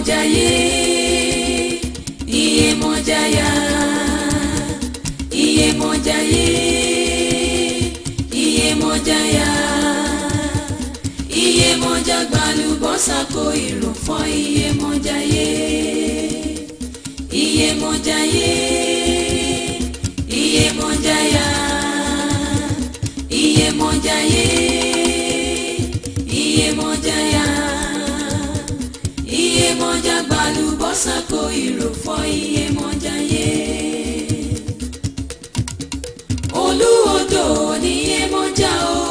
Iye Iye Iye Iye Ìyèmọ̀jayé Ìyèmọ̀jayà Ìyèmọ̀jayé Ìyèmọ̀jayà Ìyèmọ̀jà gbàlúbọ́sà kó Iye fọ́ Ìyèmọ̀jayé Ìyèmọ̀jayé Ìyèmọ̀jayà Ìyèmọ̀jayé. iyemọja gbàlúbọ́sà kó ìròfọ́ iyemọja yé. olúwo tó ní iyemọja o.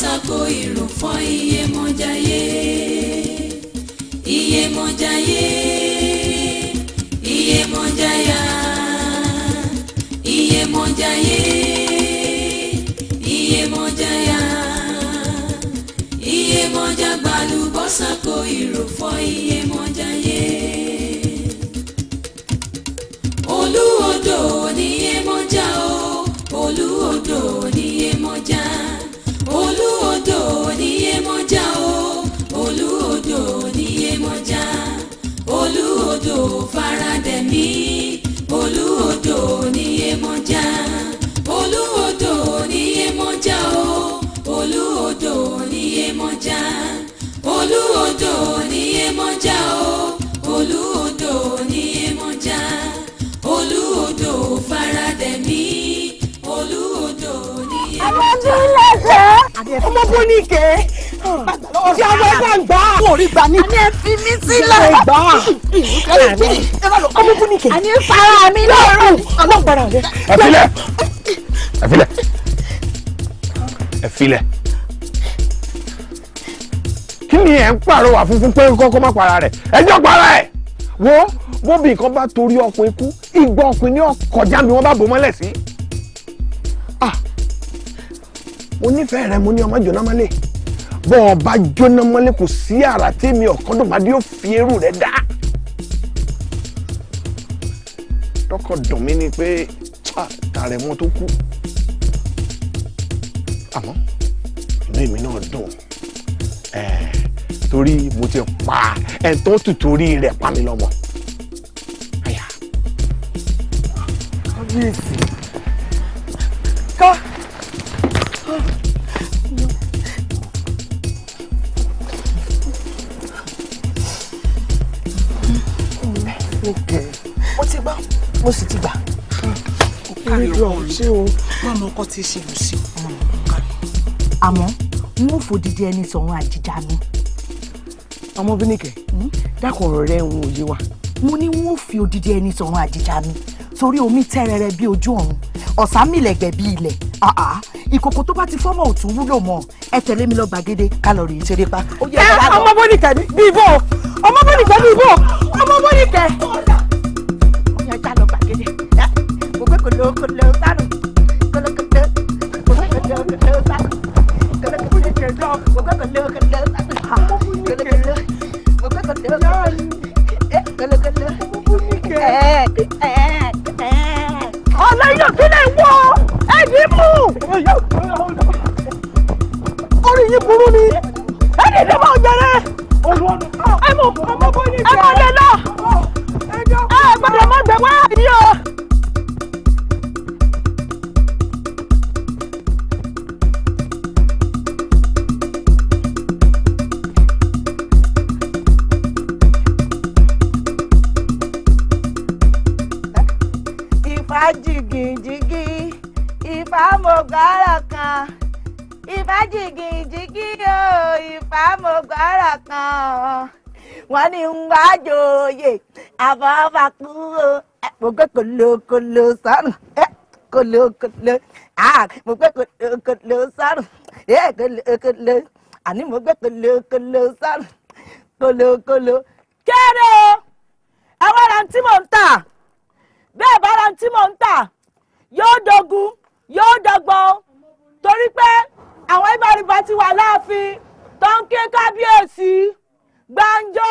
ṣàkó ìrò fọ́ iye mọ́jáyé iye mọ́jáyé iye mọ́jáyà iye mọ́jáyé iye mọ́jáyà iye mọ́já gbalú bọ́ ṣàkó ìrò fọ́ iye mọ́jáyé. kú nìkẹ́ tí a lọ gbà gbà. mo rí gbà ní. àní ẹ fi mí sílẹ̀. ṣe gbà ọmọ kú nìkẹ́. àní fara mi lọ́rùn. ọlọ́gbàrà rẹ. ẹ filẹ̀ ẹ kí ni ẹ ń pàrọwà funfun pé kọ́kọ́ má para rẹ̀ ẹ jọ para ẹ̀ wo bóbi nǹkan bá torí ọkùnrin kú igbó ọkùnrin ní ọkọjá mi wọ́n bá bò mọ́lẹ̀ sí ìfẹ́ rẹ mo ní ọmọ jóná mọ́lẹ̀ bọ́ ọ bá jóná mọ́lẹ̀ kò sí àrà tèmi ọ̀kọ́dùnmadé yóò fi eérú rẹ dá. tọkọ dùn mí ni pé tààrẹ mọ tó kú àmọ́ inú èmi náà dùn torí mo ti pa ẹni tó tutù orí rẹ̀ pa mí lọ́mọ. kábíyèsí tí ṣe lù sí ọmọ mi kan. àmọ́ n ó fòdìdí ẹni sọ̀rọ̀ àjíjà mi. ọmọ bíníkẹ hmm? dákun ọ̀rọ̀ rẹ ń òye wa. mo ní n ó fi odidi ẹni sọ̀rọ̀ àjíjà mi torí omi tẹ́rẹrẹ bí ojú ọ̀run ọ̀sán mìlẹ̀gbẹ̀ bí ilẹ̀ ìkòkò tó bá ti fọ́mọ̀ òtún wúlò mọ́ ẹ tẹ̀lé mi lọ gbàgede kálọ̀rì ìṣeré pa. ọmọ bọ́nìkẹ́ mi bí ibò ọmọ bọ́nìkẹ́ bí ibò ọmọ bọ́nìkẹ́. jìgìjìgì ìfà mo gbọ́rọ̀ kan ìfà jìgìjìgì o ìfà mo gbọ́rọ̀ kan wọ́n ní ń wá jòyè àbọ̀bà kú o mo gbé kòlòkòlò sọ́run Ah, mo gbé kòlòkòlò sọ́run kòlòkòlò àní mo gbé kòlòkòlò sọ́run kòlòkòlò kéré o àwọn ọ̀ràn tí mò ń tà bẹ́ẹ̀ bá ra tí mò ń tà yóò dogun yóò dọgbọ́n torí pé àwọn ibà rìbá ti wà láàfin tó ń ké kábíyèsí gbàǹjo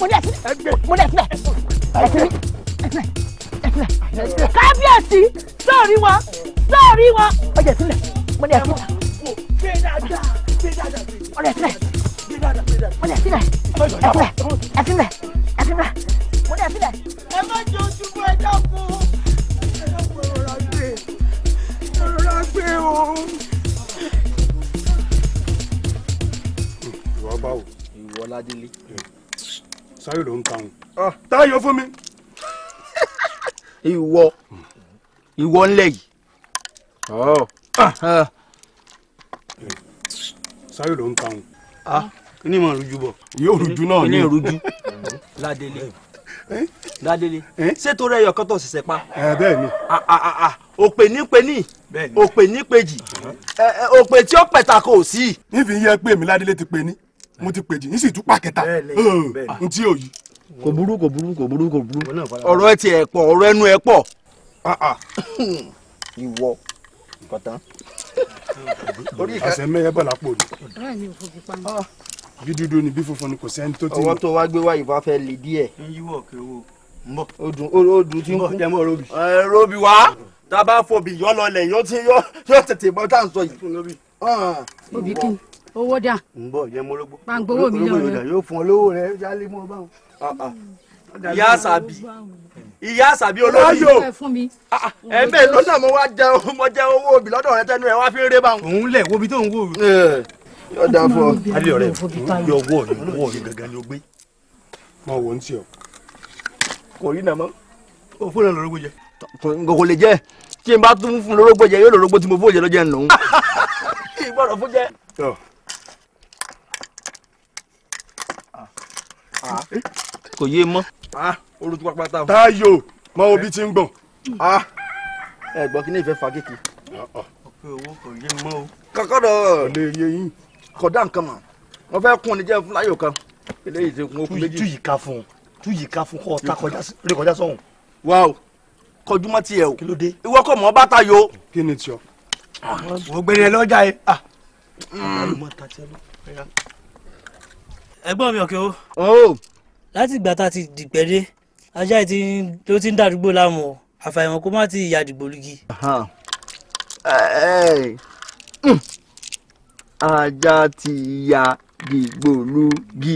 mo dẹ̀ sílẹ̀ mo dẹ̀ sílẹ̀ ẹ̀ sílẹ̀ kábíyèsí sọ́ọ̀rí wọn sọ́ọ̀rí wọn ó jẹ sílẹ̀ mo ní ẹ̀sìn ó jẹ sílẹ̀ mo ní ẹ̀sìn ẹ̀sìnlẹ̀ ẹ̀sìnlẹ̀ ẹ̀sìnlẹ̀ mo ní ẹ̀sìnlẹ̀. ẹ má jẹ ojúmọ́ ẹjọ́ kú ẹjọ́ kú ìrora gbé ìrora gbé o. ìwọ báwo. ìwọ ládélé sáyò ló ń ta wọn. Ah, táyọ̀ fún mi. ìwọ ìwọ ńlẹ̀ yìí. Oh. Ah. Eh. sáyò ló ń ta wọn. Ah. kí ni mo rújú bọ̀. yóò rújú náà ni. kí ni rújú. ládélé eh? ládélé eh? ṣètò rẹ yọkọ tó ṣẹṣẹ pa. bẹ́ẹ̀ ni. òpè ní pe ní òpè ní pejì òpè tí ó pẹ̀ta kò sí. níbi yẹ pé mi ládélé ti pe ní mo ti pèjì yín sì tún pàkẹta n tí ò yí. kò burú kò burú kò burú kò burú ọ̀rọ̀ ẹ ti ẹ̀ pọ̀ ọ̀rọ̀ ẹnu ẹ pọ̀ ah, ah. ìwọ kọ̀tán. àṣẹ mẹ́yẹ bọ̀ lápò ni. Ah. bí dúdú ni bí funfun ni kò sẹ́ni tó ti. ọwọ́ tó wá gbé wá ìbá fẹ́ lè díẹ̀. ń yíwọ̀ kí mbọ. o dun o dun ti n kú. jẹmọ robi. ẹ robi wa tá a bá fọbi yọ lọlẹ yọ ti yọ yọ tètè bọ tá à sọ yìí. robi kí ni owó dà. n bọ jẹ mọlógbó. pàǹgbówó mi lọ rẹ. yóò fún ọ lówó rẹ jálẹ mọ báwọn. Ah, ah. ìyá àṣàbí ìyá àṣàbí olóyò ẹ̀ẹ́mẹ̀ lọ́nà mo wá jẹ mo jẹ owó obì lọ́dọ̀ rẹ tẹnu ẹ̀ wá fi ń ré báwọn. òun lẹ̀ wo bi tó ń wò. yóò dá fún ọ. alẹ́ ọ̀rẹ́ yọ wọ̀ yọ wọ̀ yọ gangan ni o gbé. mọ wo ń tiọ. kò rí nàmọ́. o fún ẹ lọ́rọ́gbó jẹ. kò lè jẹ tí n bá tún fún lọ́rọ́gbó jẹ yóò lọ́rọ́gbó tí mo fún òjẹ lọ́jẹ ń lòún. ìgbọ́dọ̀ fún jẹ. Ah. kò yé mọ́. Ah, olùtú pàpàtà o. Táyọ̀ mọ obi ti ń gbọ̀n. Ah. ẹ gbọ́ kí ní ìfẹ́ fagékè. Uh-uh. ọ̀pẹ owó kò yé mọ́ o. kọ́kọ́dọ̀ lè yé yín kọ̀dá nǹkan mọ̀ wọ́n fẹ́ kún ni jẹ́ fún láyò kan eléyìí ti kún okun méjì. tú yìí ká fún un tú yìí ká fún kọ́ ọ̀tá rékọjá sọ̀hún. wá o kọjú mọ́ tiẹ̀ o. kí ló dé. ìwọ kò mọ bàtà yo. kí ni tiọ. wọ́n gbére ẹ̀gbọ́n mi ọ̀kẹ́ o. láti ìgbà tá a ti dìgbẹ́ ajá yìí ti ti ń dàdúgbò láàmú o àfàìmọ̀ kó má ti ìyá àdìgbò lugi. ajá ti ya dìgbò lugi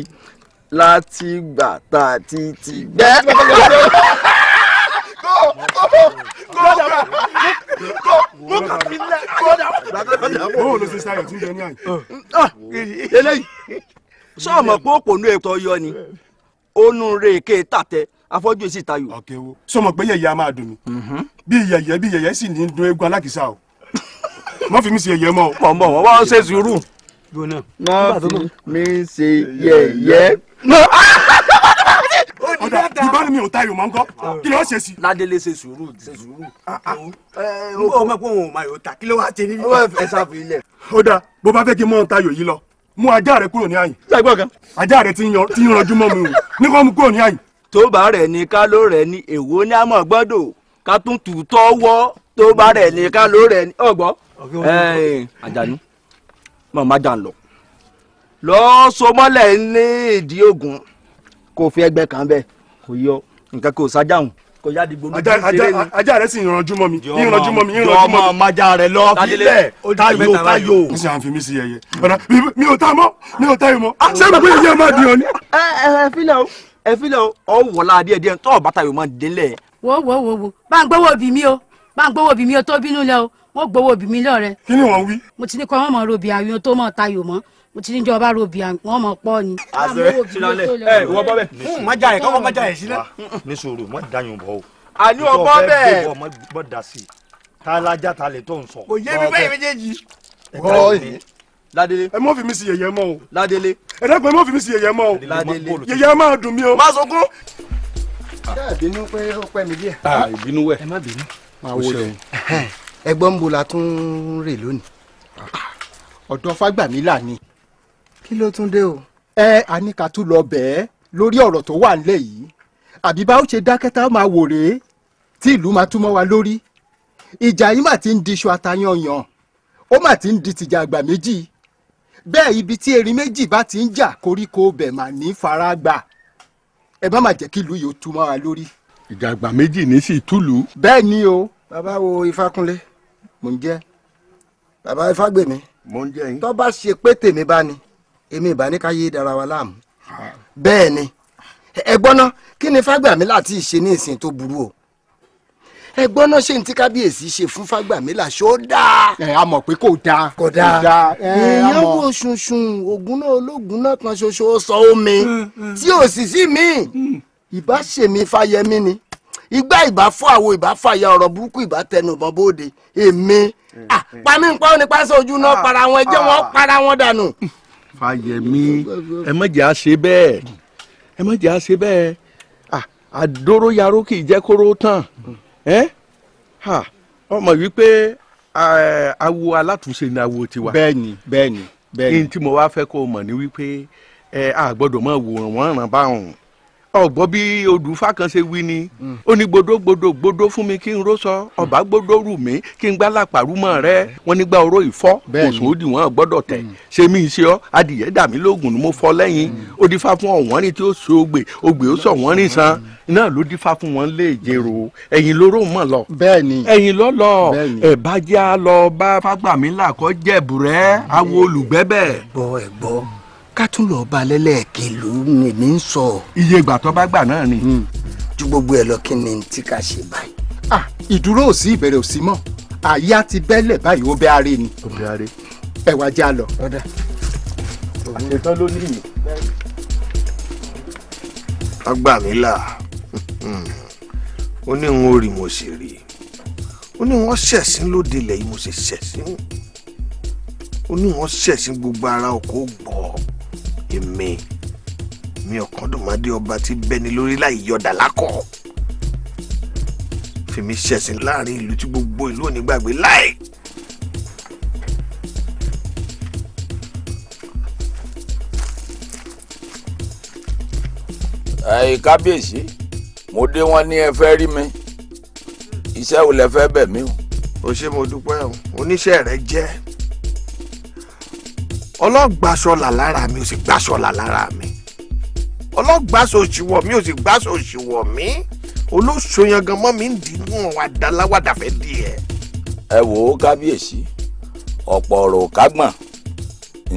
láti ìgbà tá a ti ti gbẹ́. Eléyìí sọmọ pé òpònú ètò yọ ni ònú rè ké tàtẹ afọjú èsì tayò. ọkẹ wo sọmọ pé yẹyẹ a máa dùn mí mhm. bí yẹyẹ bí yẹyẹ sì ní dún eégún alákìsà o mọ fi mi ṣe yẹyẹ mọ. pọ̀ mọ̀ wọ́n wá ṣe sùúrù. mọ fi mi ṣe yẹyẹ. ọ̀dà ìbánu mi ò tayò mọ́ ńkọ́ ah. kí ló ṣe sí. ládélé ṣe sùúrù ṣe sùúrù. n ah, ah. kò mọ̀ pé òun ò máa yóò ta kí ló wá ṣe níbi. ó fẹ́ sáfù ilẹ̀. ó dáa bó bá fẹ́ kí n mọ̀ tayò yìí lọ mú ajá rẹ kúrò ní àyìn. ṣàgbọ́n kan. ajá rẹ ti ń ranjú mọ́ mi o ní kò mú kúrò ní àyìn. tó bá rẹ̀ ní ká ló rẹ̀ ní èwo ní àmọ́ gbọ́dọ̀ ká tún tù wọ́ tó bá rẹ̀ ní ká ló rẹ̀ ní ọ̀gbọ́. àjànú mọ̀ má lọ. lọ so mọ́lẹ̀ ní ìdí kò fi ẹgbẹ́ kan kò yá di gbolo. ajá rẹ sì ìrànjú mọ́ mi ìrànjú mọ́ mi ìrànjú mọ́ mi. ọmọ ọmọjà rẹ lọ filẹ tayo tayo. n ṣe àǹfin mi sí yẹyẹ ọ̀nà mi ò ta mọ́ mi ò tayo mọ́ ah, ṣé pé iye máa dùn ọ ẹ ẹ filẹ o ẹ eh, filẹ o ọ wọlá díẹ̀ díẹ̀ tọ bàtà yóò máa délẹ. wo wo wo wo bá ń gbowó bí mi o bá ń gbowó bí mi o tó bínú lẹ o wọn gbowó bí mi lọ rẹ. kí ni wọn wí. mo ti ní kọ́ wọn mọ̀ ọ́ mo ti ní jọba robi wọn mọ pọ ni. àzẹrẹ sílálẹ ẹ wọ bọ bẹ má jà yẹ kọ́kọ́ má jà yẹ sílẹ̀. ní sòrò má dàyàn bọ o. àní ọbọ bẹ́ẹ̀ ọmọ bọ da sí i tá a lajà tá a lè tó n sọ. kò yé mi bẹ́ẹ̀ méjèèjì. bọ́ọ̀lì ládélé. ẹ mọ́ fi mi sí yẹ̀yẹ́ mọ́ o. ládélé. ẹ dẹ́gbẹ́ ẹ mọ́ fi mi sí yẹ̀yẹ́ mọ́ o. ládélé yẹ̀yẹ́ máa dùn mí o. má sunkún. ṣé ìbínú pé ó pẹ́ mi díẹ̀. Ah, ìbínú wẹ̀. ẹ má bínú. máa wo lẹ́yìn. ẹgbọ́n ń bo la tún rè lónìí. Ah, ọ̀dọ́ fágbàmílà ni kí ló tún dé o. ẹ àníkàtú lọ bẹ́ẹ̀ lórí ọ̀rọ̀ tó wà nílẹ̀ yìí àbí bá ó ṣe dákẹ́tà máa wò rèé tí ìlú máa túmọ̀ wa lórí ìjà yìí mà ti ń di iṣu atayanyan ó mà ti ń di tìjà àgbà méjì bẹ́ẹ̀ ibi tí erin méjì bá ti ń jà koríko bẹ̀ mà ní fara gbà ẹ má mà jẹ́ kí ìlú yìí túmọ̀ wa lórí. ìjà àgbà méjì ní sí ìtúlù. bẹ́ẹ̀ ni o. bàbá wo ifákúnlé mò ń jẹ́ bàbá ifágbèmí mò ń jẹ́ yín. tó bá ṣe pé tèmi bá ni èmi ìbá ní ká yé dára wa láàmú bẹ́ẹ̀ ni ẹ̀gbọ́n náà kí ni fágbàmí láti ṣe ní ìsìn tó burú o ẹ̀gbọ́n náà ṣe ní tí kábíyèsí ṣe fún fágbàmí là ṣó dáa. ẹ a mọ̀ pé kò dáa. kò dáa èèyàn wo ṣunṣun ògùn náà ológun náà kan ṣoṣo sọ omi mm, mm. tí ò sì sí mi mm. ìbá ṣèmi fáyemí ni ìgbà ìbá fọ àwo ìbá fàyà ọ̀rọ̀ burúkú ìbá tẹnu bọ́ bóde èmi pàmí nǹkan nípasẹ̀ ojú náà ah, para wọn ẹjẹ́ wọn ah. para wọn dànù fàyẹmí ẹ má jẹ́ ẹ jẹ́ àṣe bẹ́ẹ̀ àdóró yaró kì í jẹ́ kóró tán ọmọ wípé awo alátúnṣe ni awo tiwa. bẹ́ẹ̀ni bẹ́ẹ̀ni bẹ́ẹ̀ni. ní tí mo wá fẹ́ kó o ni wípé a máa wòran ràn ọ̀gbọ́n bí odùfá kan ṣe wí ni hmm. ó ní gbódógbódó gbódó fún mi kí n ró sọ hmm. ọ̀bá gbódó rù mí kí n gbá làpàrú mọ́ rẹ hmm. wọ́n nígbà oró ìfọ́ òsùn ó dì wọ́n gbọ́dọ̀ ṣé mi ṣe ọ́ adìyẹ dà mí lóògùn ni mo fọ́ lẹ́yìn ó dífá fún ọ̀wọ́n rìn tí ó so ògbè ògbè ó sọ wọ́n rìn san náà ló dífá fún wọn lè jèrò ẹ̀yìn lóró mọ̀ lọ ẹ̀yìn lọ lọ ẹ̀ bá já lọ bá fágbàmílà kọ́ jẹ̀bù rẹ̀ àwọn olùgbẹ́bẹ̀. bọ́ ká tún lọ bá lẹ́lẹ́ẹ̀kì ló ní mi ń sọ. iye ìgbà tó bá gbà náà ni. Hmm. ju gbogbo ẹ lọ kí ni tí ká ṣe báyìí. ah ìdúró ò sí ìbẹ̀rẹ̀ ò sí mọ́ àyà ti bẹ́lẹ̀ báyìí ó bẹ́ àárẹ̀ ni. ó bẹ́ àárẹ̀. ẹ wá já lọ. ọ̀dà àṣetán ló ní ìyè. wọ́n gbà là ó ní n ò rí mo sì rí ó ní wọ́n ṣẹ̀sín lóde ilẹ̀ yìí mo sì ṣẹ̀sín ó ní wọ́n ṣẹ̀sìn gbogbo ara ọkọ̀ gbọ́ èmi mi ọ̀kàndùnmádé ọba ti bẹni lórí láì yọ̀dà lákọ̀ fèmi ṣẹ̀sìn láàrin ìlú tí gbogbo ìlú òní gbàgbé láì. ẹ̀yin kábíyèsí mo dé wọn ní ẹ fẹ́ rí mi iṣẹ́ wo lẹ fẹ́ bẹ̀ mí o. o ṣé mo dúpẹ́ o oníṣẹ́ rẹ jẹ́ ọlọ́gbàṣọlà lára mi ò sì gbàṣọlà lára mi ọlọ́gbàṣọ òṣìwọ̀ mi ò sì gbàṣọ òṣìwọ̀ mi olóṣòyàn gan mọ́ mi ń dìgún àwàdà láwàdà fẹ́ di ẹ̀. ẹ wò ó kábíyèsí ọ̀pọ̀ ọ̀rọ̀ kágbọ̀n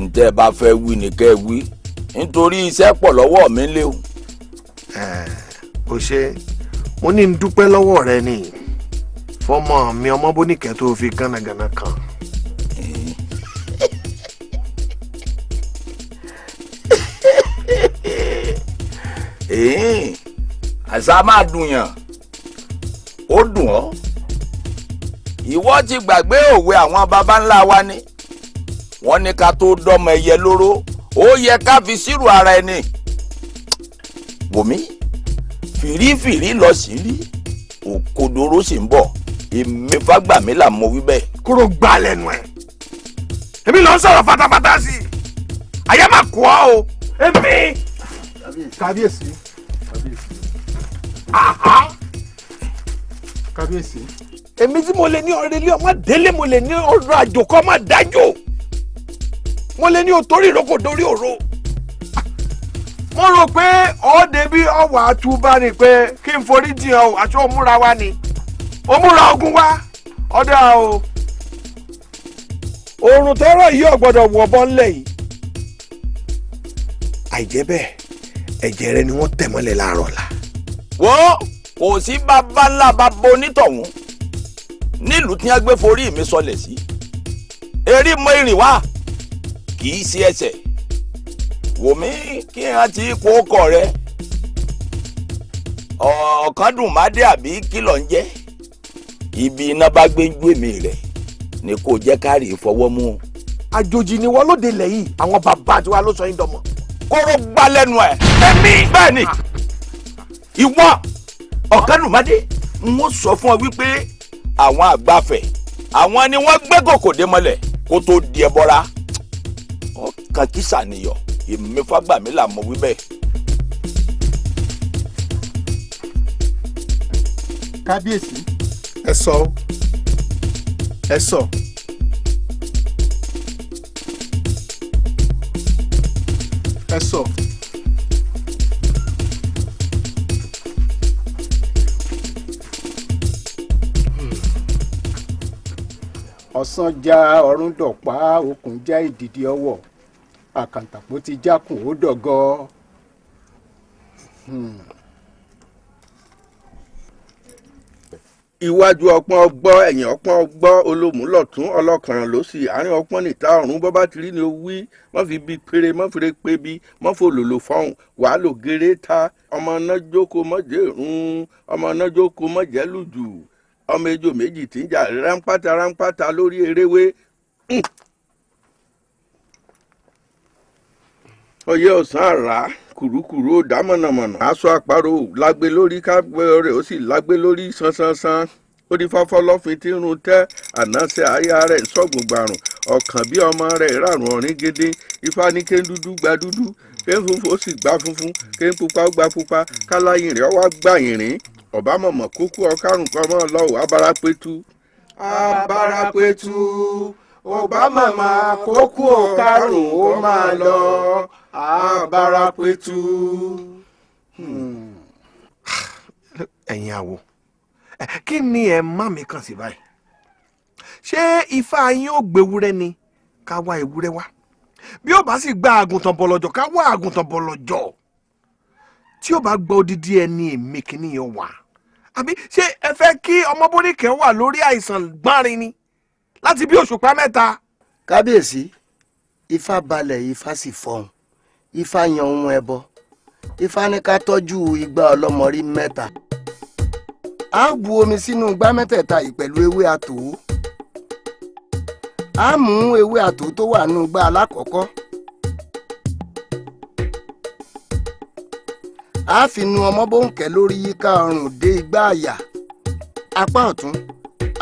ǹtẹ́ ẹ bá fẹ́ wí ni kẹ́ ẹ wí nítorí iṣẹ́ pọ̀ lọ́wọ́ mi lé o. kò ṣe mo ní ń dúpẹ́ lọ́wọ́ rẹ ni fọmọ mi ọmọ bóníkẹ́ tó fi gánagáná kan. àṣà máa dùn yàn ó dùn ọ́ ìwọ ti gbàgbé òwe àwọn baba ńlá wa ni wọ́n ní ká tó dọ́mọ ẹyẹ lóró ó yẹ ká fi sírù ara ẹni wòmí fìrífìrí lọ sí rí òkodoro sì ń bọ̀ èmi là mọ wí kúrò gbá lẹ́nu ẹ̀ èmi lọ sọ̀rọ̀ fatafata sí i àyà máa kọ́ ọ o èmi. kábíyèsí. kábíyèsí. èmi tí mo lè ní ilé ọmọ délé mo lè ní ọ̀rọ̀ àjò kọ́ má dájò mo lè ní òtórí ìrókò dórí òro. mo rò pé ọ̀ọ́dẹ bí ni pé kí n forí àti òmúra wa ni òmúra ogun wa o. oòrùn tọrọ yìí ọ̀gbọ́dọ̀ wọ bọ yìí. àìjẹ́ bẹ́ẹ̀ ẹ̀jẹ̀ rẹ ni wọ́n tẹ̀ mọ́lẹ̀ wo kò sí bàbá ńlá bàbá onítọ̀hún nílùú tí wọ́n gbé forí mi sọlẹ̀ sí eré mọ ìrìn wá kì í ṣe ẹsẹ̀ wò mí kí n ti kó ọkọ rẹ ọ̀kan dùn má dé àbí kìlọ̀ ń jẹ́ ibi iná bá gbé ń ju èmi rẹ̀ ni kò jẹ́ káàrí fọwọ́ mú àjòjì ni wọn lóde lẹ́yìn àwọn bàbá tiwa ló sọ yín dọmọ. kóró gbá lẹ́nu ẹ̀. ẹ̀mí bẹ́ẹ̀ ni. Ah ìwọ ọ̀kánùmádé n ó sọ fún ọ wípé àwọn àgbàfẹ̀ àwọn ni wọ́n gbẹ́gàn kò dé mọ́lẹ̀ kó tó di ẹ bọ́ra ọkàn kìsà nìyọ èmi fágbàmí là mọ wí bẹ́ẹ̀. kábíyèsí. ẹ sọ ẹ sọ. ẹ sọ. ọ̀sán já ọ̀run dọ̀pá okùn já ìdìdì ọwọ́ àkàǹtàpó ti jákùn ó dọ̀gọ́. Hmm. iwájú ọpọ́n ọgbọ́ ẹ̀yìn ọpọ́n ọgbọ́ olómùlọ̀tún ọlọ́kàn ló sì àárín ọpọ́n níta ọ̀run bọ́ bá ti rí ni ó wí wọ́n fi bí péré mọ́ fi pé bí mọ́ fò lòlò fọ́hùn wàá lò géré ta ọmọ náà jókòó mọ́jẹ́ rún ọmọ náà jókòó mọ́jẹ́ lùjù ọmọ ejò méjì tí ń jà rámpátá rámpátá lórí eréwé ọyẹ hmm. ọ̀sán àrà kùrukùru ó dá mọ̀nàmọ̀nà aṣọ àparò lágbé lórí kápẹ́ rẹ̀ ó sì lágbé lórí sánsánsán ó di fọ́fọ́ lọ́fin tí ń run tẹ́ ànáṣẹ́ aya rẹ̀ sọ́gun gbàrùn ọ̀kàn bí ọmọ rẹ̀ rárùn ọ̀rìn gédé ifá ní kéńdúdú gba pé funfun ó sì gbá funfun ké pupa ó gbá pupa káláyìn rẹ̀ wá gbà yìnrín ọ̀bá mọ̀mọ̀ kúkú ọ̀kárùn kan mọ́ lọ́wọ́ abárapẹ̀tù. abárapẹ̀tù ọ̀bá mọ̀mọ̀ kúkú ọ̀kárùn ó máa lọ abárapẹ̀tù. Hmm. ẹ̀yin àwò kí ni ẹ̀ má mi kàn sí báyìí ṣé ifá yín ó gbéwúrẹ́ ni ká wá ewúrẹ́ wá bí ó bá sì gba àgùntàn bọ̀lọ̀jọ̀ ká wá àgùntàn bọ̀lọ̀jọ̀ tí ó bá gba odidi ẹni èmi kìíní yẹn wà àbí ṣé ẹ fẹ́ kí ọmọbóníkẹ́ wà lórí àìsàn gbárin ni láti bí òṣùpá mẹ́ta. kábíyèsí ifá balẹ̀ ifá sì fọhùn ifá yan ohun ẹbọ ifá ní ká tọ́jú igba ọlọ́mọrí mẹ́ta. a bu omi sínú igbá mẹ́tẹ̀ẹ̀ta yìí pẹ̀lú ewé àtòwó a mú ewé àtò tó wà nínú igbá alákọ̀ọ́kọ́ a fi nu ọmọ bòńkẹ́ lórí yíká ọrùn dé igbá àyà apá ọ̀tún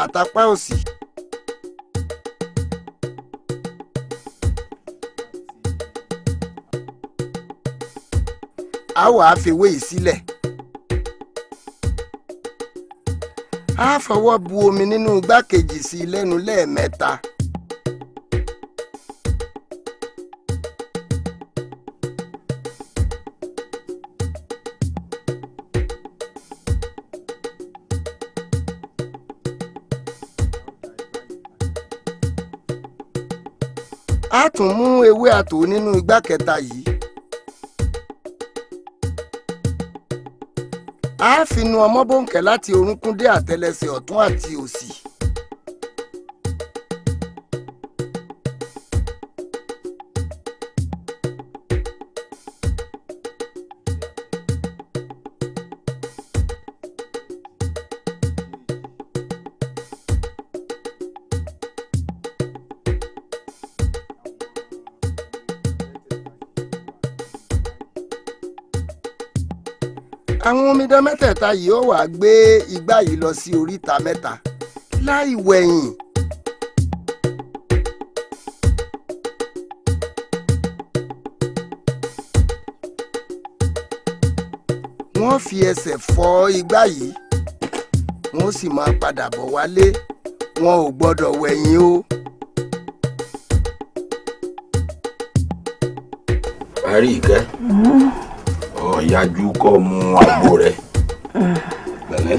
àtàpá òsì. a wàá fewé yìí sílẹ̀ a fọwọ́ bu omi nínú igbá kejì sí i lẹ́nu lẹ́ẹ̀mẹ́ta. Le tún mú ewé àtò nínú igbá kẹta yìí. a fi nu ọmọ bòǹkẹ́ láti orúnkún dé àtẹlẹsẹ̀ ọ̀tún àti òsì. omidan mẹ́tẹ̀ẹ̀ta yìí ó wàá gbé igbá yìí lọ sí oríta mẹ́ta láì wẹ̀yìn. wọ́n fi ẹsẹ̀ fọ́ igbá yìí wọ́n sì máa padà bọ̀ wálé wọn ò gbọ́dọ̀ wẹ̀yìn o. àrí ìkẹ́. Mm-hmm yájú kọ́ mu àgbo rẹ ah. pẹ̀lẹ́.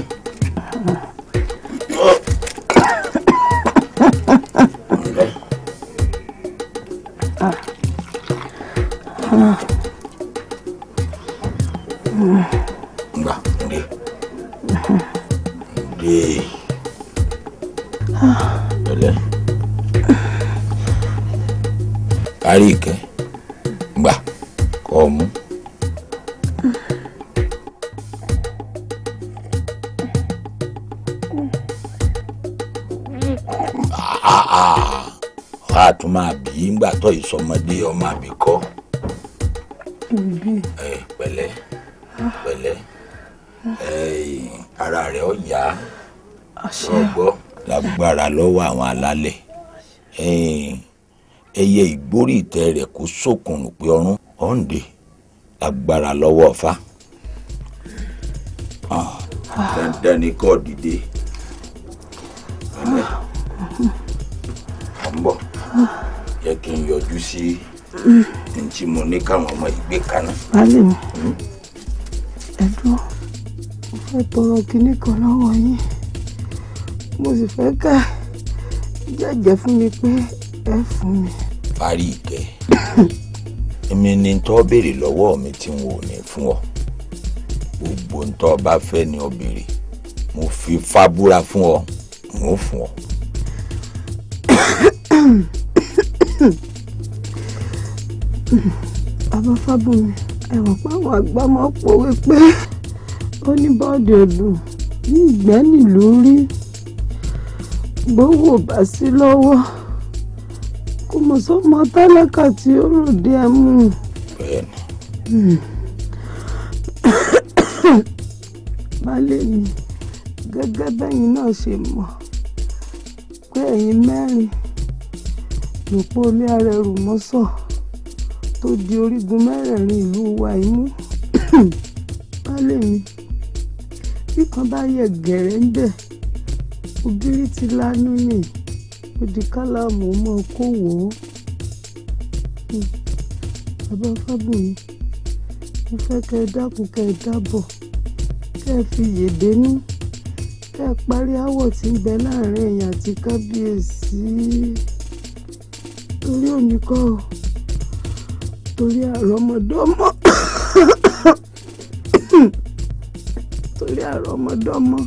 wà á tún máa bì í ńgbà tó ìsọmọdé ọmọ àbí kọ́. pẹ̀lẹ́ pẹ̀lẹ́ ara rẹ̀ ó yá ọgbọ́ lágbára lọ́wọ́ àwọn alálẹ̀ ẹyẹ ìgbórí ìtẹ́ rẹ̀ kó sókùnrùn pé ọrún ọ̀ǹdè lágbára lọ́wọ́ ọ̀fà ah, dandan ni kó dìde. Amen ń bọ̀ yẹ kí n yọjú sí n tí mo ní káwọn ọmọ yìí gbé kaná. baálé mi hmm? ẹ dúró mo fẹ́ tọrọ kinní kan lọ́wọ́ yín mo sì fẹ́ ká jẹ́jẹ́ fún mi pé ẹ fún mi. parí ìkẹ́ èmi ni tọ́ béèrè lọ́wọ́ mi tí n ò ní fún ọ gbogbo ń tọ́ bá fẹ́ ni ọ béèrè mo fi fábúra fún ọ mo fún ọ. bàbá fábùmí ẹ̀wọ̀n páwọn àgbámọ́ pòwe pé ó ní bọ́ọ̀dì òlù ní ìgbẹ́ nílùú rí gbówó bá sí náà òpó omi arẹrùmọ́sàn tó di orígun mẹ́rẹ̀ẹ̀rin ìlú wa yìí mú kíkan bá yẹ gẹ̀rẹ́ ń bẹ̀ ògiri ti lanu ni ó kálámù mọ́ kó wò bàbá mo fẹ́ kẹ́ ẹ dákun kẹ́ ẹ dábọ̀ torí òní kọ́ ọ torí àrọ́mọdọ́mọ torí àrọ́mọdọ́mọ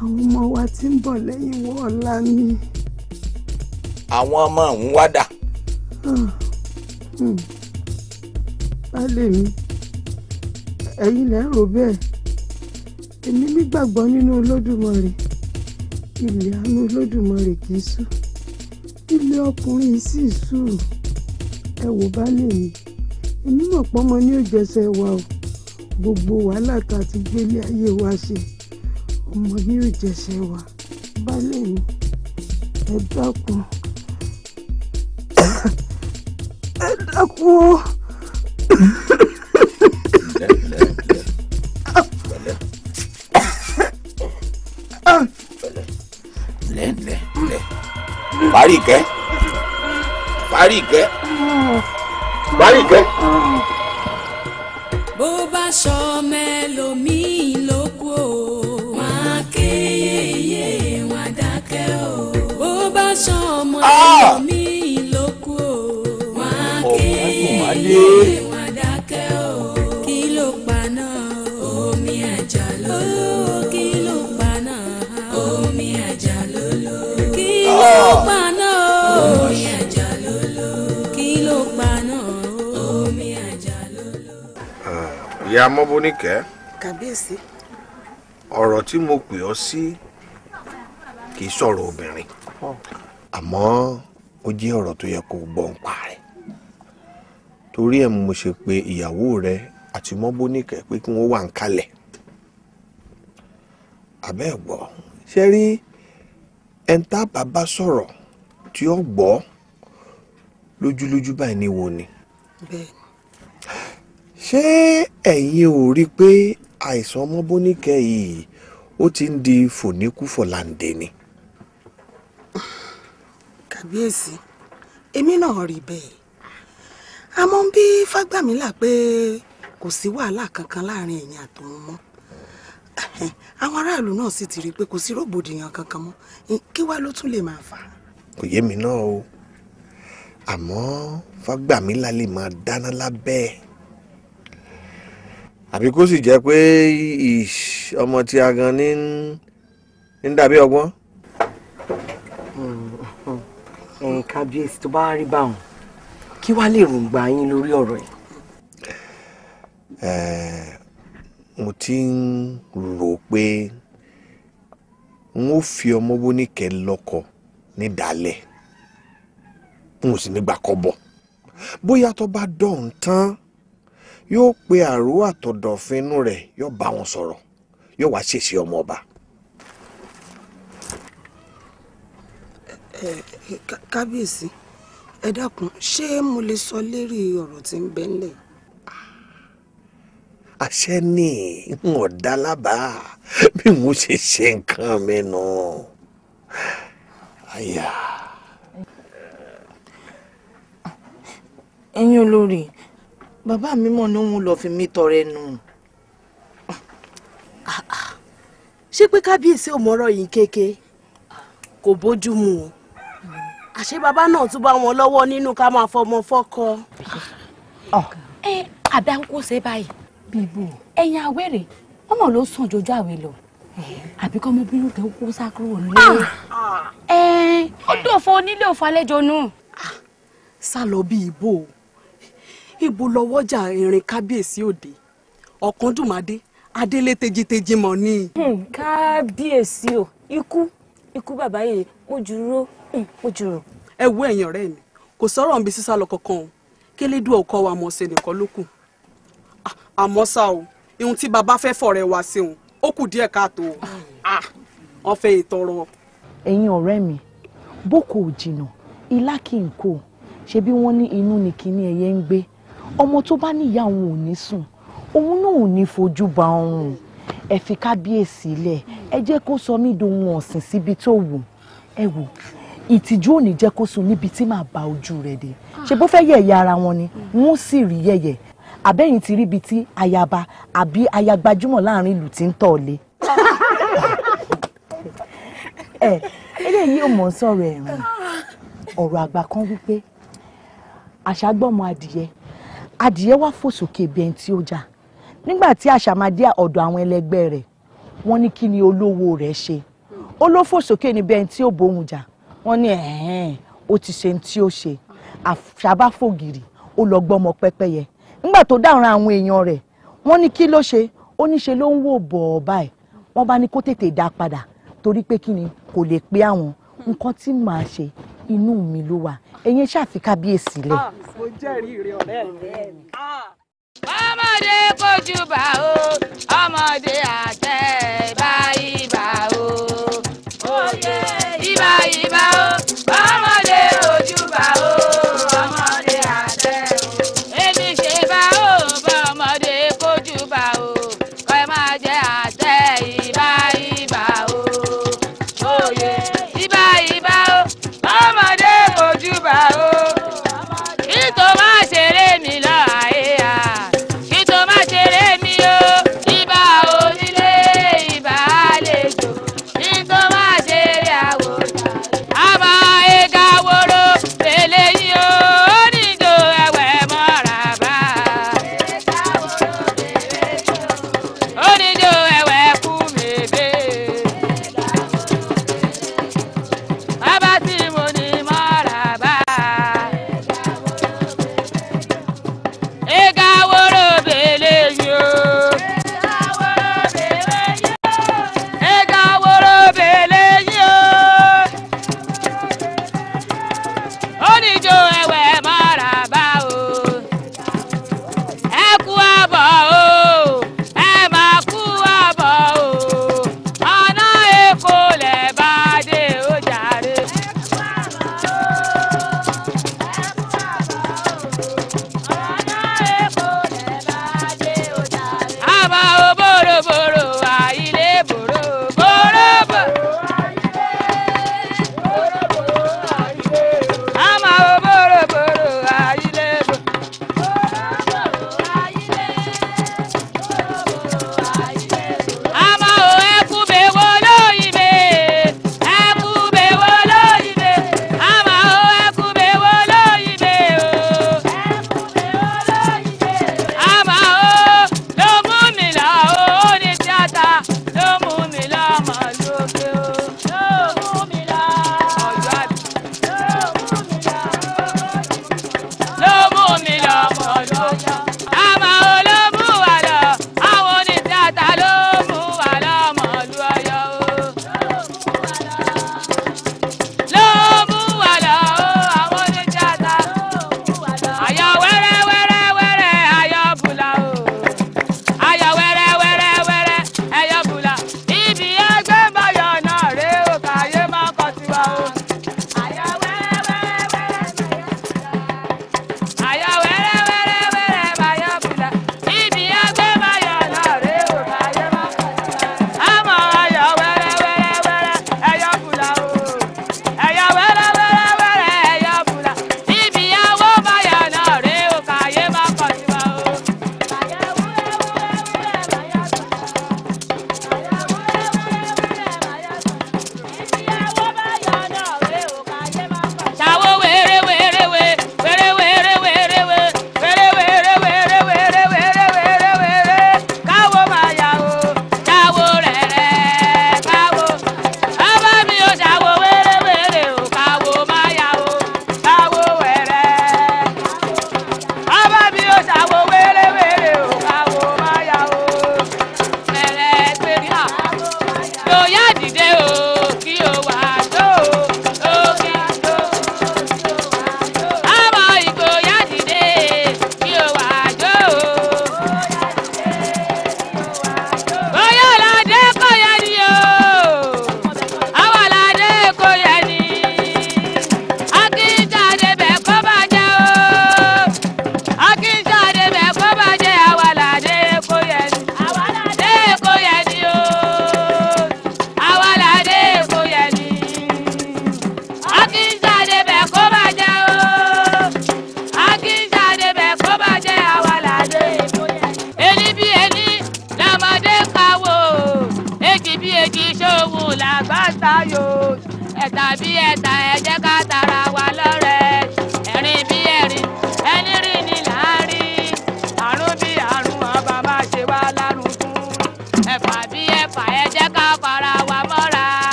àwọn ọmọ wa ti ń bọ̀ lẹ́yìn wọ́ ọ̀la ni. àwọn ọmọ ọ̀hún wá dà. balẹ̀ mi ẹ̀yin lẹ́ ń rò bẹ́ẹ̀ èmi nígbàgbọ́ nínú Olódùmarè ilẹ̀ àánú Olódùmarè kì í sú ilé ọkùnrin sì ṣú ẹ wò baálé mi èmi mọ̀ pọ́mọ ní òjẹsẹ̀ wa o gbogbo wàhálà tá a ti gbélé ayé wa ṣe ọmọ ní òjẹsẹ̀ wa baálé mi ẹ dákun ẹ dákun o. Bárìkẹ́ Bárìkẹ́ Bárìkẹ́. ìyá mọ́bóníkẹ́ kábíyèsí ọ̀rọ̀ tí mo pè ọ́ sí kì í sọ̀rọ̀ obìnrin àmọ́ ó jẹ́ ọ̀rọ̀ tó yẹ kó gbọ́ ń pa rẹ̀ torí ẹ̀ mo ṣe pé ìyàwó rẹ àti mọ́bóníkẹ́ pé kí wọ́n wà ń kalẹ̀ àbẹ́ gbọ́ ṣe rí ẹ̀ńtà bàbá sọ̀rọ̀ tí ó gbọ́ lójúlójú báyìí ni wo ni. bẹ́ẹ̀ ṣé ẹ̀yin ò rí i pé àìsàn ọmọbóníkẹ́ yìí ó ti ń di fòníkúfọ̀láǹdè ni. kàbíyèsí èmi náà rí bẹ́ẹ̀ àmọ́ bí fágbàmílà pé kò sí wàhálà kankan láàrin ẹ̀yin àtòun mọ́ àwọn aráàlú náà sì ti rí i pé kò sí rògbòdìyàn kankan mọ́ kí wàá ló tún lè máa fà á. kò yé mi náà o àmọ́ fágbàmílà lè máa dáná lábẹ́ ẹ̀ àbí kó sì jẹ́ pé ọmọ tí a gan ní ń dàbí ọgbọ́n. ẹ̀yin kábíyèsí tó bá rí báwọn kí wàá lè rògbà yín lórí ọ̀rọ̀ yìí. mo ti ń rò pé n ó fi ọmọ Bóníkẹ́ lọ́kọ nídàálẹ̀ n ò sì ní gbà kọ́ bọ̀ bóyá tó bá dọ̀hún tán yóò pe àrò àtọ̀dọ̀fin inú rẹ̀ yóò bá wọn sọ̀rọ̀ yóò wá ṣèṣe ọmọ ọba. kábíyèsí ẹ dákun ṣé mo lè sọ lérí ọ̀rọ̀ tí ń bẹ ńlẹ̀. àṣẹ ni n ò dá lábàá bí mo ṣe ṣe nǹkan mi nù. àyà. ẹ̀yin olórí bàbá mi mọ̀ ní òun lọ́ọ́ fi mí tọrẹ nù. ṣé pé kábíyèsí ò mọ̀rọ̀ yìí kéke kò bójú mu o àṣé bàbá náà tún bá wọn lọ́wọ́ nínú ká máa fọmọ fọ́kọ. Ah. ẹ àdáńkó ṣe báyìí bíbù ẹ̀yin àwẹ̀rẹ̀ ọmọ ló sàn jọjọ àwẹ̀ lọ eh. àbí kọ́ ọmọbìnrin kan kó sá kúrò nílé. ẹ ah. eh, ó dòfo onílé òfò alẹ́jọ́ nù. Ah. sá lọ bí ibo o ibo lọ́wọ́jà irin kábíyèsí òde ọ̀kánjúmọ́dé adélé tejiteji mọ̀ ni. Hmm, kábíyèsí o ikú ikú bàbá yìí mo jùrò hmm, mo jùrò. ẹ wo ẹ̀yin ọ̀rẹ́ mi kò sọ̀rọ̀ nbí sísá lọ kankan o kélédú ọkọ wa mọ̀ ṣe nìkan ló kù ah, àmọ́ ṣá o ihun tí bàbá fẹ́ fọ̀rẹ́ wa ṣeun ó kù díẹ̀ káàtó o ah, ìtọrọ. ẹ̀yin ọ̀rẹ́ mi boko ò jìnnà ilá kì í kó ṣebí wọ́n ní inú ni kinní ẹyẹ ń gbé ọmọ tó bá níyà òun ò ní sùn òun náà ò ní fojú ba òun ẹ fi kábíyèsí lẹ̀ ẹ jẹ́ kó sọ mí dohun ọ̀sìn síbi tó wù ẹ wò ìtìjú ò ní jẹ́ kó sùn níbi tí màá ba ojú rẹ̀ dé ṣe bó fẹ́ yẹ̀yẹ́ ara wọn ni wọ́n sì rí yẹ̀yẹ́ àbẹ́yìn ti ríbi tí ayaba àbí ayagbajúmọ̀ láàrin ìlú ti ń tọ̀ lé ẹ eléyìí ò mọ̀ sọ̀rọ̀ ẹ̀rùn ọ̀rọ̀ àgbà kan wípé àṣàgbọ́mọ adìyẹ adìyẹ wá fò sókè bí ẹni tí ó jà nígbà tí àṣàmàdé ọ̀dọ̀ àwọn ẹlẹgbẹ́ rẹ̀ wọ́n ní kí ni olówó rẹ̀ ṣe ó ló fò sókè ní bí ẹni tí ó bóhun jà wọ́n ní ẹ̀ẹ́n ó ti ṣe ní tí ó ṣe àṣàbáfògìrì ó lọ gbọ́mọ pẹ́pẹ́yẹ nígbà tó dáhùn àwọn èèyàn rẹ̀ wọ́n ní kí ló ṣe ó níṣe ló ń wò bọ̀ ọ́ báyìí wọ́n bá ní kó tètè dá padà torí pé kí ni kò lè pé àwọn nǹkan tí màá ṣe inú mi ló wà ẹ̀yin ṣàfi kábíyèsí lẹ̀. Ah, ah. ọmọdé kojú bá o ọmọdé àtẹ bá.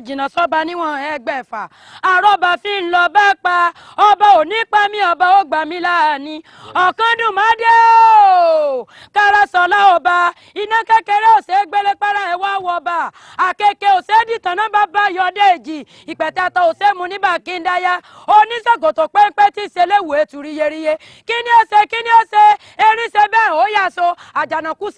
mo jìnnà sọ́ba níwọ̀n ẹgbẹ̀fà àrọ́bà fi ń lọ bá pa ọba ò ní pa mí ọba ó gbà mí láàánú ọ̀kánùmádé o kárasọ̀lá ọba iná kékeré ò gbélé para ẹ̀ wá wọba àkekèé ò ṣe é dìtàn náà bá bá yọdé èjì ìpẹ̀tẹ́tọ̀ ò ṣe é mu níbà kí n dáyà oníṣègòtò pẹ́ńpẹ́ tí ìṣẹ̀lẹ̀ wò é turi yeriye kí ni ó ṣe bẹ́ẹ̀ ó yà so àjànàkú ṣ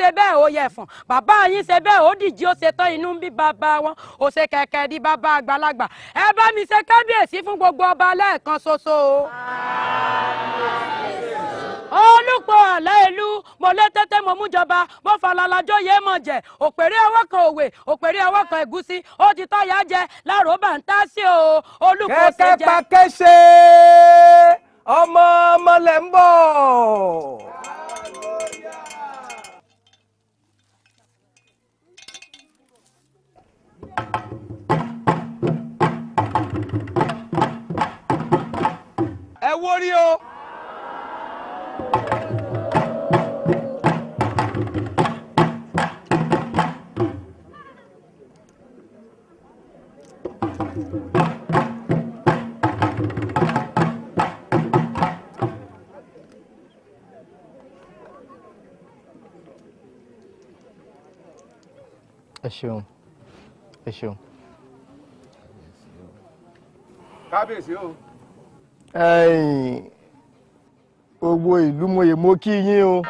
bàbá yín ṣe bẹ́ẹ̀ ó dìjí ó ṣe tán inú ń bí bàbá wọn ó ṣe kẹ̀kẹ́ di bàbá àgbàlagbà ẹ bá mi ṣe kábíyèsí fún gbogbo ọba lẹ́ẹ̀kan ṣoṣo o. olùpọ̀ àlẹ́ ìlú mo lé tẹ́tẹ́ mo mú jọba mo falala jóye mọ̀ jẹ́ òpèrè ọwọ́ kan òwe òpèrè ọwọ́ kan ẹ̀gúsí ó ti tọ́yà jẹ láàrọ̀ bá ń tá sí o olùpọ̀ ṣe jẹ. kẹ́kẹ́ pa kẹ́sẹ̀ ọmọ ọmọ lẹ́ ń bọ̀. warrior! Achou. Achou. Cabeceou. gbogbo ìlú mòye mo kí yín o.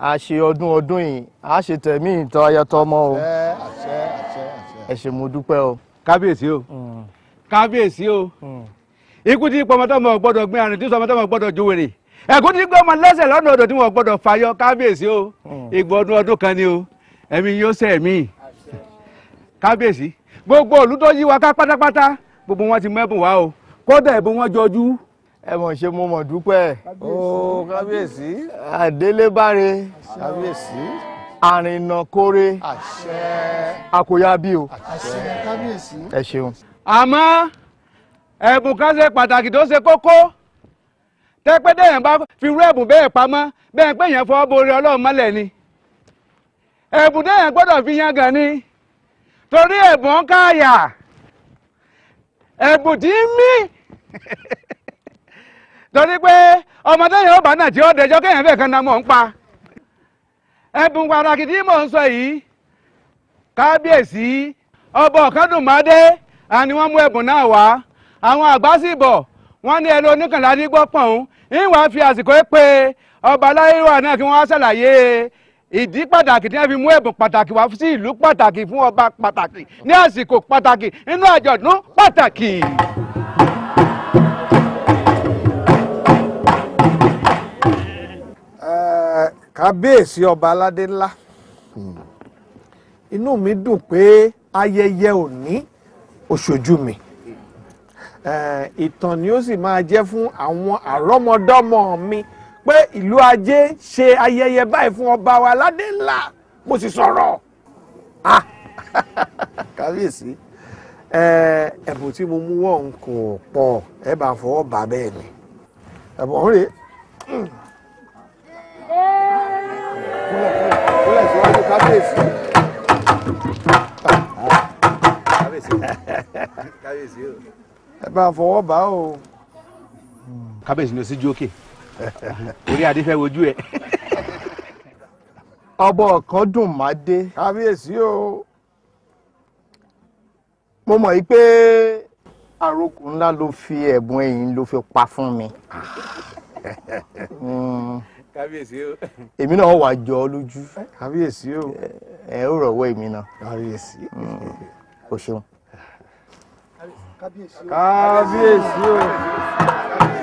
a ṣe ọdún ọdún yìí a ṣe tẹ̀mí ìtàn ayẹtọ́ ọmọ o ẹ ṣé mo dúpẹ́ o. kábíyèsí o mm. kábíyèsí o mm. ikú tí pọmọtọmọ gbọ́dọ̀ gbin àrùn tí sọmọtọmọ gbọ́dọ̀ jówèrè ẹkún tí gbọmọ lẹ́sẹ̀ lọ́nà odò tí wọn gbọ́dọ̀ fàyọ kábíyèsí o mm. ìgbọdún ọdún kan ni o ẹ̀mí yóò sẹ mi kábíyèsí gbogbo òlú tó wa ká pátápátá gbogbo wọn ti mẹ́bùn wá o kódà ẹ̀bùn wọn jọjú. ẹ mọ̀ ṣe mo mọ̀ dúpẹ́ ooo kábíyèsí àdélébáre kábíyèsí àrìnàkóre àkóyábí o kábíyèsí ẹ ṣeun. àmọ́ ẹ̀bùn kan ṣe pàtàkì tó ṣe kókó tẹ́pẹ́dẹ́ yẹn bá fi rú ẹ̀bùn bẹ́ẹ̀ pamọ́ bẹ́ẹ̀ pé yẹn fọ́ borí ọlọ́run mọ́lẹ̀ ni ẹ̀bùn dẹ́yẹn gbọ́dọ̀ fi yangàn ni. torí ẹ̀bùn káyà ẹ̀bùn tí ń mí torí pé ọmọ tẹ́yìn ọba náà tí ó dẹjọ́ kéèyàn fẹ́ kan náà mọ̀ ń pa ẹ̀bùn pàtàkì tí mò ń sọ yìí kábíyèsí ọba ọ̀kadùnmọ́dé àni wọ́n mú ẹ̀bùn náà wá àwọn àgbà sì bọ̀ wọ́n ní ẹni oníkànlá ní gbọ́pọ̀n ń wàá fi àsìkò pé ọba aláyéwà náà kí wọ́n á sàlàyé. ìdí pàtàkì tí wọ́n fi mú ẹ̀bùn pàtàkì wá sí ìlú pàtàkì fún ọba pàtàkì ní àsìkò pàtàkì nínú àjọ̀dún pàtàkì. Eh, kábíyèsí ọba aládé ńlá inú mi dùn pé ayẹyẹ òní òṣojú mi eh, ìtàn ni ó sì máa jẹ́ fún àwọn àrọ́mọdọ́mọ mi. Mm. Uh, pé ìlú ajé ṣe ayẹyẹ báyìí fún ọba wa aládé ńlá mo sì sọ̀rọ̀ ah. kábíyèsí ẹ̀bùn tí mo mú wọ̀ n kò pọ̀ ẹ bá fọwọ́ bá bẹ́ẹ̀ ni ẹ̀bùn ọ̀hún rèé. ẹ bá fọwọ́ bá o. kábíyèsí ni o sì jókè orí adé fẹ́ wojú ẹ. ọbọ kan dùn má dé. kábíyèsí o mo mọ̀ yí pé àrokò ńlá ló fi ẹ̀bùn ẹ̀yìn ló fi pa fún mi. Hmm. kábíyèsí o. èmi náà wà jọ ọ lójú. kábíyèsí o. ẹ ó rọ̀wọ́ èmi náà. kábíyèsí. Hmm. o ṣeun. kábíyèsí o. kábíyèsí o.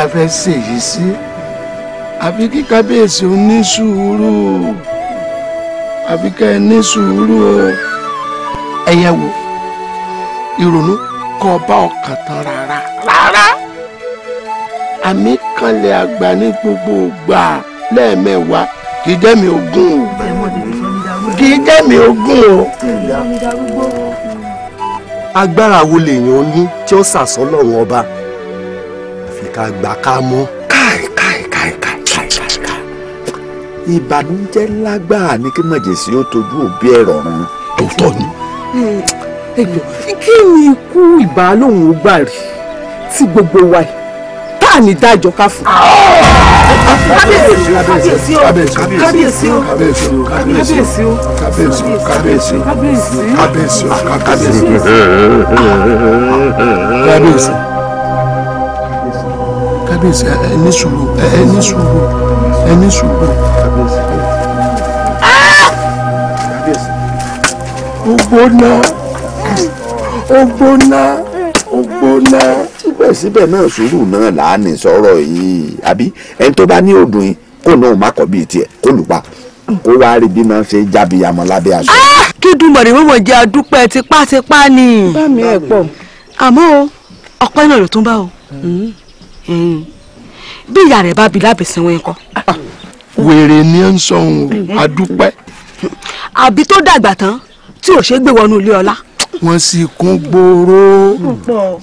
a fẹ́ ṣèyí sí àfi kí kábíyèsí ó ní sùúrù àfi kẹ́ ẹ ní sùúrù o ẹ̀yẹ wo ìrònú kọ bá ọkàn tán rárá rárá àmì kanlẹ̀ àgbà ní gbogbo ògbà lẹ́ẹ̀mẹ́wàá kì í jẹ́mi ogún o kì í jẹ́mi ogún o. agbára wo lèèyàn ní tí ó sàsọ́ lọ́rùn ọba ká gbà ká mú káì káì káì káì káì káì káì ìbànújẹ́ lágbàá ní kí mọ̀jẹ̀sí ó tọ́jú òbí ẹ̀rọ ọ̀run tòótọ́ ni. ẹ̀lọ́ kí ni ikú ìbálòun gbà rí tí gbogbo wa yìí tá à ní dájọ́ ká fún. kábíyèsí o kábíyèsí o kábíyèsí o kábíyèsí o kábíyèsí o kábíyèsí o kábíyèsí o kábíyèsí o kábíyèsí o kábíyèsí o kábíyèsí ẹ ní sùúrù ẹ ní sùúrù ẹ ní sùúrù. ó gbóná ó gbóná ó gbóná. síbẹ̀síbẹ̀ náà sùúrù náà láàánì sọ̀rọ̀ yìí àbí ẹni tó bá ní òdùn yìí kó náà má kọ̀ bíi tiẹ̀ kó lù pa kó wá rí bí máa ń ṣe jábì àmọ́ lábẹ́ aṣọ. Ah! kí dùmọ̀rì wọ́n mọ̀ jẹ́ àdúpẹ́ tipátipá ni. bá mi ẹ̀ pọ̀. àmọ́ ọpẹ́ náà ló tún bá o. Hmm bí ìyá rẹ̀ bá bi lábẹ́sẹ̀ wọn kọ́. wèrè ni ẹ ń sọ ohun adúpẹ́. àbí tó dàgbà tán tí ò ṣe gbé wọnú ilé ọlá. wọ́n sì kún gbòòrò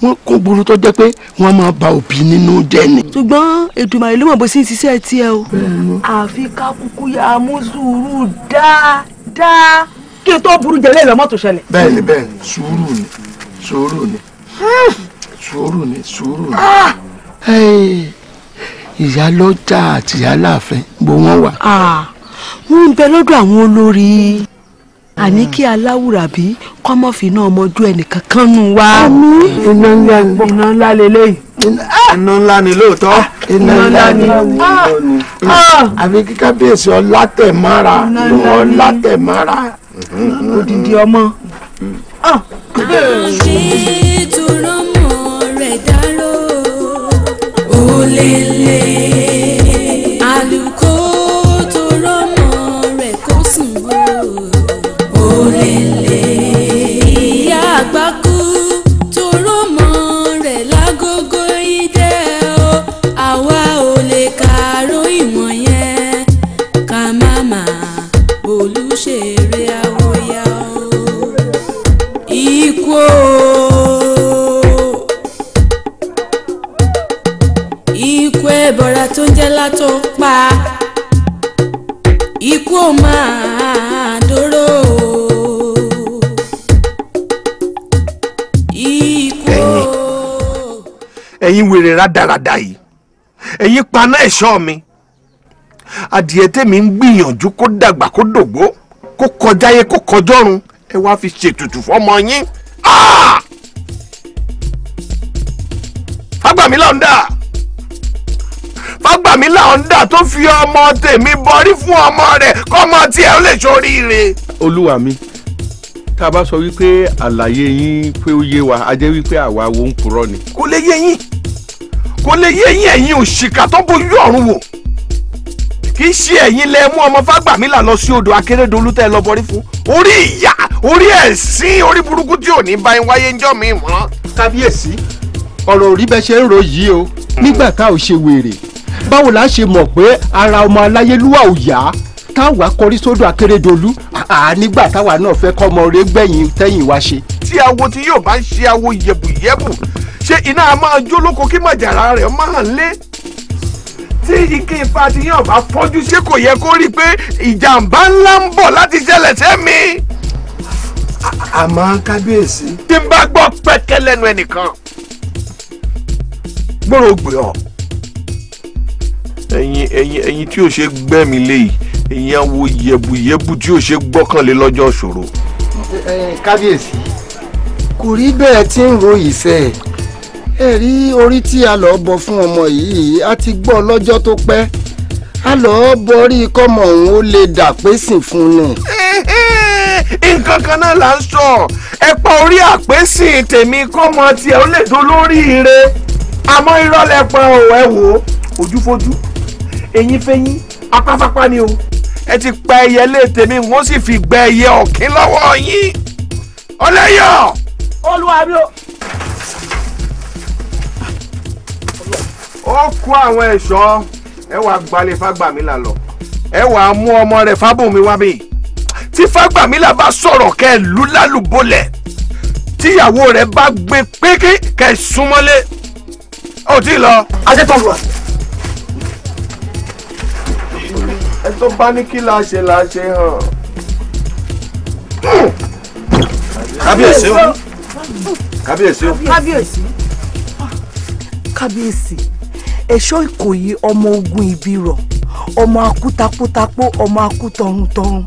wọ́n kún gbòòrò tó jẹ́ pé wọ́n máa ba òbí nínú jẹ́ ni. ṣùgbọ́n Èdùmàrè ló mọ̀ bó ń ṣiṣẹ́ tiẹ̀ o. àfi ká kúkú yà á dáadáa kí n tó burú jẹ lẹ́yìn ọmọ ṣẹlẹ̀. bẹ́ẹ̀ni bẹ́ẹ̀ni sùúrù ni sùúrù ni sùúrù ni hmm. sùúrù ni. Ah! ìyálọ́jà àti ìyáláàfin bó wọ́n wà. wọ́n ń bẹ lọ́dọ̀ àwọn olórí àní hmm. kí aláwùrábí kọ́mọ́ fínà ọmọjú ẹnìkan kan nù wá. iná ńlá ni iná ńlá lélẹ́yìí. iná ńlá ni lóòótọ́. iná ńlá ni àfi kí kábíyèsí ọlá tẹ̀ mára ọlá tẹ̀ mára. odidi ọmọ. Hmm. lélẹ̀. àlùkò tó rọ́mọ rẹ̀ kó sùn wò ó ìyá àgbà Adélá tó pa ikú ò máa dóró ikú ò. ẹ̀yin wèrè rádaràda yìí ẹ̀yin paná ẹ̀ṣọ́ mi adìẹ tèmi ń gbìyànjú kó dàgbà kó dògbó kó kọjá yẹ kó kọjọ́run ẹ wá fi ṣètùtù fọmọ yín. agbàmílọ̀ ah! ń ọgbàmílà ọ̀ndà tó fi ọmọ tèmi bọrí fún ọmọ rẹ̀ kọ́mọ tí ẹ lè ṣoríire. olúwa mi tá a bá sọ wípé àlàyé yín pé ó yé wa a jẹ́ wípé àwa wo ń purọ́ ni. kò lè yé yín kò lè yé yín ẹ̀yin òṣìkà tó bójú ọ̀run wò kì í ṣe ẹ̀yin lẹ mú ọmọ fágbàmílà lọ sí odò akérèdọ́lù tẹ́ ẹ lọ bọrí fún orí ìyá orí ẹ̀sìn orí burúkú tí ò ní bá yín wáyé ńjọ́ mi mọ́. kábíyèsí ọ̀rọ̀ òrí bẹ́ẹ̀ ṣe ń ro yìí o hmm. nígbà tá ò ṣe wèrè báwo la ṣe mọ̀ pé ara ọmọ aláyélúwà ò yá táwa kọrí sódò akérèdọ́lù nígbà táwa náà fẹ́ kọ́mọ rẹ gbẹ̀yìn tẹ́yìn wa ṣe. tí awo tí yóò bá ṣe awo yẹ̀bùyẹ̀bù ṣé iná a máa jó kí màjàrà rẹ̀ máa lé tí ike ifá ti yàn bá fọ́jú ṣé kò yẹ kó rí i pé ìjàmbá ńlá ń bọ̀ láti ṣẹlẹ̀ sẹ́mi. àmọ́ kábíyèsí. tí n bá gbọ́ pẹ́kẹ́ ẹnìkan gbọ́rọ̀ gbé ẹ̀yin ẹ̀yin ẹ̀yin tí ò ṣe gbẹ́mi léyìí ẹ̀yin awo yẹ̀bùyẹ̀bù tí ò ṣe gbọ́kànlé lọ́jọ́ ṣòro. kábíyèsí kò rí bẹ́ẹ̀ tí ń ro ìfẹ́ ẹ̀ rí orí tí a lọ́ọ́ bọ fún ọmọ yìí a ti gbọ́ lọ́jọ́ tó pẹ́ a lọ́ọ́ borí kọ́mọ òun ó lè dà pé sìn fún ni. nǹkan kan náà là ń sọ ẹ pa orí àpèsìn tèmi kọ́mọ tiẹ̀ ó lè dolórí ire àmọ́ irọ́ lẹ pa ọ̀ ẹ wò ojúfojú eyín fẹ́yín apáfápá ni o ẹ ti pa ẹyẹ léètè mi wọ́n sì fi gbẹ ẹyẹ ọ̀kín lọ́wọ́ yín ọlẹ́yọ̀. olúwa o. ó kó àwọn ẹ̀ṣọ́ ẹ wàá gbalẹ̀ fágbàmílà lọ ẹ wàá mú ọmọ rẹ̀ fábùnmi wá bí tí fágbàmílà bá sọ̀rọ̀ kẹ́ ẹ lù lálùbọ́lẹ̀ tíyàwó rẹ̀ bá gbé pékè kẹ́ ẹ súnmọ́lé ó ti lọ. ajẹ́tọ̀ lọ. ẹ tó bá ní kí la ṣe la ṣe hàn. kábíyèsí o kábíyèsí o. kábíyèsí kábíyèsí ẹ̀ṣọ́ ìkòyí ọmọ ogun ìbírọ̀ ọmọ akútakútapó ọmọ akútọ̀runtọ̀run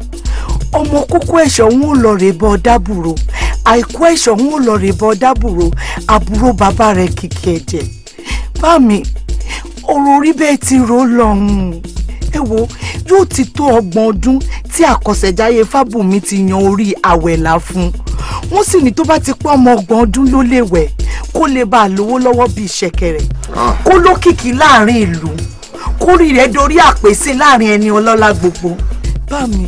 ọmọ kókó ẹ̀ṣọ́ ń lọ rè bọ́ dábùrò àìkú ẹ̀ṣọ́ ń lọ rè bọ́ dábùrò àbúrò bàbá rẹ̀ kìkì ẹ̀jẹ̀ bá ọ̀rọ̀ orí bẹ́ẹ̀ ti rò lọ́hùn-ún wo yóò ti tó ọgbọ̀n ọdún tí àkọsẹ̀jáyé fábùmí ti yan orí àwẹ̀là fún wọ́n sì ní tó bá ti pọ́ ọmọ ọgbọ̀n ọdún ló lè wẹ̀ kó lè bá a lówó lọ́wọ́ bíi ṣẹ̀kẹ̀rẹ̀ ah. kó lókìkí láàrin ìlú kórì rẹ̀ dorí àpèsè láàrin ẹni ọlọ́lá gbogbo bá mi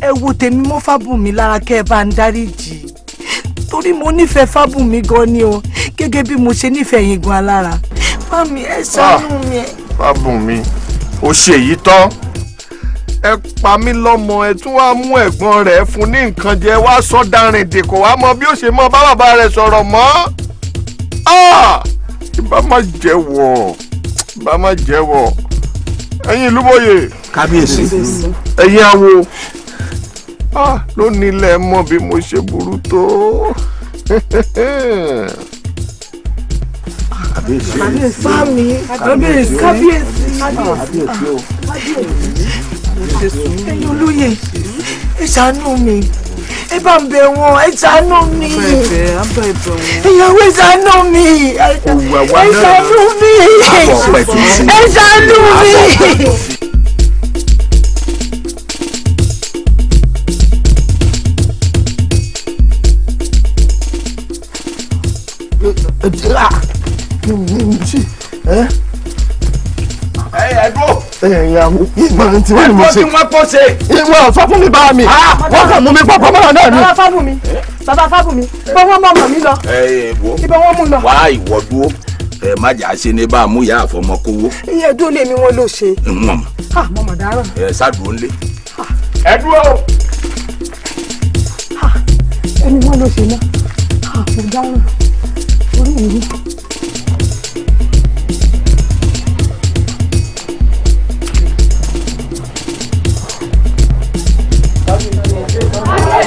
ẹ wo tèmi mọ́ fábùmí lára kẹ́ ẹ bá ń dáríjì torí mo nífẹ̀ẹ́ fábùmí gan ni o gẹ́gẹ́ bí mo ṣe nífẹ̀ẹ́ yín gan alára fámi ẹ ṣàánú ah. mi. fábùmí ó ṣe èyí tán ẹ pa mí lọ́mọ ẹ tún wá mú ẹ̀gbọ́n rẹ̀ fún ní nǹkan jẹ wá sọ darin dè kò wá mọ bí ó ṣe mọ bá bàbá rẹ̀ sọ̀rọ̀ mọ́ ìbá ah! má jẹ́wọ́ ìbá má jẹ́wọ́ ẹ̀yin ìlúbọ̀yè. kábíyèsí. ẹ̀yin awo ah! ló nílẹ̀ mọ̀ bí mo ṣe burú tó. Fámi, kábíyèsí, kábíyèsí, kábíyèsí. Ẹ̀yin olóyè, ẹ ṣàánú mi, ẹ bá ń bẹ wọn, ẹ ṣàánú mi. Ìyàwó ẹ ṣàánú mi, ẹ ṣàánú mi, ẹ ṣàánú mi. Ah! ẹ̀yàwó ìmọ̀ tí wọ́n ní mo ṣe. ẹ̀kọ́ tí wọ́n kọ́ ṣe. ìwọ fábùnmi bá mi. wọ́n kàn mú mi pọ̀ pọ̀mọ́ra náà ni. bàbá fábùnmi bàbá fábùnmi bọ́ wọ́n mọ̀ mọ̀ mi lọ. ibẹ̀ wọ́n mú lọ. wá ìwọ dúró ẹ má jà ṣe ní bá a mú ìyá àfọmọkówó. iye dúró lèmi wọn ló ṣe. n mọ̀ mọ̀. mo mọ̀ dáràn. ẹ ṣáàdùn ó ń lé. ẹ dúró. ẹni wọn ló ṣe náà mo dáràn orí mi.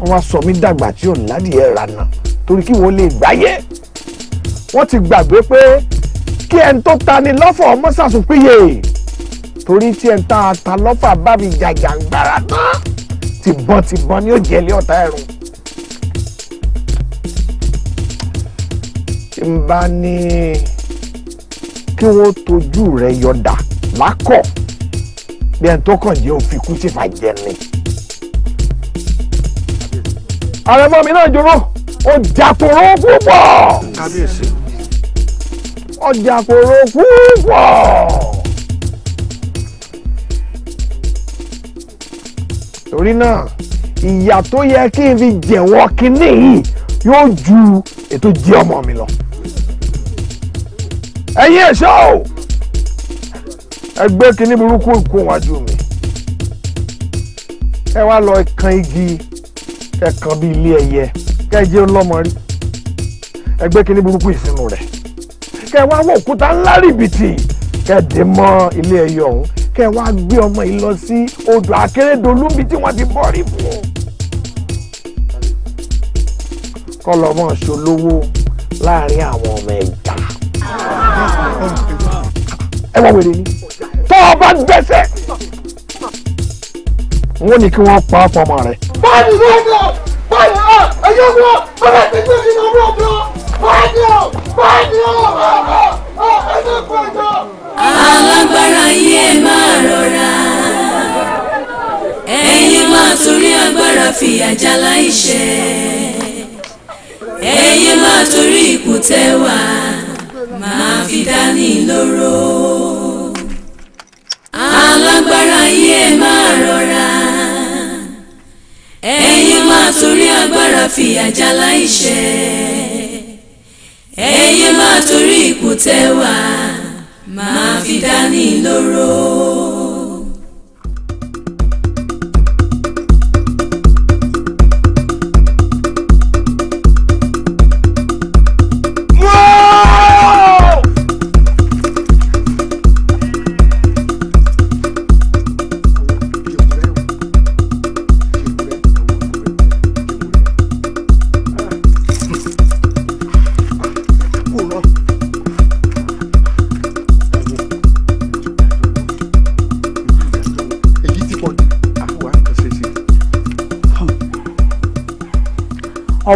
wọ́n wá sọ mí dàgbà tí ò ládìẹ rànà torí kí wọ́n lè gbáyé wọ́n ti gbàgbé pé kí ẹni tó ta ni lọ́fọ̀ ọmọ sàsùn péye torí tí ẹni tá a ta lọ́fà bá mi jàjàǹgbara tán tìbọn tìbọn ni ó jẹ́lé ọ̀tá ẹ̀rùn. tí n bá ní kí wọ́n tójú rẹ̀ yọ̀dà lákọ̀ bí ẹni tó kàn jẹ́ òfin kú sí fàjẹ́ ni àrẹ̀mọ mi náà jòrò ọjà tòrò púpọ̀. kábíyèsí. ọjà tòrò púpọ̀. torí náà ìyà tó yẹ kí n fi jẹ̀wọ́ kínní yìí yóò ju ètò jẹ ọmọ mi lọ. ẹ̀yin ẹ̀ṣọ́ o ẹgbẹ́ kínní burúkú kó wájú mi ẹ wá lọ kan igi ẹ̀kan bíi ilé ẹyẹ kẹ́ẹ̀jẹ́ ọlọ́mọ rí ẹgbẹ́ kínní burúkú ìsinú rẹ̀ kẹ́ẹ̀wá wọ òkúta ńlá rìbìtì kẹ́ẹ̀dé mọ́ ilé ẹyẹ ọ̀hún kẹ́ẹ̀wá gbé ọmọ yìí lọ sí odò akérèdọ́lù bíi tí wọ́n ti bọ́ fún un. kọ́lọ́mọ ṣolówó láàrin àwọn ọmọ ẹ̀dá. ẹ wá wèrè ni tọ́ ọ bá gbẹ́sẹ̀ wọ́n ní kí wọ́n pa fọmọ rẹ̀. báyìí ló ń lọ báyìí ah! lọ ẹyọ wọ ọlá ti gbé mi lọ́wọ́ ọ̀dọ́ báyìí ọ báyìí ọ ẹyọ pẹ̀lú. alágbára yìí ẹ máa rọra ẹ̀yin máa torí agbára fìyà jálá iṣẹ́ ẹ̀yin máa torí ipò tẹ́ máa fi dání lóró alágbára yìí ẹ máa torí agbára fìyà já láìṣẹ̀ ẹ̀yin máa torí ipò tẹ́ máa fi dání lóró.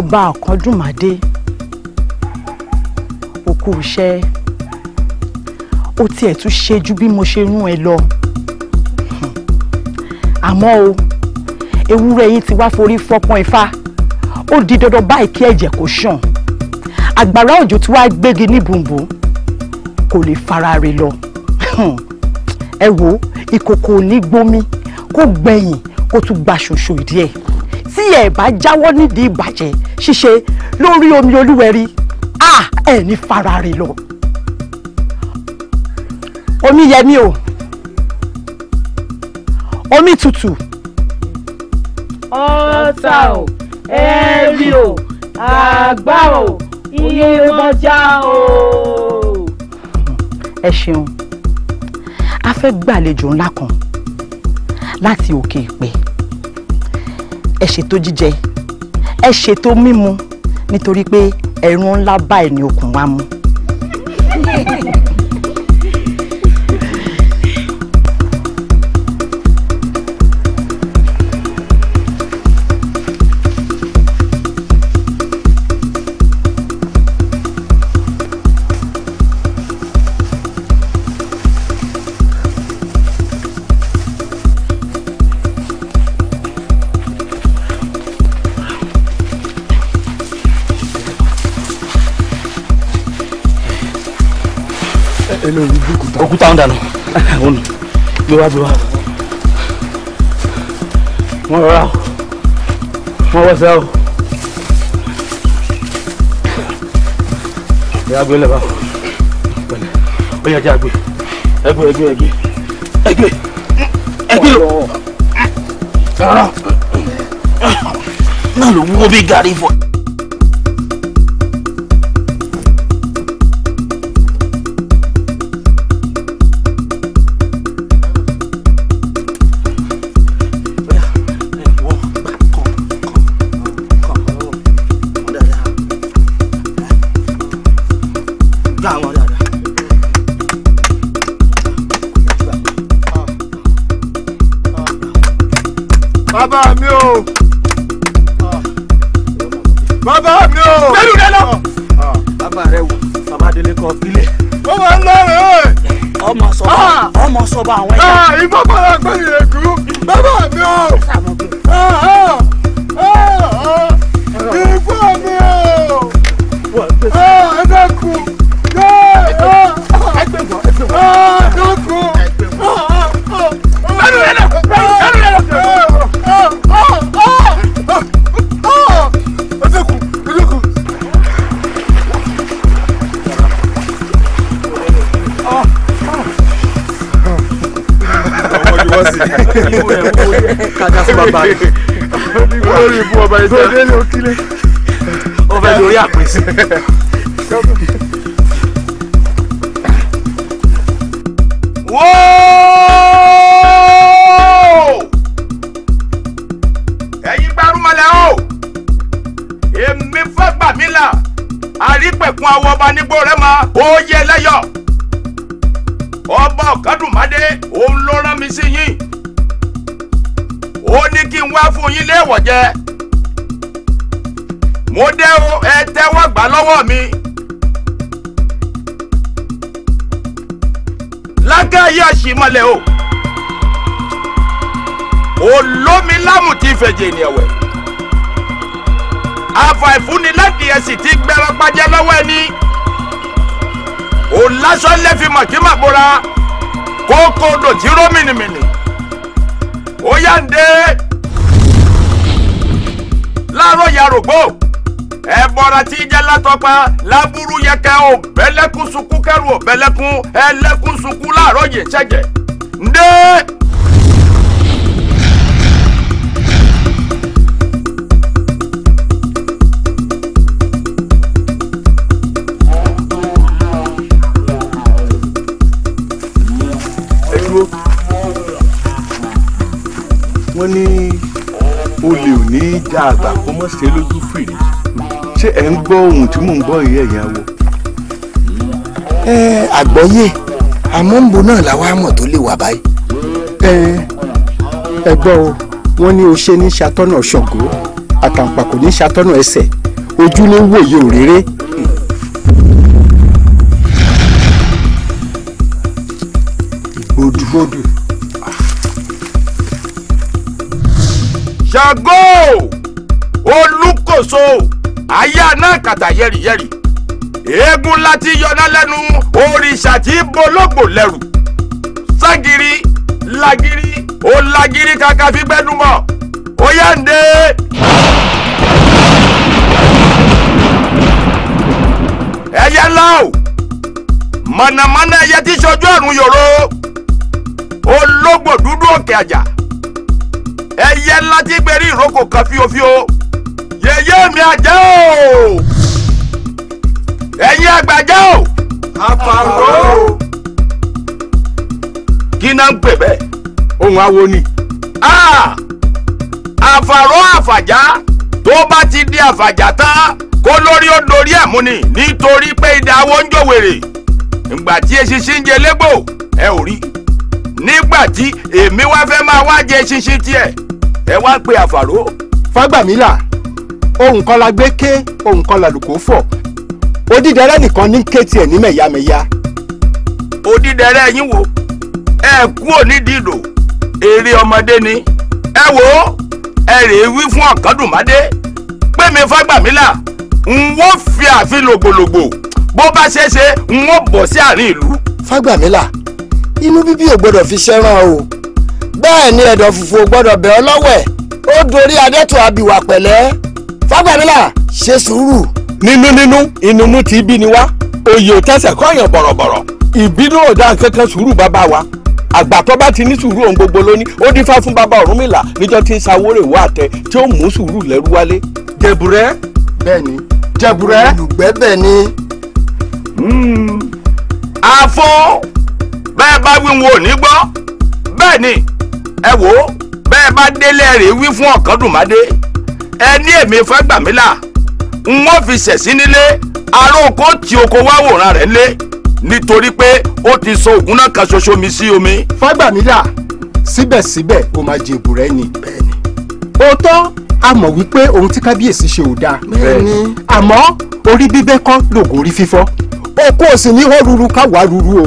ọba àkọ́dùnmádé òkú iṣẹ́ ó tiẹ̀ tún ṣe ju bí mo ṣe rún ẹ lọ àmọ́ o ewúrẹ́ yìí ti wá forí fọ́pọ́n ifá ó di dandan báyìí kí ẹ̀jẹ̀ kò ṣàn àgbàrá òjò tí wàá gbégi ní bùnbùn kò lè fara rè lọ ẹ wo ìkòkò ò ní gbómi kó gbẹ̀yìn kó tún gba ṣoṣo ìdí ẹ̀ tí ẹ̀ bá jáwọ́ nídìí ìbàjẹ́ ṣíṣe lórí omi olúwẹ̀rí à ẹ̀ ní fara rẹ̀ lọ. omi yẹmi o omi tútù. ọ̀tà o ẹ̀rí o àgbá o iye mọ́já o. ẹ ṣeun a fẹ́ gbàlejò ńlá kan láti òkè ìpẹ́ ẹ ṣètò jíjẹ ẹ ṣètò mímu nítorí pé ẹ̀rùn ńlá báyìí ni okùn wa mú. òkúta ń dànù òun gbé wá gbé wá wọ́n rọra o wọ́n wọ́sẹ̀ o ìyá gbé lẹ́bàá pẹ̀lẹ́ ó yẹ kí a gbé ẹgbẹ́ ẹgbẹ́ ẹgbẹ́ ẹgbẹ́ ẹgbẹ́ lọ náà ló wúwo bí gàrí fún ẹ. ajé ni ẹ̀wẹ̀. àfàìfúnni láti ẹ̀sìn tí gbẹ́rọ pàjẹ́ lọ́wọ́ ẹni. òun lásán lẹ́fi màkímàbúra kókó odò ró mìnìmìnì. ó yá ń dé. láàárọ̀ ya ẹ bọra tí jẹ́ látọpa lábúrú yẹkẹ ò bẹ́lẹ́kùn sunkún kẹrù ò bẹ́lẹ́kùn ẹlẹ́kùn sunkún láàárọ̀ yìí ṣẹ̀jẹ̀ ń dé. wọ́n ní olè ò ní í já àgbà kó mọ̀ ṣe lójú fìrí ṣé ẹ̀ ń gbọ́ ohun tí mò ń gbọ́ yìí ẹ̀yà wo. ẹ àgbọ́yé àmọ́ ń bo náà làwọn àmọ̀ tó lè wà báyìí. ẹ o wọ́n ní o ṣe ní ṣàtọ́nà ṣọ̀gbó àtàǹpàkò ní ṣàtọ́nà ẹsẹ̀ ojú ló wòye òréré. gbòdúgbòdù ṣàngó olúkòso ayé anákàtà yẹ́rìyẹ́rì eégún láti yọná lẹ́nu òrìṣà tí bológbò lẹ́rù ságiri lagiri ó lagiri kàkà fi gbẹ́dùmọ̀ ó yá ń dé. ẹyẹ ńlá o mọ̀nàmọ́ná ẹyẹ tí ṣojú ọ̀run yòró ológbò dúdú òkè àjà ẹyẹ ńlá tí gbèrí ìrókò kan fíofío yèyé mi àjẹ́ o ẹ̀yin àgbàjẹ́ o. àpàrọ̀. kí náà ń pè bẹ́ẹ̀ ohun awo ni. àfàrọ̀ àfàjá tó bá ti di àfàjá tán kó lórí ó dorí ẹ̀ mú ni nítorí pé idà ń jò wèrè ìgbà tí eṣinṣin ń jẹ légbò ẹ ò rí i nígbà tí èmi wá fẹ́ máa wá jẹ ṣinṣin tiẹ̀ ẹ wá pe àfàró. fagbamila ohun kan la gbé ké ohun kan la lùkò fọ odídẹrẹ́ nìkan ní ké tiẹ̀ ní mẹ̀yàmẹ̀yà. odídẹrẹ́ yín wo ẹ kú onídìí ìdò èrè ọmọdé ni ẹ wo ẹ rèé wí fún ọ̀kadùnmádé pé mi fagbamila n ó fi àfin lògbòlògbò bó bá ṣe ṣe n ó bọ̀ sí àárín ìlú. fagbamila inú bíbí ò gbọ́dọ̀ fi ṣẹ́ràn o bẹ́ẹ̀ ni ẹ̀dọ̀ fùfù ò gbọ́dọ̀ bẹ̀ ọ́ lọ́wẹ̀ ó dorí adẹ́tò àbíwá pẹ̀lẹ́ fágbàmílà ṣe sùúrù. nínú nínú ìnùnú ti bí ni wá oyè ò tẹsẹ̀ kọ́yàn bọ̀rọ̀bọ̀rọ̀ ìbínú ò dá kankan sùúrù bàbá wa àgbà tó bá ti ní sùúrù ohun gbogbo lóní ó dífá fún bàbá Ọ̀rúnmìlà níjọ́ tí ń sawórè wá àtẹ tí ó mú sùúrù lẹ́rú wálé. jẹ̀bùrẹ́. bẹ́ẹ̀ni jẹ̀bùrẹ́. olùgbẹ́bẹ̀ ni. àfọ́. Hmm bẹ́ẹ̀ bá wí wọn ò ní gbọ́ bẹ́ẹ̀ ni ẹ wò ó bẹ́ẹ̀ bá délé rè wí fún Ọ̀kándùnmáde ẹ ní èmi Fágbàmílà n ó fi ṣẹ̀sí nílé aróko tí oko wá wòran rẹ̀ nílé nítorí pé ó ti sọ ògùn náà kan ṣoṣo mi sí omi. Fágbàmílà síbẹ̀síbẹ̀ ó máa jẹ èbùrẹ́ ni. bẹ́ẹ̀ni. òótọ́ a mọ̀ wípé ohun tí kábíyèsí ṣe ò dáa. bẹ́ẹ̀ni. àmọ́ orí bíbẹ́ kọ́ lògùn fífọ́. òkú ò ní hó ruru ká wá ruru o.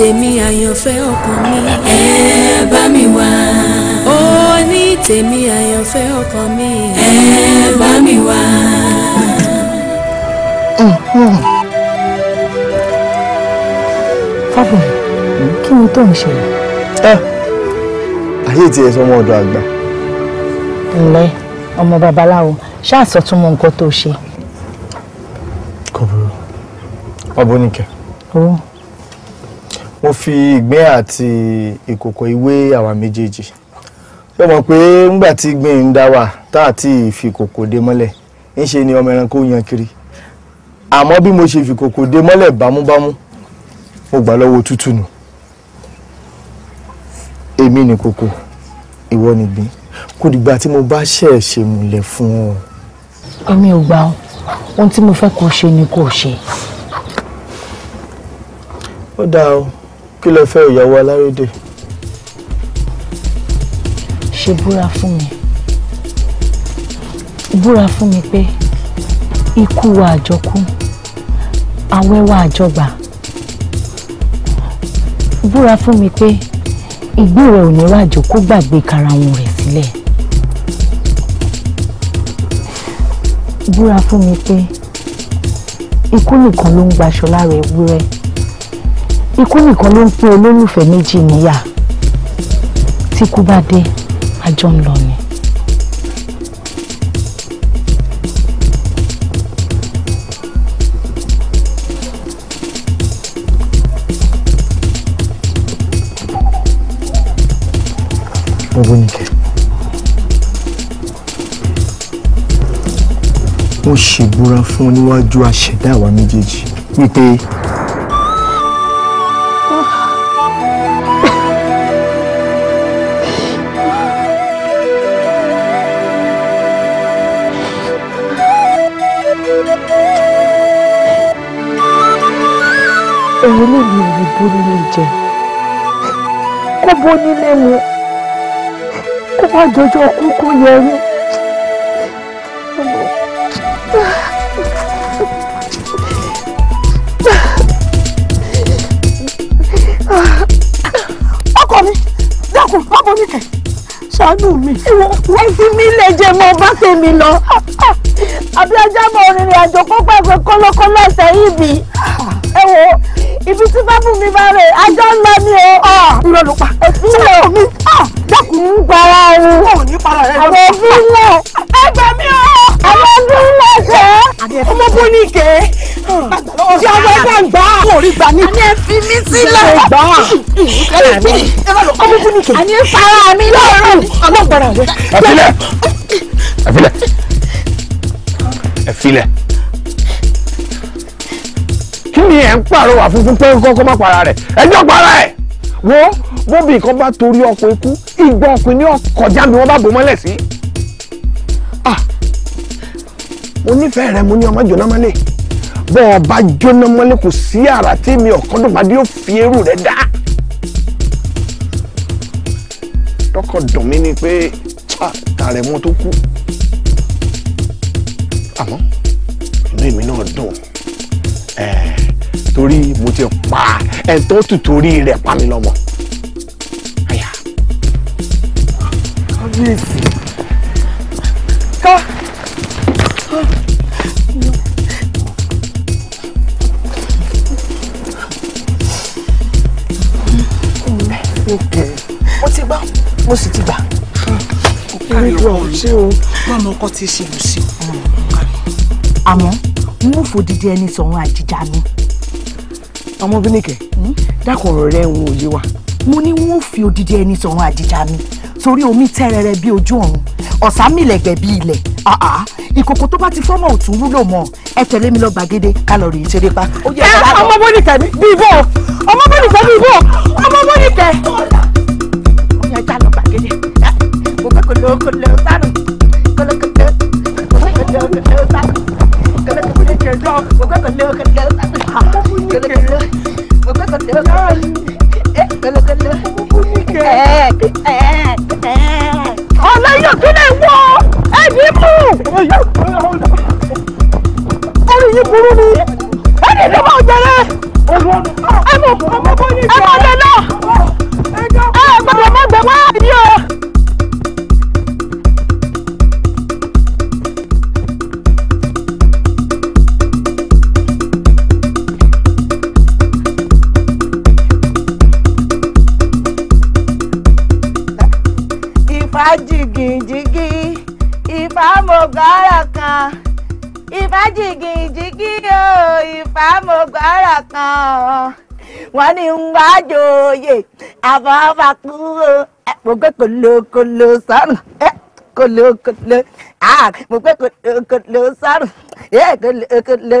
tèmi àyànfẹ́ ọkàn mi. ẹ bá mi wá. ó ní tèmi àyànfẹ́ ọkàn mi. ẹ bá mi wá. Mm, mm. fábọn kí ni tó ń ṣẹlẹ̀. ẹ ah, ayé tiẹ̀ sọmọ ọ̀dọ̀ àgbà. ǹlẹ́ ọmọ babaláwo ṣáà mọ nǹkan tó ṣe. kò burú ọbọ níkẹ. ó. Oh mo fi ìgbín àti ìkòkò ìwé àwa méjèèjì ṣé mọ̀ pé ńgbà tí ìgbín ń dá wà tá àti ìfi ìkòkò dé mọ́lẹ̀ ń ṣe ni ọmọ ẹranko yan kiri àmọ́ bí mo ṣe fi ìkòkò dé mọ́lẹ̀ bámúbámú mo gbà lọ́wọ́ tútù nù èmi ni kòkò ìwọ ni ìgbín kò dìgbà tí mo bá ṣẹ̀ ṣe múlẹ̀ fún ọ. èmi ò gbà ọ́ ohun tí mo fẹ́ kó ṣe ni kó ṣe. ó dáa o kí ló fẹ́ ìyàwó alárédè. ṣe búra fún mi búra fún mi pé ikú wa àjọkú àwẹ̀ wa àjọgbà búra fún mi pé ìgbé rẹ ò ní wájú kó gbàgbé karahun rẹ̀ sílẹ̀ búra fún mi pé ikú nìkan ló ń gbaṣọ lára ewúrẹ́ ikú nìkan ló ń pín olólùfẹ́ méjì níyà tí kú bá dé àjọ ń lọ ni. Bobonike. Mo ṣèbúra fún ọ níwájú aṣẹ̀dá àwa méjèèjì wípé. eléyìí ò lè bó nílé jẹ kó bó nílé mu kó má jọjọ kú kó yẹrí. ọkọ mi dákun ọkọ mi kẹ ṣàánú mi. ẹ fi mí lè jẹ mọ bá tèmi lọ àbí ọjọ́ mọ orin ìrìn àjò kó pàṣẹ kọ́lọ́kọ́lọ́ ṣẹ́yìn bíi ibi tí fẹ́fún mi bá rè ajá ń lọ ní o. Ah, irọ́ ló pa ṣé o mi ah, dákun ń para o. o ní para rẹ. àwọn fílẹ̀ ẹgbẹ́ mi o. àwọn fílẹ̀ jẹ́ ah, ọmọ bó ní ike. ṣé àwọn ẹgbẹ́ ń gbà. kò rí gbà ní. àní ẹ fi sílẹ̀. ṣé gbà ọmọ bó ní ike. àní ẹ mi lọ́rùn. ọlọ́gbọ̀nà rẹ. ẹ filẹ̀ ẹ filẹ̀ ẹ filẹ̀ ẹ̀ ń pàrọwà funfun pé kọ́kọ́ má para rẹ̀ ẹjọ́ para ẹ̀ wọ́n wọ́n bí nǹkan bá torí ọkọ̀ ikú ìgbà ọkùnrin ní ọkọ̀já mi wọ́n bá bò mọ́lẹ̀ sí. Ah! mo nífẹ̀ẹ́ rẹ mo ní ọmọ jóná mọ́lẹ̀ bọ́ ọ bá jóná mọ́lẹ̀ kò sí àrà tí mi ọ̀kọ́dùnmadé yóò fi eérú rẹ̀ dá. tọkọ dùn mí ni pé tààrẹ mọ tó kú àmọ́. torí mo ti pa ẹni tó tù rẹ̀ pa mí lọ́mọ. mo ti gbà mo sì ti gbà. kárí ọkọ ti ṣèlú sí i. àmọ́ n ó fòdìdí ẹni sọ̀rọ̀ àjìjà mi ọmọ bíníkẹ hmm? dákun ọ̀rọ̀ rẹ ń òye wa mo ní wọn ò fi odidi ẹni sọ̀rọ̀ àjíjà mi torí omi tẹ́rẹrẹ bí ojú ọ̀run ọ̀sán mílẹ̀gbẹ̀ bí ilẹ̀ ìkòkò tó bá ti fọ́mọ̀ òtún wúlò mọ́ ẹ tẹ̀lé mi lọ gbàgede kálọ̀rì ìṣeré pa. ọmọ bónìkẹ bí ibò ọmọ bónìkẹ bí ibò ọmọ bónìkẹ. ọyàn ẹja lọ gbàgede kò fẹ́ kò lọ kò lọ sánú kò lọ kò lọ kò lọ kò lọ sánú kò lọ kò lọ kò lọ kò lọ kò lọ ọ̀la yóò tún lè wọ ẹ̀mí mú orí burú ni. wọ́n ní ń wá jòyè àfọwọ́fà kúrò mo gbé kòlòkòlò sọ́rùn kòlòkòlò mo gbé kòlòkòlò sọ́rùn kòlòkòlò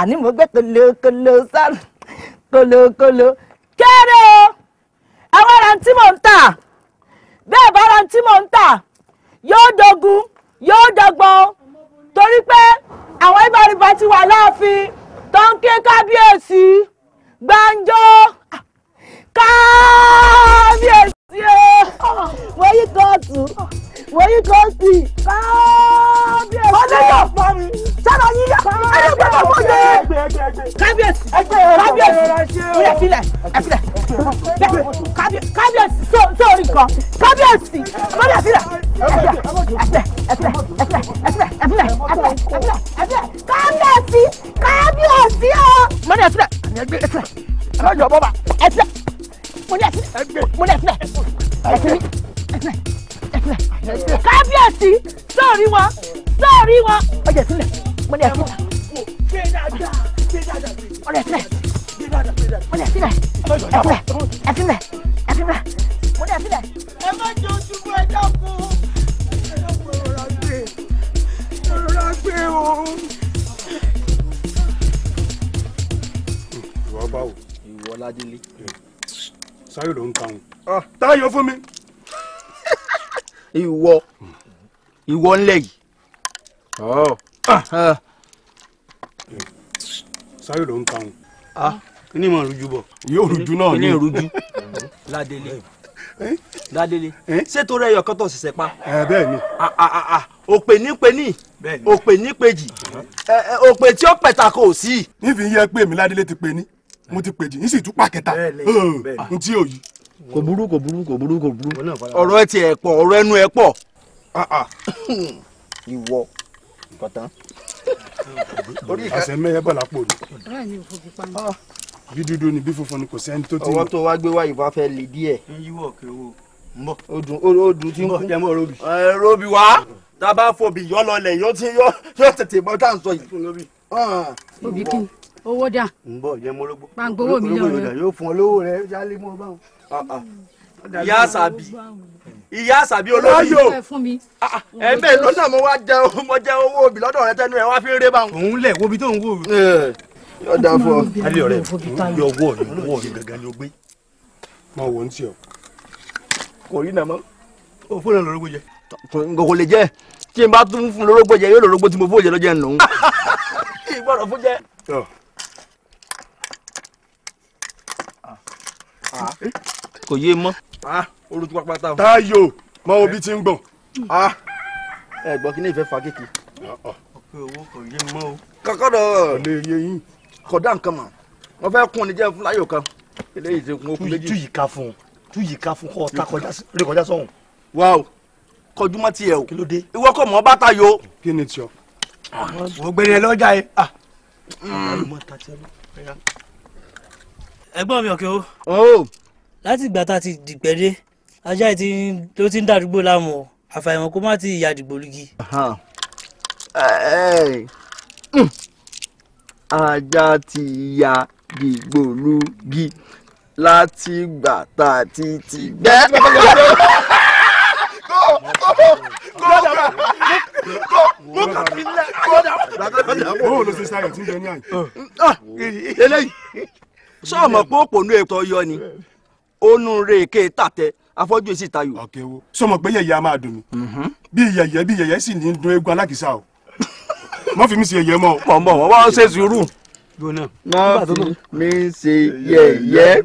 àní mo gbé kòlòkòlò sọ́rùn kòlòkòlò kéré o àwọn ara tí mò ń tà bẹ́ẹ̀ bá ara tí mò ń tà yóò dogun yóò dọ́gbọ́n torí pé àwọn ibà rìbá ti wà láàfin tó ń ké kábíyèsí gbàǹjo ah. kábíyèsí o wọ́n yí kóòtù wọ́n yí kóòtù kábíyèsí. ọdẹ yóò fọ mi sára yín yá ẹni gbé bàbá ọdẹ. kábíyèsí kábíyèsí ilẹ̀ filẹ̀ ẹ̀filẹ̀ kábíyèsí sórí kan kábíyèsí mọ́lẹ̀ filẹ̀ ẹ̀filẹ̀ ẹ̀filẹ̀ ẹ̀filẹ̀ ẹ̀filẹ̀ ẹ̀filẹ̀ ẹ̀filẹ̀ kábíyèsí kábíyèsí o mọ́lẹ̀ filẹ̀ yẹn gbé ẹsẹ̀ alájọ bọba ẹsẹ̀ mo ní ẹsẹ̀ mo ní ẹsẹ̀ ẹsẹ̀ ẹsẹ̀ ẹsẹ̀. kábíyèsí sọ́ọ̀rí wọn sọ́ọ̀rí wọn. ọjà sílẹ̀ mo ní ẹsẹ̀. gbé dáadáa gbé dáadáa ọjà sílẹ̀ ọjà sílẹ̀ ẹsẹ̀ ẹsẹ̀ ẹsẹ̀ mo ní ẹsẹ̀. ẹ má jọ Ládélé. Sáyọ̀ ló ń ka wọn. Ah, Táyọ̀ fún mi. Ìwọ ìwọ ńlẹ̀ yìí. Oh. Ah, ah. Sáyọ̀ ló ń ka wọn. Kí ni mo rújú bọ̀? Yóò rújú náà ni. Kí ni rújú? Ládélé. Eh? Ládélé. Eh? Ṣé torí ẹyọ kan tó ṣẹ̀ṣẹ̀ eh, pa? Bẹ́ẹ̀ ni. Òpè ní pe ní òpè ní pejì uh-huh. òpè tí ó pẹ̀ta kò sí. Nífi yẹ pé èmi Ládélé ti pe ní mo ti pèjì yín sì tún pàkẹta n tí ò yí. kò burú kò burú kò burú kò burú. ọ̀rọ̀ ẹ ti ẹ̀ pọ̀ ọ̀rọ̀ ẹnu ẹ pọ̀. ìwọ kọ̀tán. àṣẹ mẹ́yẹ bọ̀ lápò ni. Ah. bí dúdú ni bí funfun ni kò sẹ́ni tó ti. ọwọ́ tó wá gbé wá ìbá fẹ́ lè díẹ̀. ń yíwọ̀ kí owó mbọ. o dun o dun ti n kú. jẹmọ robi. ẹ robi wa tá a bá fòbi yọ lọlẹ yóò ti yọ yóò tètè bọ tá à ń sọ yìí. robi ah. kí ni owó dà. n bọ jẹ mọlógbó. pàǹgbówó mi lọ rẹ. yóò fún ọ lówó rẹ jálẹ mọ báwọn. Ah, ah. ìyá àṣàbí ìyá àṣàbí olóyò ẹ̀ẹ́mẹ́ lọ́nà mo wá jẹ mo jẹ owó obì lọ́dọ̀ rẹ tẹnu ẹ̀ wá fi ré báwọn. òun lẹ̀ wo bi tó ń wò. yóò dá fún ọ. alẹ́ ọ̀rẹ́ yọ wọ́ ni wọ́ ni gangan ni o gbé. má wọ ní tiẹ̀. kò rí nàmọ́. o fún ọ lọ́rọ́gbó jẹ. kò lè jẹ tí n bá tún fún lọ́rọ́gbó jẹ yóò lọ́rọ́gbó tí mo fún òjẹ lọ́jẹ nù. ìgbọ́dọ̀ fún jẹ. Ah. Ah. kò yé mọ́. Ah, olùtú pápátá o. Táyọ̀ mọ obi ti ń gbọ̀n. ẹ gbọ́ kí ní ìfẹ́ fa kéèké. ọ̀pẹ uh-uh. owó kò yé mọ́ o. kọ́kọ́dọ̀ lè yé yín kọ̀dá nǹkan mọ̀ wọ́n fẹ́ kún ni jẹ́ fún láyò kan eléyìí ti kún okun méjì. tú yìí ká fún un tú yìí ká fún kọ́ ta rékọjá sọ̀hún. wá o kọjú mọ́ o. kí ló dé. ìwọ kò mọ bàtà yo. kí ni tiọ. wọ́n gbére lọ́jà yẹn ẹ̀gbọ́n mi ọ̀kẹ́ o. o. láti ìgbà tá a ti dìgbẹ́ dé ajá yìí ló ti ń dàdúgbò láàmú o àfàìmọ̀ kó má ti ìyá àdìgbò lugi. Hmm. ajá ti ya dìgbò lugi láti ìgbà tá a ti ti gbẹ́. Oh. Ah, Eléyìí sọmọ pé òpònú ètò yọ ni ònú rè ké tàtẹ afọjú èsì tayò. ọkẹ wo sọmọ pé yẹyẹ a máa dùn mí mhm. bí yẹyẹ bí yẹyẹ sì ní dún eégún alákìsà o mọ fi mi ṣe yẹyẹ mọ. mọ̀ mọ̀ wọ́n wá ṣe sùúrù. mọ fi mi ṣe yẹyẹ.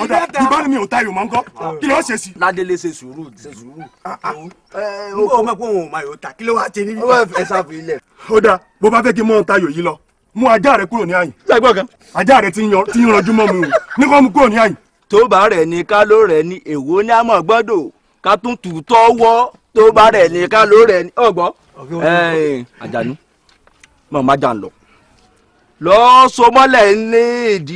ọ̀dà dùbá ni mi ò tayò mọ́ ń kọ́ ah. kí ló ṣe sí. ládélé ṣe sùúrù ṣe sùúrù. Ah, ah. n kò mọ̀ pé òun ò máa yóò ta kí ló wá ṣe níbi. ó wà ẹ̀sà fún ilẹ̀. ó dáa bó bá fẹ́ kí mọ́ ń tayò yìí lọ mú ajá rẹ kúrò ní àyìn. kan. ajá rẹ ti ń ranjú mọ́ mi o ní mú kúrò ní àyìn. tó bá rẹ̀ ní ká ló rẹ̀ ní èwo ní àmọ́ gbọ́dọ̀ ká tún tù tó bá rẹ̀ ní ká ló rẹ̀ ní ọ̀gbọ́. àjànú mọ̀ má lọ. lọ so mọ́lẹ̀ ní ìdí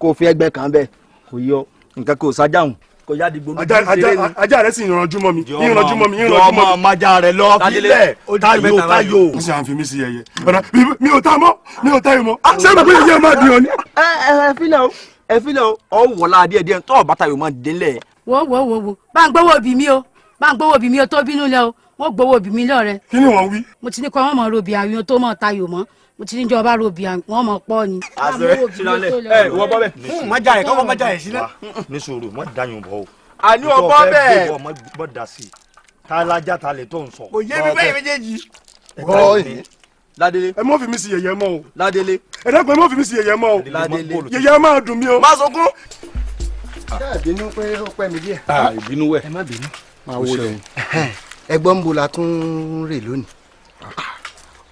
kò fi ẹgbẹ́ kan bẹ́ẹ̀ kò yọ nǹkan kò yá di gbòǹdò tó ṣeré ajá rẹ sì ìrànjú mọ mi ìrànjú mọ mi ìrànjú mọ mi. ọmọ ọmọjà rẹ lọ filẹ tayo tayo. n ṣe àǹfin mi sí yẹyẹ ọ̀dà mi ò ta mọ́ mi ò tayo mọ́ ah, ṣé mo pé iye máa dùn ọ ni. ẹ ẹ filẹ o ẹ eh, filẹ o ọ wọlá díẹ̀ díẹ̀ tọ bàtà yóò máa délẹ. wo wo wo wo bá ń gbowó òbí mi o bá ń gbowó òbí mi o tó bínú lẹ o wọ́n gbowó òbí mi lọ́rẹ́. kí ni wọ́n wí. mo ti ní kọ́ wọn mọ̀ ọ́ robi àyàn tó mọ̀ tayo mọ́ mo ti ní jọba robi wọn mọ pọ ni. àzọrẹ sílálẹ ẹ wọ bọ bẹ má jà yẹ kọ́ má jà yẹ sílẹ̀. ní sòrò má dàyàn bọ o. àní o bọ bẹ́ẹ̀. ìjọba bẹ́ẹ̀ bọ́ da sí i tá a lajà ta lè tó n sọ. kò yé mi bẹ́ẹ̀ méjèèjì. bọ́ọ̀yì ládélé. ẹ mọ fi mi sí yẹ̀yẹ́ mọ́ o. ládélé. ẹ dẹ́kun ẹ mọ fi mi sí yẹ̀yẹ́ mọ́ o. ládélé yẹ̀yẹ́ máa dùn mí o. má sọkún. ṣé ìbínú pé o pẹ́ mi díẹ̀. Ah, ìbínú wẹ̀. ẹ má bínú. máa wo lẹ́yìn. ẹgbọ́n ń bo la tún rè lónìí.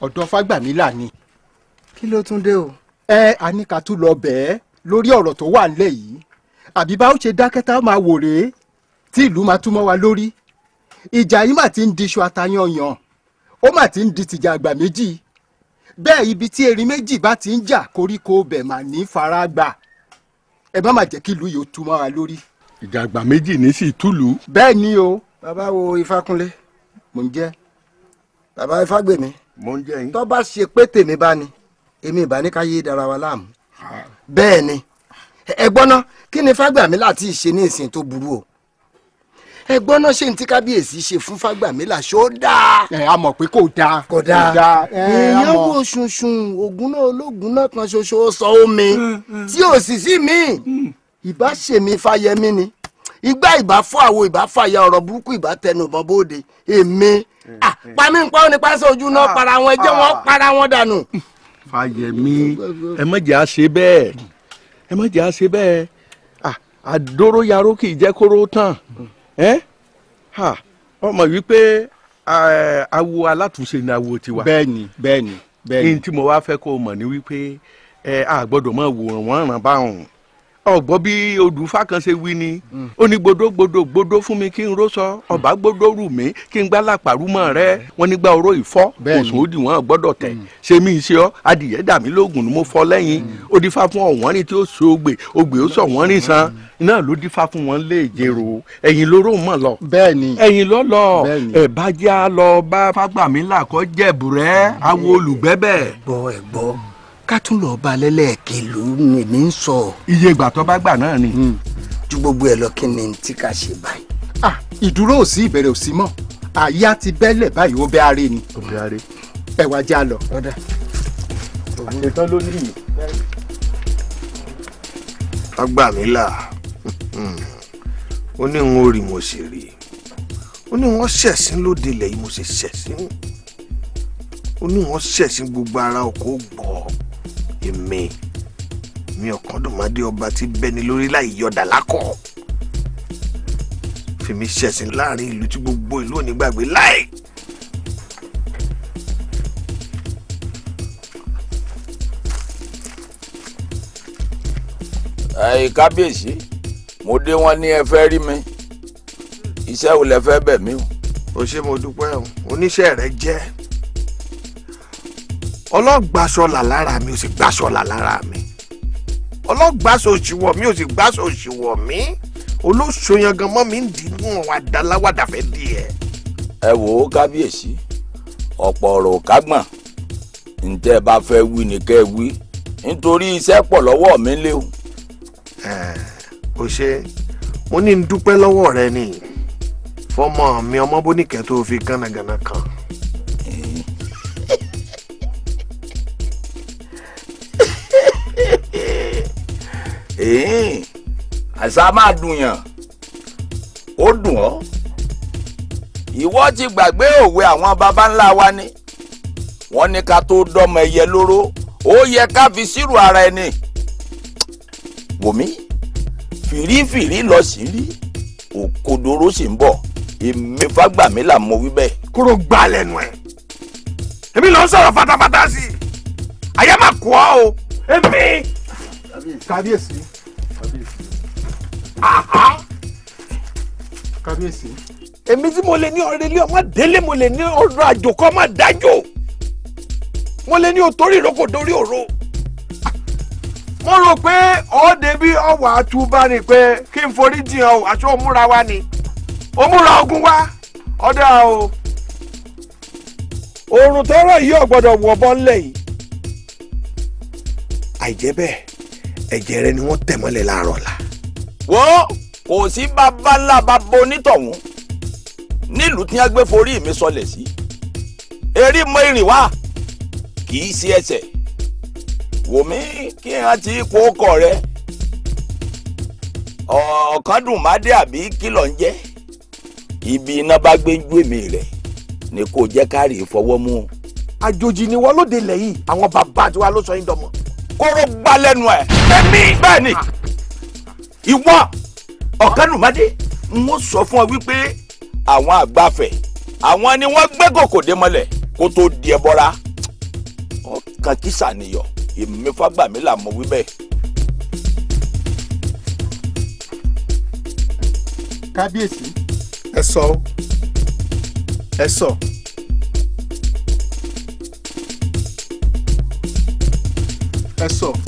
ọ̀dọ́ fágbàmílà ni kí ló tún dé o. ẹ àníkàtú lọ bẹ́ẹ̀ lórí ọ̀rọ̀ tó wà nílẹ̀ yìí àbí bá ó ṣe dákẹ́tà máa wò rèé tí ìlú máa túmọ̀ wa lórí ìjà yìí mà ti ń diṣu atayanyan ó mà ti ń di tìjà àgbà méjì bẹ́ẹ̀ ibi tí erin méjì bá ti ń jà koríko bẹ̀ mà ní faragbà ẹ bá má jẹ́ kí ìlú yìí túmọ̀ wa lórí. ìjà àgbà méjì ní sí ìtúlù. bẹ́ẹ̀ ni o. bàbá wo Ifákúnlé mò ń jẹ́ bàbá Ifágbèmí mò ń jẹ́ yín. tó bá ṣe pé tèmi bá ni èmi ìbá ní ká yé dára wa láàmú bẹ́ẹ̀ ni ẹ̀gbọ́n náà kí ni Fágbàmílà tí ì ṣe ní ìsìn tó burú o ẹ̀gbọ́n náà ṣe ń tí kábíyèsí ṣe fún Fágbàmílà ṣó dáa. ẹ a mọ̀ pé kò dáa. kò dáa èèyàn wo ṣunṣun ògùn náà ológun náà kan ṣoṣo sọ omi mm, mm. tí ò sì sí mi mm. ìbá ṣèmi fáyemí ni ìgbà ìbá fọ àwo ìbá fàyà ọ̀rọ̀ burúkú ìbá tẹnu ìbọn bóde èmi ah, pàmí nǹkan ó ní pàṣẹ ojú náà ah, para wọn ẹjẹ ah. wọn para wọn dànù fàyẹmí ẹ má jẹ́ ẹ jẹ́ àṣe bẹ́ẹ̀ àdóró yaró kì í jẹ́ kóró tán ọmọ wípé awo alátúnṣe ni awo bẹ́ẹ̀ni bẹ́ẹ̀ni bẹ́ẹ̀ni. tí mo wá fẹ́ kó o ni wípé a máa wòran ràn ọgbọ́n bí odùfá kan ṣe wí ni hmm. ó ní gbódógbódó gbódó fún mi kí n ró sọ hmm. ọba gbódó rù mí kí n gbá làpàrú mọ́ rẹ hmm. wọn nígbà oró ìfọ́ òsùn ó dì wọ́n gbọ́dọ̀ tẹ̀ ṣé mi ṣe ọ́ adìyẹ dà mí lóògùn ni mo fọ́ lẹ́yìn ó dífá fún ọ̀wọ́n rìn tí ó so ògbè ògbè ó sọ wọ́n rìn san náà ló dífá fún wọn lè jèrò ẹ̀yìn lóró mọ̀ lọ ẹ̀yìn ló lọ ẹ̀ bá já lọ bá fágbàmílà kọ́ jẹ̀bù rẹ̀ gbọ́ ká tún lọ bá lẹ́lẹ́ẹ̀kì ló ní mi ń sọ. iye ìgbà tó bá gbà náà ni. Hmm. ju gbogbo ẹ lọ kí ni tí ká ṣe báyìí. ah ìdúró ò sí ìbẹ̀rẹ̀ ò sí mọ́ àyà ti bẹ́lẹ̀ báyìí ó bẹ́ aré ni. ó bẹ́ aré. ẹ wá já lọ. ọ̀dà àṣetán ló ní ìyè. wọ́n gbà là ó ní n ò rí mo sì rí ó ní wọ́n ṣẹ̀sín lóde ilẹ̀ yìí mo sì ṣẹ̀sín ó ní wọ́n ṣẹ̀sín gbogbo ara ọkọ̀ gbọ́ èmi mi ọ̀kàndùnmádé ọba ti bẹ́ni lórí láì yọ̀dà lákọ̀ fèmi ṣẹ̀sìn láàrin ìlú tí gbogbo ìlú òní gbàgbé láì. ẹ̀yin kábíyèsí mo dé wọn ní ẹ fẹ́ rí mi iṣẹ́ wo lẹ fẹ́ bẹ̀ mí o. o ṣé mo dúpẹ́ o oníṣẹ́ rẹ jẹ́ ọlọ́gbàṣọlà lára mi ò sì gbàṣọlà lára mi ọlọ́gbàṣọ òṣìwọ̀ mi ò sì gbàṣọ òṣìwọ̀ mi olóṣòyàn gan mọ́ mi ń dìgún àwàdà láwàdà fẹ́ di ẹ̀. ẹ wò ó kábíyèsí ọ̀pọ̀ ọ̀rọ̀ kágbọ̀n ǹtẹ́ ẹ bá fẹ́ wí ni kẹ́ ẹ wí nítorí iṣẹ́ pọ̀ lọ́wọ́ mi lé o. ó ṣe mo ní ń dúpẹ́ lọ́wọ́ rẹ ni fọmọ mi ọmọ bóníkẹ́ tó fi gánagáná kan. Gana àṣà máa dùn yàn ó dùn ọ́ ìwọ ti gbàgbé òwe àwọn baba ńlá wa ni wọ́n ní ká tó dọ́mọ ẹyẹ lóró ó yẹ ká fi sírù ara ẹni wòmí fìrífìrí lọ sí rí òkodoro sì ń bọ̀ èmi fágbàmí là mọ wí bẹ́ẹ̀. kúrò gbá lẹ́nu ẹ̀ èmi ló sọ̀rọ̀ fatafata sí i àyà máa kọ́ ọ o èmi. bien. Cabeza. Cabeza. Ajá. Cabeza. Emi ti mo le ni ore le omo dele mo le ni ore ajo ma daju. Mo le ni o tori roko dori oro. Mo ro pe o de bi o wa tu ba ni pe ki n fori jin o aso o wa ni. O ogunwa ogun wa. O da yi o gbodo wo bo nle ẹ̀jẹ̀ rẹ ni wọ́n tẹ̀ mọ́lẹ̀ láàárọ̀ la. wo kò sí babalá babo onítọ̀hún nílùú tí wọ́n gbé forí mi sọlẹ̀ sí eré mọ ìrìn wá kì í ṣe ẹsẹ̀ wò mí kí n ti kó ọkọ rẹ ọ̀kan dùn má dé àbí kìlọ̀ ń jẹ́ ibi iná bá gbé ń ju èmi rẹ̀ ni kò jẹ́ ká rí fọwọ́ mú. àjòjì ni wọn lóde lẹ́yìn àwọn bàbá tiwa ló sọ yín dọmọ kóró gbá lẹ́nu ẹ̀. èmi bẹ́ẹ̀ ni ìwọ ọ̀kánùmádé n ó sọ fún ọ wípé àwọn àgbàfẹ̀ àwọn ni wọ́n gbé gòkòdé mọ́lẹ̀ kó tó di ẹ bọ́ra ọkàn kìsà nìyọ èmi là mọ wí bẹ́ẹ̀. kábíyèsí ẹ sọ ẹ sọ. ẹ sọ. Hmm.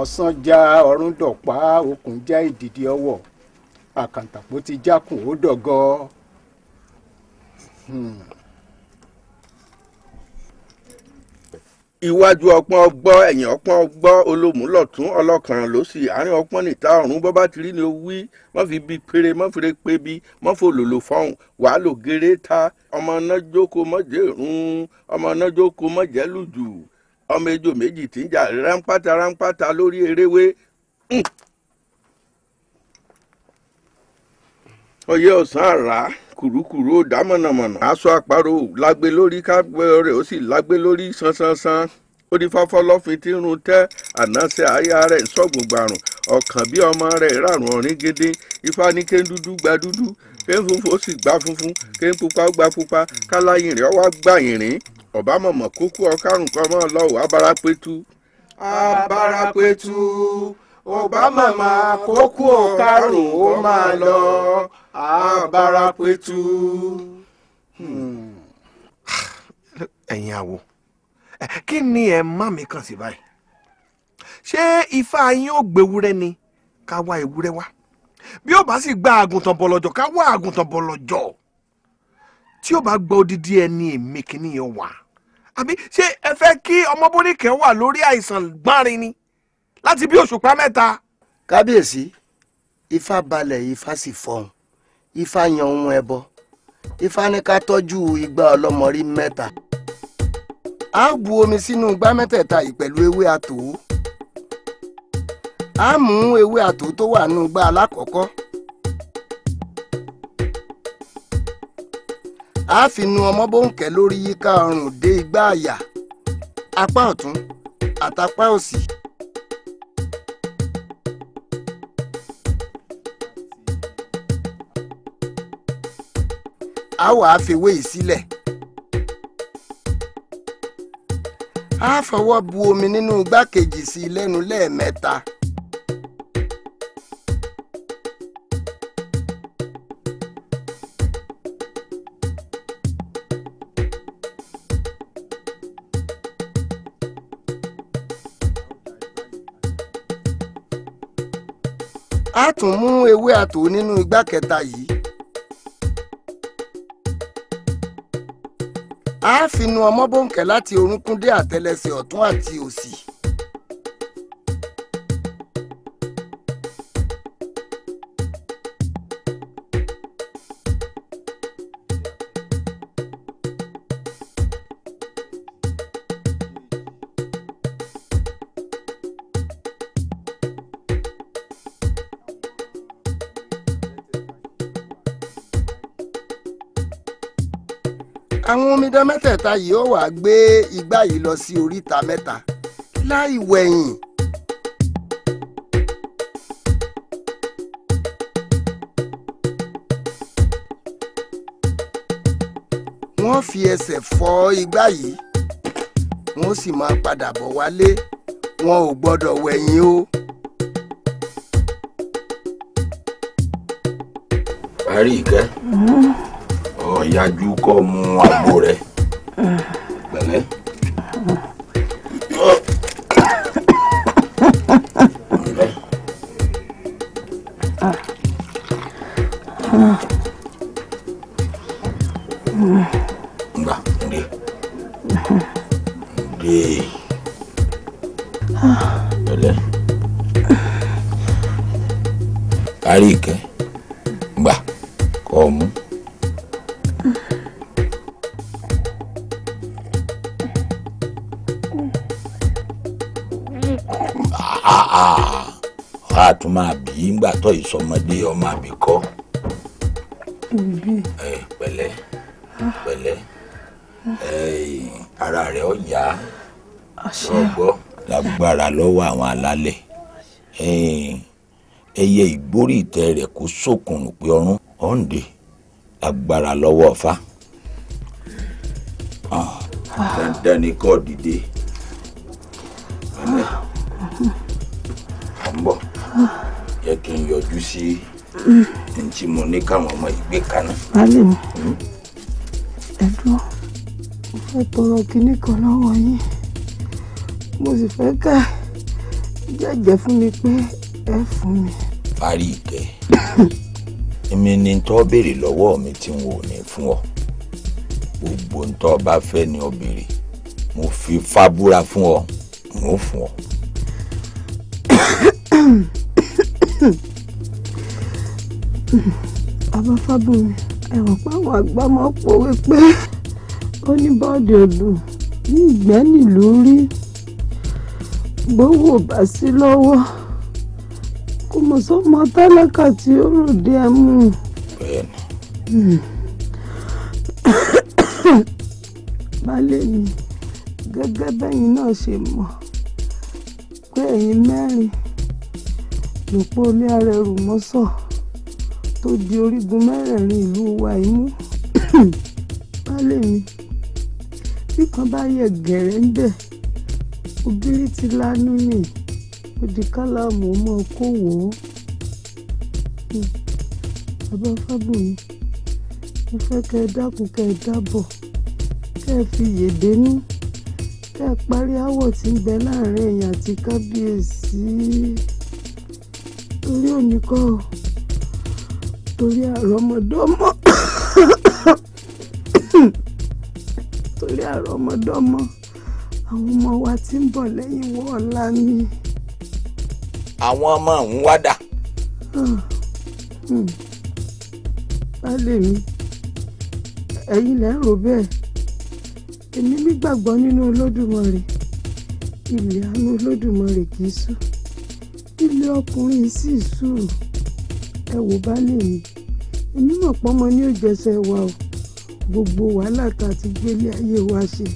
ọ̀sán já ọ̀run dọ̀pá okùn já ìdìdì ọwọ́ àkàǹtàpó ti jákùn ó dọ̀gọ́. Hmm. iwájú ọpọ́n ọgbọ́ ẹ̀yìn ọpọ́n ọgbọ́ olómùlọ̀tún ọlọ́kan ló sì àárín ọpọ́n níta ọ̀run bọ́ bá ti rí ni ó wí wọ́n fi bí péré mọ́ fi re pé bí mọ́ fò lòlò fọ́hùn wàá lò géré ta ọmọ náà jókòó mọ́jẹ́ rún ọmọ náà jókòó mọ́jẹ́ lùjù ọmọ ejò méjì tí ń jà rámpátá rámpátá lórí eréwé. Hmm. oyè ọ̀sán àrà kùrukùru ò dá mọ̀nàmọ̀nà aṣọ àparò lágbé lórí kágbẹ́ rẹ̀ ó sì lágbé lórí sánsánsán ó ní fáfọ́lọ́fin tí ń run tẹ́ ànáṣẹ́ aya rẹ̀ ń sọ̀gùn gbàrùn ọ̀kàn bí ọmọ rẹ̀ ràrùn ọ̀rìn gédé ifá ní ké dúdú gba dúdú ké funfun ó sì gba funfun ké pupa ó gba pupa káláyìn rẹ̀ ó wá gbà yìnrín ọ̀bá mọ̀mọ̀ kókó ọ̀kárùn-ún kan lọ́wọ́ abárapẹ̀tù. abárapẹ̀tù ọba màmá kókó ọ̀karùn ó máa lọ àbárapẹ̀tù. Hmm. ẹ̀yin àwo kí ni ẹ má mi kàn sí báyìí ṣé ifá yín ó gbéwúrẹ́ ni ká wá ewúrẹ́ wá bí ó bá sì gba àgùntàn bọ̀lọ̀jọ̀ ká wá àgùntàn bọ̀lọ̀jọ̀ tí ó bá gba odidi ẹni èmi kìíní yẹn wà àbí ṣé ẹ fẹ́ kí ọmọbóníkẹ́ wà lórí àìsàn gbárin ni láti bí òṣùpá mẹ́ta. kábíyèsí ifá balẹ̀ ifá sì fọhùn ifá yan ohun ẹbọ ifá ní ká tọ́jú igba ọlọ́mọrí mẹ́ta. a bu omi sínú igbá mẹ́tẹ̀ẹ̀ta yìí pẹ̀lú ewé àtò. a mú ewé àtò tó wà nínú igbá alákọ̀ọ́kọ́. a fi nu ọmọ bòńkẹ́ lórí yíká ọrùn dé igbá àyà apá ọ̀tún àtàpá òsì. a afewe isile afọwọ a bu omi nínú igbákejì sí i lẹ́nu a tún mú ewé àtò nínú igbá kẹta a fi nu ọmọ bòǹkẹ́ láti orúnkún dé àtẹlẹsẹ̀ ọ̀tún àti òsì ọdẹ mẹ́tẹ̀ẹ̀ta yìí ó wàá gbé igbá yìí lọ sí oríta mẹ́ta láì wẹ̀yìn. wọ́n fi ẹsẹ̀ fọ́ igbá yìí wọ́n sì máa padà bọ̀ wálé wọn ò gbọ́dọ̀ wẹ̀yìn o. àríkẹ́ mm-hmm. ọ̀yájú kọ́ mu àgbo rẹ̀. sọmọdé ọmọ àbíkọ́ pẹ̀lẹ́ pẹ̀lẹ́ ara rẹ̀ ó yá ọgbọ́ lágbára lọ́wọ́ àwọn alálẹ̀ ẹyẹ ìgbórí ìtẹ́ rẹ̀ kó sókùnrùn pé ọrún ọ̀ǹdè lágbára lọ́wọ́ ọ̀fà ah, dandan ni kó dìde. n tí mo ní káwọn ọmọ ìgbé kaná. baálé mi hmm? ẹ dúró mo fẹ́ tọrọ kinní kan lọ́wọ́ yín mo sì fẹ́ ká jẹ́jẹ́ fún mi pé ẹ fún mi. parí ìkẹ́ èmi ni tó béèrè lọ́wọ́ mi tí n ò ní fún ọ gbogbo n tó bá fẹ́ ni ọ béèrè mo fi fábúra fún ọ mo fún ọ. bàbá fábùnmi ẹ̀rọ páwọn àgbàmọ́ pòwe pé ó ní bọ́ọ̀dì òdù ní ìgbẹ́ nílùú rí gbowó bá sí lọ́wọ́ kò mọ̀ sọ́mọ tálákà tí ó ròde ẹ̀ mú un. balẹ̀ mi gẹ́gẹ́ bẹ́yìn náà ṣe mọ̀ pé ẹ̀yin mẹ́rin lòpọ̀ olé arẹrù mọ́sọ̀. So. tó di orígun mẹ́rẹ̀ẹ̀rin ìlú wa imú baálé mi bí kan bá yẹ gẹ̀rẹ́ ń bẹ̀ ògiri ti lanú ni ó di kálámù ọmọ kòwò bàbá fábùnmi mo fẹ́ kẹ́ ẹ dákun kẹ́ ẹ torí àrọ́mọdọ́mọ torí àrọ́mọdọ́mọ àwọn ọmọ wa ti ń bọ̀ lẹ́yìn wọ ọ̀la ni. àwọn ọmọ ọ̀hún wá dà. Ah, hmm. balẹ̀ mi ẹ̀yin lẹ́ ń rò bẹ́ẹ̀ èmi nígbàgbọ́ nínú olódùmarè ilẹ̀ àánú olódùmarè kì í ilé ọkùnrin sì sú. ẹ wò baálé mi èmi mọ̀ pọ́nmọ ní òjẹsẹ̀ wa o gbogbo wàhálà tá a ti ayé wa ṣe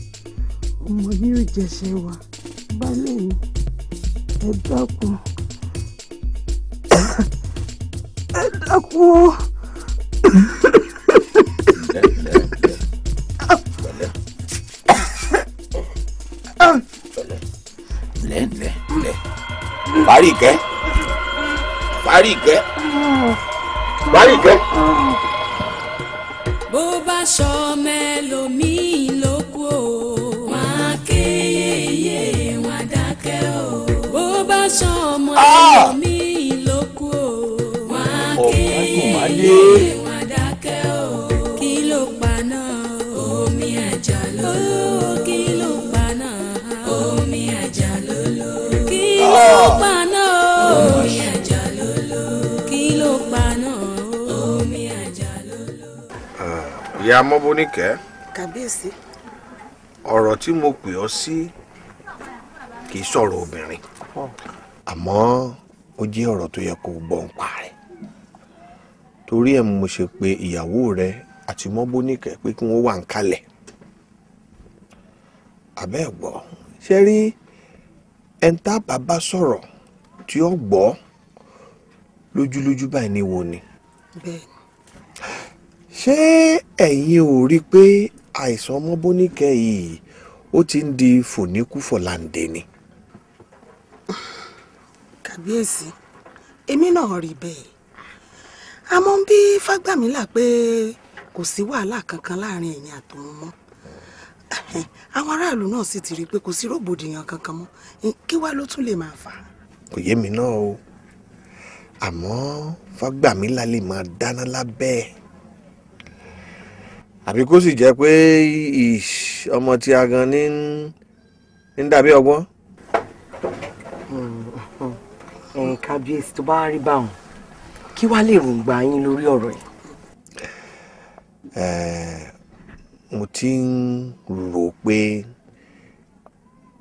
ọmọ ní òjẹsẹ̀ wa baálé mi ẹ dákun ẹ dákun o. parí ìkẹ́ wàá rí ìkẹ́. bó bá ṣọ mẹ́. ìyá mọ́bóníkẹ́ kábíyèsí ọ̀rọ̀ tí mo pè ọ́ sí kì í sọ̀rọ̀ obìnrin àmọ́ ó jẹ́ ọ̀rọ̀ tó yẹ kó gbọ́ ń pa rẹ̀ torí ẹ̀ mo ṣe pé ìyàwó rẹ àti mọ́bóníkẹ́ pé kí wọ́n wà ń kalẹ̀ àbẹ́ gbọ́ ṣe rí ẹ̀ńtà bàbá sọ̀rọ̀ tí ó gbọ́ lójúlójú báyìí ni wo ni ṣé ẹ̀yin ò rí i pé àìsàn ọmọbóníkẹ́ yìí ó ti ń di fòníkúfọ̀láǹdè ni. kàbíyèsí èmi náà rí bẹ́ẹ̀ àmọ́ bí fágbàmílà pé kò sí wàhálà kankan láàrin ẹ̀yin àtòun mọ́ àwọn aráàlú náà sì ti rí i pé kò sí rògbòdìyàn kankan mọ́ kí wàá ló tún lè máa fà á. kò yé mi náà o àmọ́ fágbàmílà lè máa dáná lábẹ́ ẹ̀ àbí kó sì jẹ́ pé ọmọ tí a gan ní ń dàbí ọgbọ́n. ẹ̀yin kábíyèsí tó bá rí báwọn kí wàá lè rògbà yín lórí ọ̀rọ̀ yìí. mo ti ń rò pé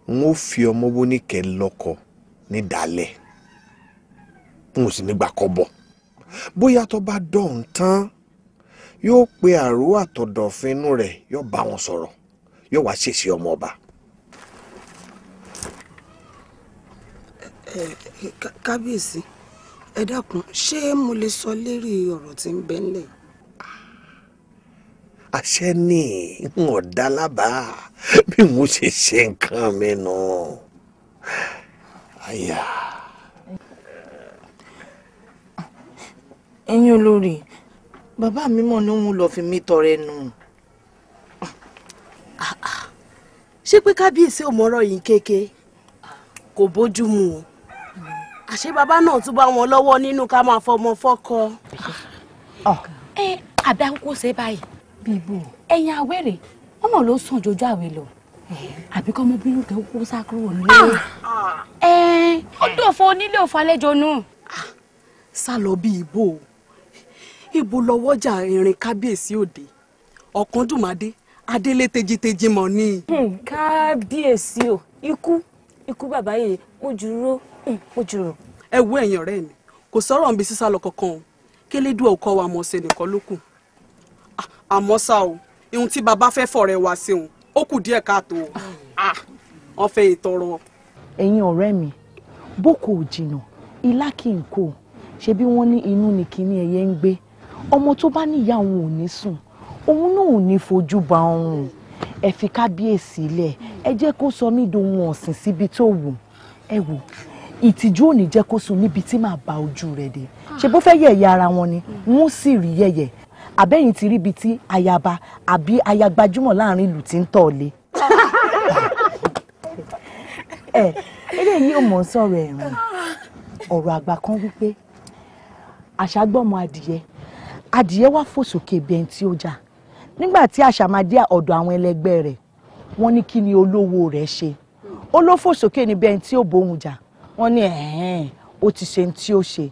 n ó fi ọmọ Bóníkẹ́ lọ́kọ nídàálẹ̀ n ò sì ní gbà kọ́ bọ̀ bóyá tó bá dọ̀hún tán yóò pe àrò àtọ̀dọ̀fin inú rẹ̀ yóò bá wọn sọ̀rọ̀ yóò wá ṣèṣe ọmọ ọba. kábíyèsí ẹ dákun ṣé mo lè sọ lérí ọ̀rọ̀ tí ń bẹ ńlẹ̀. àṣẹ ni n ò dá lábàá bí mo ṣe ṣe nǹkan mi nù. àyà. olórí bàbá mi mọ̀ ní òun lọ fi mí tọrẹ nù. ṣé pé kábíyèsí ò mọ̀rọ̀ yìí kéke kò bójú mu o àṣé bàbá náà tún bá wọn lọ́wọ́ nínú ká máa fọmọ fọ́kọ. Ah. ẹ àdáńkó ṣe báyìí bíbù ẹ̀yin àwẹ̀rẹ̀ ọmọ ló sàn jọjọ àwẹ̀ lọ àbí kọ́ ọmọbìnrin kan kó sá kúrò nílé. Ah. ẹ ó dòfo onílé òfò alẹ́jọ́ nù. Ah, sá lọ bí ibo o ibo lọ́wọ́jà irin kábíyèsí òde ọ̀kánjúmádé adélé tejiteji mọ̀ ni. Hmm, kábíyèsí o ikú ikú bàbá yèyé mo jùrò hmm, mo jùrò. ẹ wo ẹ̀yìn ọ̀rẹ́ mi kò sọ̀rọ̀ nbí sísá lọ kankan o kélédú ọkọ wa mọ̀ ṣe nìkan ló kù ah, àmọ́ ṣá o ihun tí bàbá fẹ́ fọ̀rẹ́ wa ṣeun ó kù díẹ̀ káàtó o ah, wọ́n fẹ́ ìtọrọ. ẹ̀yin ọ̀rẹ́ mi boko ò jìnnà ilá kì í kó ṣebí wọ́n ní inú ni kinní ẹyẹ ń gbé ọmọ tó bá níyà òun ò ní sùn òun náà ò ní fojú ba ọrùn ẹ fi kábíyèsí lẹ̀ ẹ jẹ́ kó sọ mí dohun ọ̀sìn síbi tó wù ẹ wò ìtìjú ò ní jẹ́ kó sùn níbi tí màá ba ojú rẹ̀ dé ṣe bó fẹ́ yẹ̀yẹ́ ara wọn ni wọ́n sì rí yẹ̀yẹ́ àbẹ́yìn ti ríbi tí ayaba àbí ayagbajúmọ̀ láàrin ìlú ti ń tọ̀ lé ẹ eléyìí ò mọ̀ ń sọ̀rọ̀ ẹ̀rùn ọ̀rọ̀ àgbà kan wípé àṣàgbọ́mọ adìyẹ adìyẹ wá fò sókè bẹ́ẹ̀ tí ó jà nígbà tí àṣàmàdé ọ̀dọ̀ àwọn ẹlẹgbẹ́ rẹ̀ wọ́n ní kí ni olówó rẹ̀ ṣe ó ló fò sókè ní bẹ́ẹ̀ tí ó bóhun jà wọ́n ní ẹ̀ẹ́n ó ti ṣe tí ó ṣe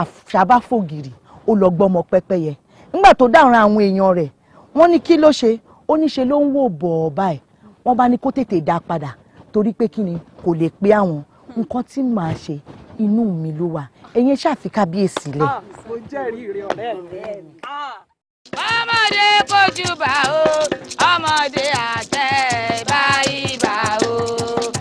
àṣàbáfògìrì ó lọ gbọ́mọ pẹ́pẹ́yẹ nígbà tó dáhùn àwọn èèyàn rẹ̀ wọ́n ní kí ló ṣe ó níṣe ló ń wò bọ̀ ọ́ báyìí wọ́n bá ní kó tètè dá padà torí pé kí ni kò lè pé àwọn nǹkan tí màá ṣe inú mi ló wà ẹ̀yin ṣàfi kábíyèsí lẹ̀. Ah, mo jẹ́rìí rẹ ọ̀rẹ́ mi. Ah. ọmọdé kojú bá o ọmọdé àtẹ bá o.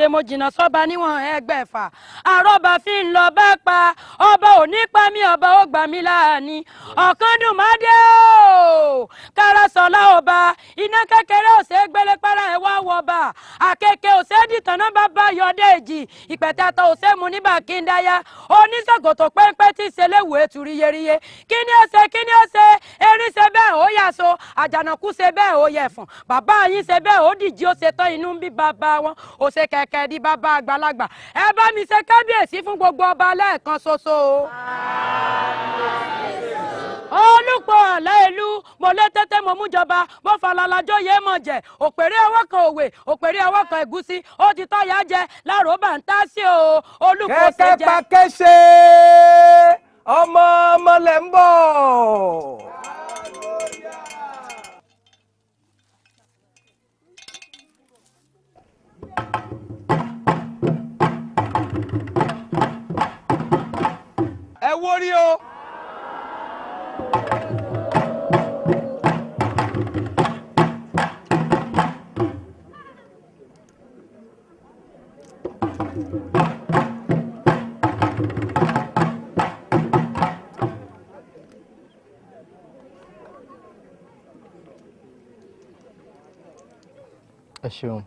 méje mo jìnnà sọ́ba níwọ̀n ẹgbẹ̀fà àrọ́bà fi ń lọ bá pa ọba ò ní pa mí ọba ó gbà mí láàánú ọ̀kánùmádé o kárasọ̀lá ọba iná kékeré ò ṣeé gbélé para ẹ̀ wá wọba àkekèé ò ṣeé dìtàn náà bá bá yọdé èjì ìpẹ̀tẹ́tọ̀ ò ṣeé mu níbà kí n dáyà oníṣègòtò pẹ́ńpẹ́ tí ìṣẹlẹ̀wò ètùrí yẹriyẹ kí ni ó ṣe kí ni ó ṣe erin ṣe bẹ́ẹ̀ ó yà so àjànàkú ṣe bẹ́ẹ̀ sùn bàbá yín ṣe bẹ́ẹ̀ ó dìjí ó ṣe tán inú ń bí bàbá wọn ó ṣe kẹ̀kẹ́ di bàbá àgbàlagbà ẹ bá mi ṣe kábíyèsí fún gbogbo ọba lẹ́ẹ̀kan ṣoṣo o. olùpọ̀ ọ̀lẹ́ ìlú mo lé tẹ́tẹ́ mo mú mo falala jóye mọ̀ jẹ́ òpèrè ọwọ́ kan òwe òpèrè ọwọ́ kan ẹ̀gúsí ó ti tọ́ ya jẹ láàrọ̀ bá ń tá sí o olùpọ̀ ṣe jẹ. kẹ́kẹ́ pa kẹ́sẹ̀ ọmọ ọmọ lẹ́ ń bọ̀. ẹ ṣeun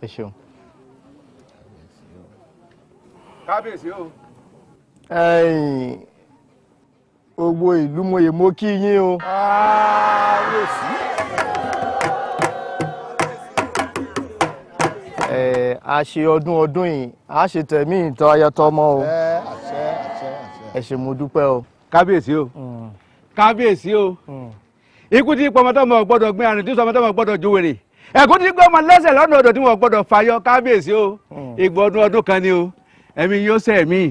ẹ ṣeun. kábíyèsí o. ẹ̀yin gbogbo ìlú mòye mo kí yín o. kábíyèsí. ẹ a ṣe ọdún ọdún yìí a ṣe tẹ̀mí ìtọ́ ayẹtọ́mọ o. ẹ ṣé mo dúpẹ́ o. kábíyèsí o mm. kábíyèsí o mm. ikú tí pọmọtọmọ gbọ́dọ̀ gbé àrùn tí sọmọtọmọ gbọ́dọ̀ jówèrè ẹ̀kún ti gbọ́mọ lẹ́sẹ̀ lọ́nà odò tí wọ́n gbọ́dọ̀ fàyọ kábíyèsí o hmm. ìgbọ́dún ọdún kan ni o ẹ̀mí yóò sẹ́ mi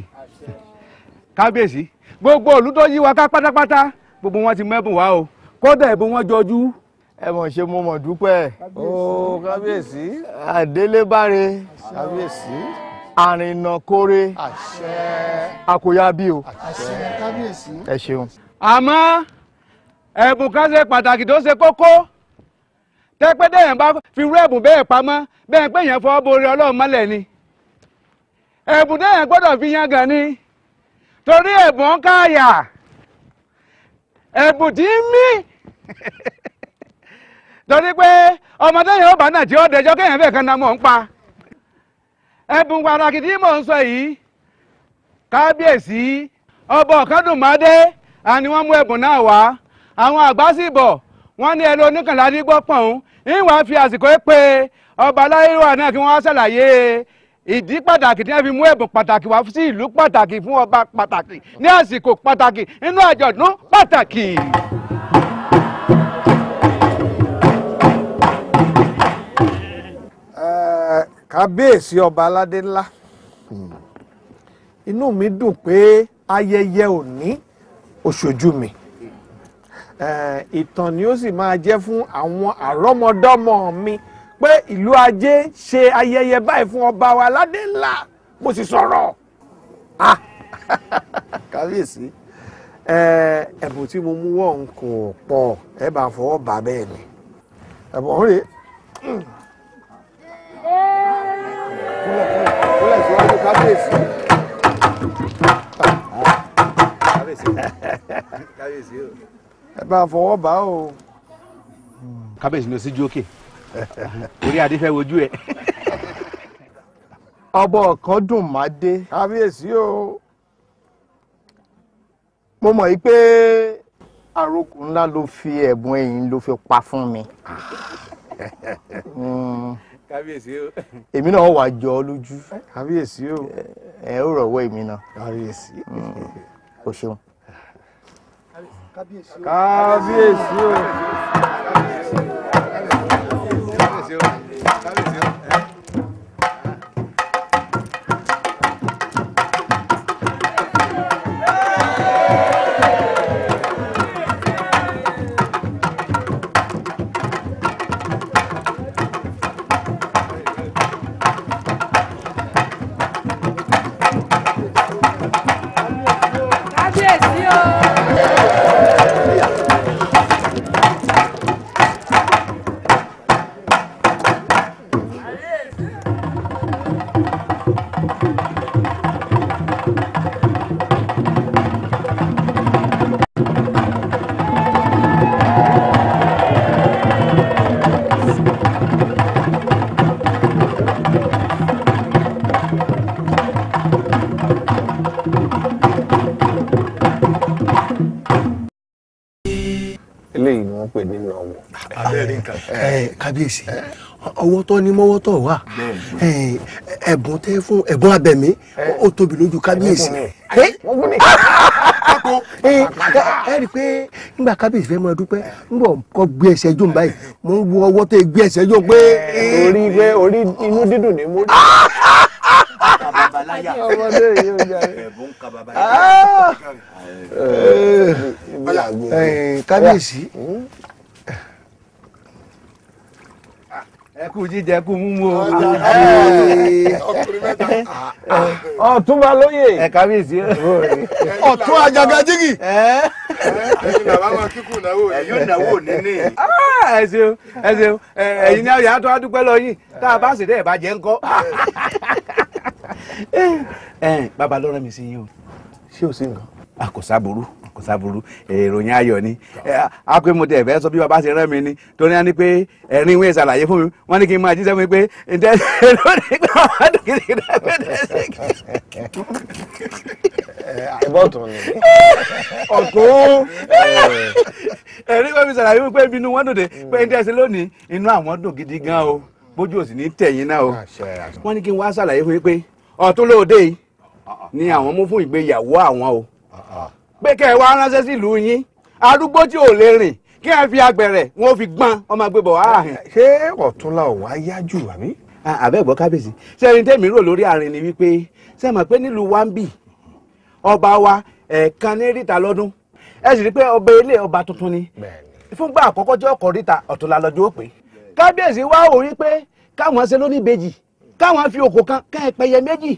kábíyèsí gbogbo òlú tó yí wa ká pátápátá gbogbo wọn ti mẹ́bùn wá o kódà ẹ̀bùn wọn jọjú. ẹ mọ̀ ṣe mo mọ̀ dúpẹ́ ooo kábíyèsí àdélébáre kábíyèsí àrìnàkóre àkóyábí o ẹ ṣeun. àmọ́ ẹ̀bùn kan ṣe pàtàkì tó ṣe kókó tẹ́pẹ́ dẹ́yìn bá fi rẹ́ẹ̀bù bẹ́ẹ̀ pamọ́ bẹ́ẹ̀ pé yẹn fọ́ borí ọlọ́run mọ́lẹ̀ ni ẹ̀bùn dẹ́yìn gbọ́dọ̀ fi yan gan ni torí ẹ̀bùn ń àyà, ẹ̀bùn tí ń mí torí pé ọmọ dẹ́yìn ọba náà tí ó dẹjọ́ kéèyàn bẹ́ẹ̀ kan náà mọ̀ ń pa ẹ̀bùn pàtàkì tí mò ń sọ yìí kábíyèsí ọba ọ̀kadùnmọ́dé àni wọ́n mú ẹ̀bùn náà wá àwọn àgbà sì bọ̀ wọ́n ní ẹlò oníkànlá ní gbọ́pọ̀n òun ń wàá fi àsìkò é pé ọba aláyéwà náà kí wọ́n wá ṣàlàyé ìdí pàtàkì tí wọ́n fi mú ẹ̀bùn pàtàkì wá sí ìlú pàtàkì fún ọba pàtàkì ní àsìkò pàtàkì nínú àjọ̀dún pàtàkì. Eh, kábíyèsí ọba aládé ńlá inú mi dùn pé ayẹyẹ òní ó ṣojú mi ìtàn ni ó sì máa jẹ́ fún àwọn àrọ́mọdọ́mọ mi pé ìlú ajé ṣe ayẹyẹ báyìí fún ọba wa aládé ńlá mo sì sọ̀rọ̀ ah! kábíyèsí ẹ̀bùn tí mo mú wọ̀ n kò pọ̀ ẹ bá fọwọ́ bá bẹ́ẹ̀ ni ẹ̀bùn ọ̀hún rèé. kúlẹ̀ ẹ bá a fọwọ́ bá o. kábíyèsí ni o sì ju òkè orí adé fẹ́ wojú ẹ. ọbọ kan dùn má dé. kábíyèsí o mo mọ̀ yí pé àròkù ńlá ló fi ẹ̀bùn ẹ̀yìn ló fi pa fún mi. Hmm. kábíyèsí o. èmi náà wà jọ ọ lójú. kábíyèsí o. ẹ ó rọ̀wọ́ èmi náà. kábíyèsí. Hmm. o ṣeun. Cabeceou. Cabeceou. Cabeceou. Cabeceou. Cabeceou. kábíyèsí ọwọ́ tọ́ ni mọ́wọ́ tọ̀ wá ẹ̀bùn tẹ́ fún ẹ̀bùn abẹ̀mí ó tóbi lójú kábíyèsí. ẹ rí i pé nígbà kábíyèsí fẹ́ máa dúpẹ́ nígbà kọ́ gbé ẹsẹ̀ jò báyìí mo ń wo ọwọ́ tẹ́ gbé ẹsẹ̀ jò pé. orí pé orí inú dídùn ni mo rí. ọmọdé yìí ó jà ah! kábíyèsí hmm? ẹ kú jíjẹ kú múmu o. Ah, ah, ah, ọ̀túnba lóye. ẹ kábíyèsí. ọ̀tún àjàgà jígì. ẹ̀yin bàbá máa kíkù náwó yìí. náwó níní. ẹ ṣeun ẹ ṣeun ẹ̀yin ni àyà tó a lọ yìí tá a bá sì dé ìbàjẹ́ ńkọ́. bàbá ló mi sí yín o. ṣé o sí nǹkan. a kò sábòrú kò sábúrú ìròyìn ayọ̀ ni a pé mo tẹ̀ fẹ́ sọ bí baba ṣe rán mi ni torí wọn ni pé ẹ̀rín ìwé ìsàlàyé fún mi wọn ní kí n máa jíṣẹ́ mi pé ǹjẹ́ lónìí pé àwọn àdùnkìrì ìdáfẹ́dẹ́ ṣe kí. àìbọ̀tún ni. ọ̀tún ẹ̀rín ìwé ìsàlàyé fún mi pé inú wọn dòde pé ǹjẹ́ ṣe lónìí inú àwọn dùn gidi gan o bójú òsì ní tẹ̀yìn náà o wọ́n ní kí n wá ṣàlàyé fún yín pé ọ̀tún lóde ni àwọn mú fún ìgbéyàwó àwọn o pé kẹ́ ẹ wá ránṣẹ́ sílùú yín arúgbó tí ò lè rìn kí ẹ fi agbẹ̀rẹ̀ wọn fi gbọ́n ọmọ agbébọ̀ wá hàn. ṣé ọ̀túnla ò wá yá jù àbí. àbẹ́ ìgbọ́ kábíyèsí sẹ́ni tẹ́mi rò lórí àárín ni wípé ṣé mọ̀ pé nílùú wambi ọba wa ẹ̀ẹ̀kan ní ríta lọ́dún ẹ sì rí pé ọba ilé ọba tuntun ni fúngbà àkọ́kọ́ jẹ́ ọkọ̀ ríta ọ̀túnla lọ́jọ́ òpè kábíyèsí wá wò wípé káwọn ṣe lónìbejì káwọn fi òkò kan kẹ́ méjì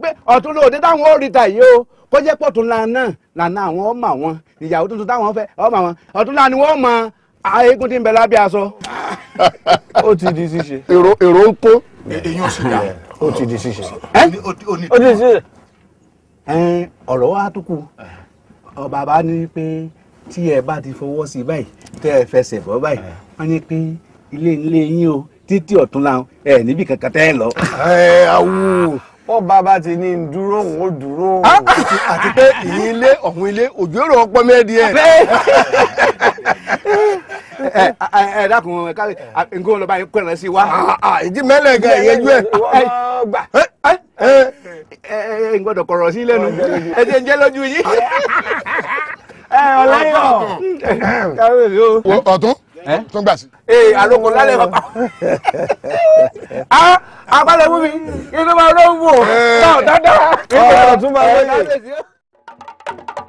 pé ọ̀tún lòdì táwọn ó rí ta yìí o kó jẹ́ pọ̀ tún lànà lànà àwọn ọmọ àwọn ìyàwó tuntun táwọn fẹ́ ọmọ àwọn ọ̀tún lànà wọ́n mọ eégún tí ń bẹ lábẹ́ aṣọ ó ti di ṣíṣe. èrò èrò ń kó. èyàn sì dá ó ti di ṣíṣe. ó ti di ṣíṣe. ọ̀rọ̀ wa tó kù bàbá ní pé tí ẹ bá ti fọwọ́ sí báyìí tẹ́ ẹ fẹsẹ̀ bọ́ báyìí wọ́n ní pé ilé ilé yín o títí ọ̀tún làwọn ẹ̀ níbi kankan tẹ́ ẹ lọ. ẹ awo bọ́ba bá ti ní dúró òun ó dúró. Ah, àti pé ìyín ilé ọ̀hún ilé òjòrò ọpọ mẹ́ẹ̀dì ẹ̀. ẹ ẹ dákun ẹ káwé nǹkan ọlọ́ba yẹn kọ́ran sí wa. Ah, ah, ìdí mẹ́lẹ̀ gan ìyẹn jú ẹ. ẹ ẹ gbọ́dọ̀ kọ̀rọ̀ sí lẹ́nu ẹ ti ń jẹ́ lójú yín. ẹ ọ̀lẹ́yọ̀ ọ̀tún tó ń gbà sí. ee eh, àlòkò lálẹ́ bàbá a ah, abalẹ̀ mú mi inú ma ló ń wò náà eh. dáadáa. ọ̀rọ̀ tún máa wọlé. Eh,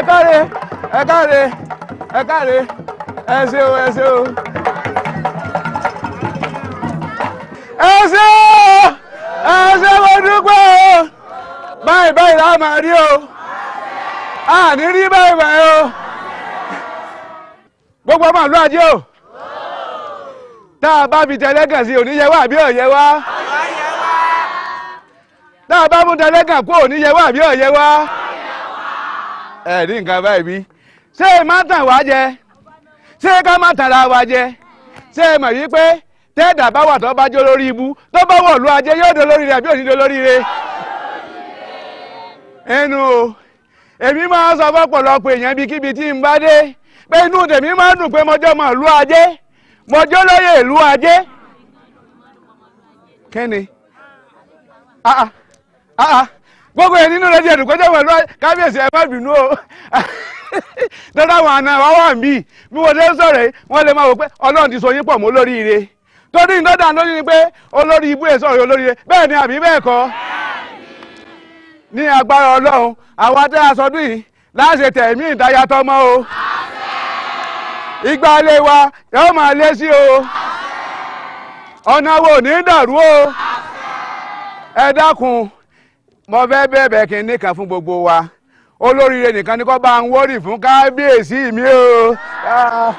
ẹ káre ẹ káre ẹ káre ẹ ṣé o ẹ ṣé o ẹ ṣé o ẹ ṣé mo dúpẹ́ o báyìí báyìí láà máa rí o a ní rí báyìí báyìí o gbogbo ọmọ ìlú ajé o tá a bá fi tẹlẹ́gàn sí oníyẹwà àbí ọ̀yẹ́wà tá a bá mú tẹlẹ́gàn kó oníyẹwà àbí ọ̀yẹ́wà. ẹ̀ẹ́dì nǹkan báyìí bí ṣé ẹ má tàn wá jẹ ṣé ká má tàn ra wa jẹ ṣé ẹ mọ̀ wípé tẹ́ẹ̀dà bá wà tó bá jó lórí ibú tó bá wọ̀ lú ajé yóò dé lórí rẹ̀ àbí òní dé lórí rẹ̀ ẹnu o èmi máa sọ èèyàn bíi tí n bá dé pé inú tèmi máa dùn pé lú ajé lóye ajé gbogbo yẹn nínú rẹ jẹ ìdùkọjọ pẹ̀lú kábíyèsí ẹ má bínú o dọdọ àwọn àna wa wà mí bí wọn ṣe ń sọ̀rọ̀ wọn lè máa wò pé Ọlọ́run ti so yín pọ̀ mọ́ olóríire torí ìdọdà lórí ni pé olórí ibú èso ọ̀rọ̀ ire. bẹ́ẹ̀ ni àbí bẹ́ẹ̀ kọ́ ní agbára Ọlọ́run àwa tẹ aṣọdún yìí láṣẹ tẹmí ìdáyàtọ̀ o ìgbà ilé wa yóò máa lé sí o ọ̀nà wo ní dàrú o ẹ dákun. mo fẹ́ bẹ̀bẹ̀ kí n nìkan fún gbogbo wa olóríire nìkan ni kò bá ń wórì fún kábíyèsí mi o. Ah.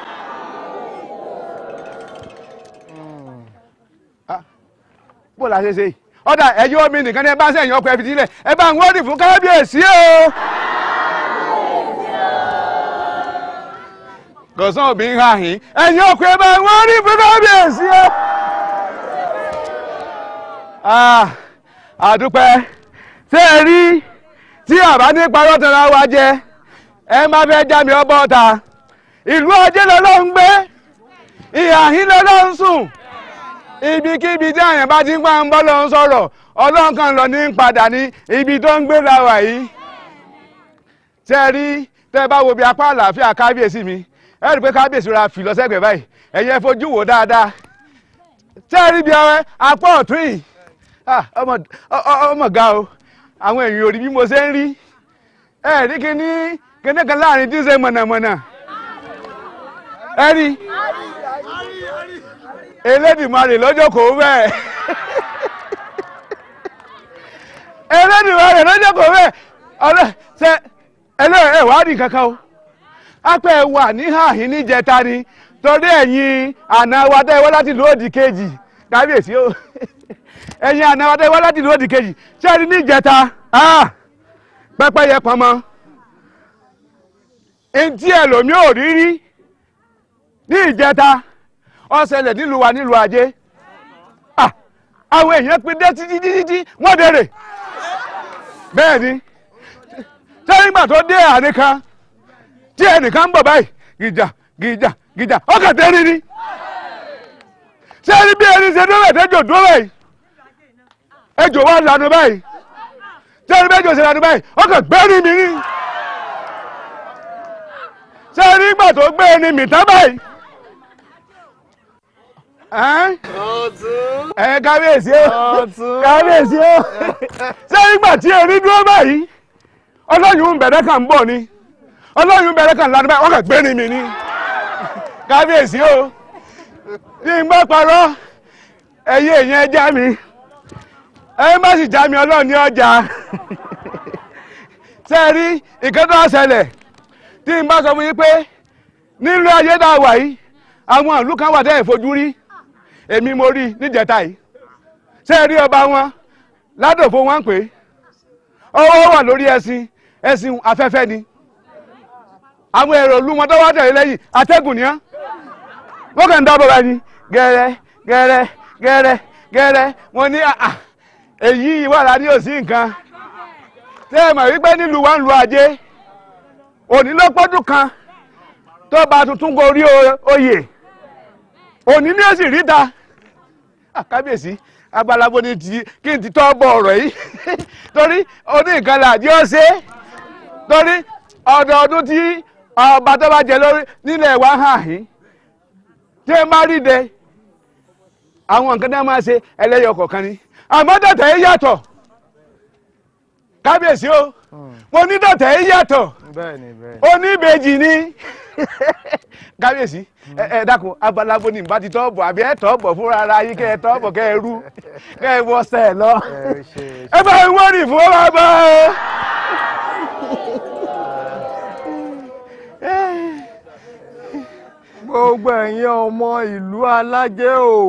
Ah. bó la ṣe ṣe yìí ọ̀dà ẹ̀yìn omi nìkan ni ẹ bá sẹ́yìn ọkọ̀ ẹ fi ẹ bá ń wórì fún kábíyèsí o. gọ̀sán òbí ń hàn yín ẹ̀yìn ọkọ̀ ẹ bá ń wórì fún kábíyèsí o. àdúpẹ́. Ah, ṣé rí tí àbá ní parọ́ tẹ̀ra wa jẹ ẹ má fẹ́ já mi ọbọ̀ ta ìlú ajé lọ́lọ́ ń gbé lọ́lọ́ ń sùn ibikíbi tí àyàn bá ti ń pa ń lọ sọ̀rọ̀ lọ ní padà ní ibi tó ń gbé la wà yìí rí bá wo mi ẹ rí i pé kábíyèsí ra fì báyìí fojú wò dáadáa rí bí apá ọ̀tún ah, àwọn èèyàn ò bí mo ṣe ń rí ẹ ní kí ní kíní láàrin tí ń ṣe mọ̀nàmọ̀nà ẹ rí Elédùmarè lọ́jọ́ kò bẹ́ẹ̀ Elédùmarè lọ́jọ́ kò bẹ́ẹ̀ ọ̀rẹ́ ṣe kankan o apẹ̀ wà kábíyèsí o ẹ̀yin ànáwádé wá láti lóòdì kejì ṣé ní ìjẹta pẹ́pẹ́yẹ pọnmọ ntí ẹlòmí ò rí rí ní ìjẹta ọ nílùú wa nílùú ajé àwọn èèyàn pin dé títí títí wọ́n dèrè bẹ́ẹ̀ ni ṣé nígbà tó dé àárín tí ẹnìkan ń bọ̀ báyìí gìjà gìjà gìjà ọkàn ni. ṣé ẹni bí ẹni ṣe dúró ẹ̀jọ̀ dúró báyìí ẹjọ̀ wa lanu báyìí ṣé ẹni bẹ́jọ̀ ṣe lanu báyìí ọkàn gbẹ́rin mi ní ṣé ẹni gbà tó gbé ẹni mi tán báyìí. ẹ kábíyèsí ó kábíyèsí ó ṣé nígbà tí ẹni dúró báyìí ọlọ́yún bẹ̀rẹ̀ kan ń bọ̀ ni ọlọ́yún bẹ̀rẹ̀ kan lanu báyìí ọkàn gbẹ́rin mi ní kábíyèsí ó bí n bá parọ́ ẹyẹ ìyẹn já mi ẹyẹ má sì já mi ọlọ́run ní ọjà ṣe rí ìkẹ́tọ́ ọ̀sẹ̀lẹ̀ tí n bá sọ fún yín pé nílùú ayédáwà yìí àwọn ìlú kan wà tẹ́ ẹ̀ fojú rí èmi mo rí níjẹta yìí ṣe rí ọba wọn ládòfo wọn ń pè é ọwọ́ wà lórí ẹṣin ẹṣin afẹ́fẹ́ ni àwọn èrò ìlú wọn tó wá tẹ̀lé lẹ́yìn atẹ́gùn ni wọ́n kàn ń dábọ̀ báyìí gẹ́rẹ́ gẹ́rẹ́ gẹ́rẹ́ gẹ́rẹ́ mo ní a ah, ah, èyí wà lárí òsì nǹkan tẹ́ ẹ mọ̀ wípé nílùú wa ń lu ajé òní ló kan tó bá tuntun oyè òní ni ó sì ríta àkábíyèsí ah, abalabo ni ti kí n ti tọ́ bọ̀ ọ̀rọ̀ yìí torí oní nǹkan làdí ó ṣe torí ọdọọdún tí ọba tó bá jẹ lórí nílẹ̀ wa hàn yín àwọn nǹkan náà máa ṣe ẹlẹ́yọ kọ̀ọ̀kan ni àmọ́ dọ̀tẹ̀ yìí yàtọ̀ kábíyèsí o hmm. mo ní dọ̀tẹ̀ yìí yàtọ̀ oníbejì ni kábíyèsí ẹ ẹ dákun abalabo ni nbá ti tọ́ọ̀bọ̀ àbí ẹ tọ́ọ̀bọ̀ fúnra ara yín kẹ́ ẹ tọ́ọ̀bọ̀ kẹ́ ẹ rú kẹ́ ẹ wọ sẹ́ẹ̀ lọ ẹ bá ń wọ́rì fún ọba bá o. gbogbo ẹ̀yin ọmọ ìlú alájẹ́ o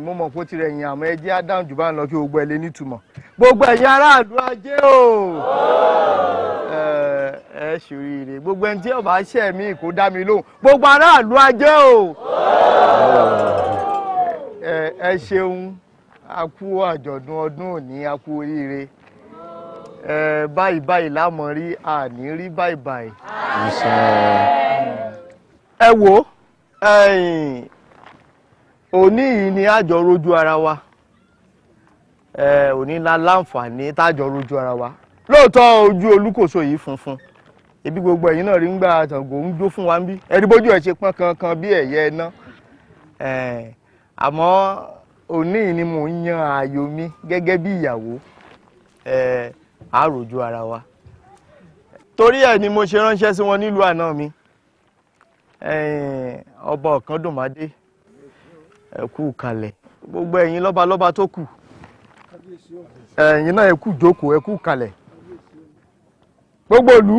mo mọ̀ kó tirẹ̀ yìn àmọ́ ẹ jẹ́ ádáhùn jù bá ń lọ kí gbogbo ẹ lé nítumọ̀ gbogbo ẹ̀yin aráàlú ajé o ẹ ṣòríire gbogbo ẹni tí ọba ṣẹ̀ mí kó dá mi lóhùn gbogbo aráàlú ajé o ẹ ṣeun a kú àjọ̀dún ọdún òní a kú oríire báyìí báyìí lámọ̀ rí àní rí báyìí báyìí. ẹ wo ẹ̀yin òní yìí ni àjọ rojú ara wa òní la láǹfààní tájọ rojú ara wa lóòótọ́ ojú olúkòso yìí funfun ebi gbogbo ẹ̀yin náà rí ń gbà àtàngò ń jó fún wa ń bí ẹ̀rí bójú ẹ̀ ṣe pọ́n kankan bí ẹ̀yẹ iná àmọ́ òní yìí ni mò ń yan ààyò mi gẹ́gẹ́ bí ìyàwó àròjú ara wa torí ẹ̀ ni mo ṣe ránṣẹ́ sí wọn nílùú àná mi ọba ọ̀kan dùnmádé ẹ kalẹ gbogbo ẹ̀yin lọba tó kù ẹ̀yin náà ẹ kú jókòó ẹ gbogbo ìlú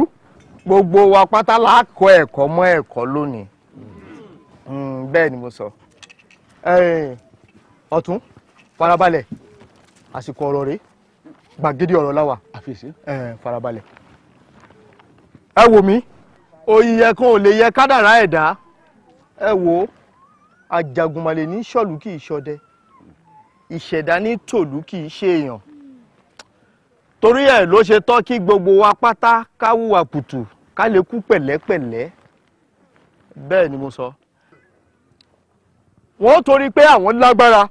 gbogbo wa pátá la kọ́ ẹkọ mọ́ ẹ̀kọ́ lónìí hmm, bẹ́ẹ̀ ni mo sọ ọ̀tún farabalẹ àsìkò ọ̀rọ̀ rèé gbàgede ọ̀rọ̀ láwà farabalẹ̀ ẹ wò mí òyìyẹ kan ò lè yẹ kádàrá ẹ̀dá ẹ wò ó. Àjàgùnmàlè ní ṣọ̀lú kì í ṣọdẹ ìṣẹ̀dá ní tòlú kì í ṣe èèyàn torí ẹ̀ ló ṣe tọ́ kí gbogbo wa pátá ká hùwà kùtù ká lè kú pẹ̀lẹ́pẹ̀lẹ́ bẹ́ẹ̀ ni mo sọ wọ́n torí pé àwọn lágbára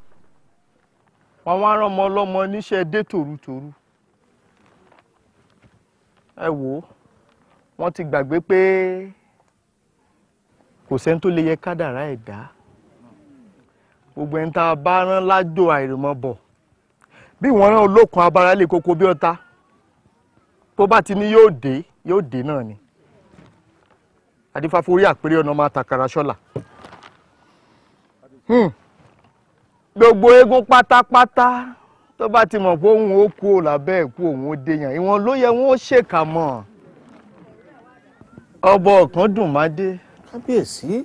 wọ́n wá rán ọmọ ọlọ́mọ níṣẹ́ dé tòrutòru ẹ wò ó wọ́n ti gbàgbé pé kò sẹ́ni tó lè yẹ kádàrá ẹ̀dá. E gbogbo ẹni tá a bá rán lájò àìrèmọ bọ̀ bí wọ́n rán olókun abara lè koko bí ọ̀tá tó bá ti ní yóò dé yóò dé náà ni adífáforí àpérè ọ̀nà máa tàkàrà ṣọ́là hmm. gbogbo eégún pátápátá tó bá ti mọ̀ pé òun ó kú ò lábẹ́ ẹ̀kú òun ó déyàn ìwọ̀n ló yẹ wọ́n ó ṣèkà mọ́ ọbọ̀ ọ̀kan dùn má dé. kábíyèsí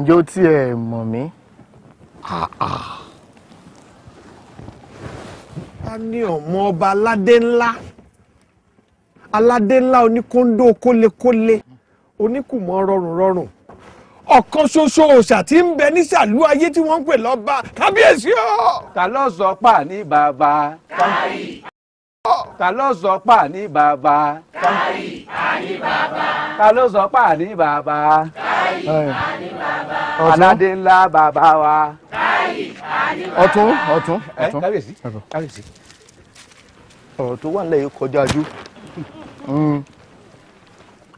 ǹjẹ́ o tí ẹ mọ̀ mí. Ah, ah. a ní ọmọ ọba aládé ńlá aládé ńlá oníkóńdó kólekóle oníkùmọ̀ rọrùn rọrùn ọ̀kan ṣoṣo òòṣà tí ń bẹ ní sàlú ayé tí wọ́n ń pè lọ́ba kábíyèsí o. ta ló sọ pa ní bàbá. káyì ta ló sọ pa ní bàbá. kárí àní bàbá. ta ló sọ pa ní bàbá. kárí àní bàbá. aládé ńlá bàbá wa. kárí àní bàbá. ọ̀tún ọ̀tún ọ̀tún kábíyèsí kábíyèsí. ọ̀rọ̀ tó wà nílẹ̀ yìí kọjá ajú mm.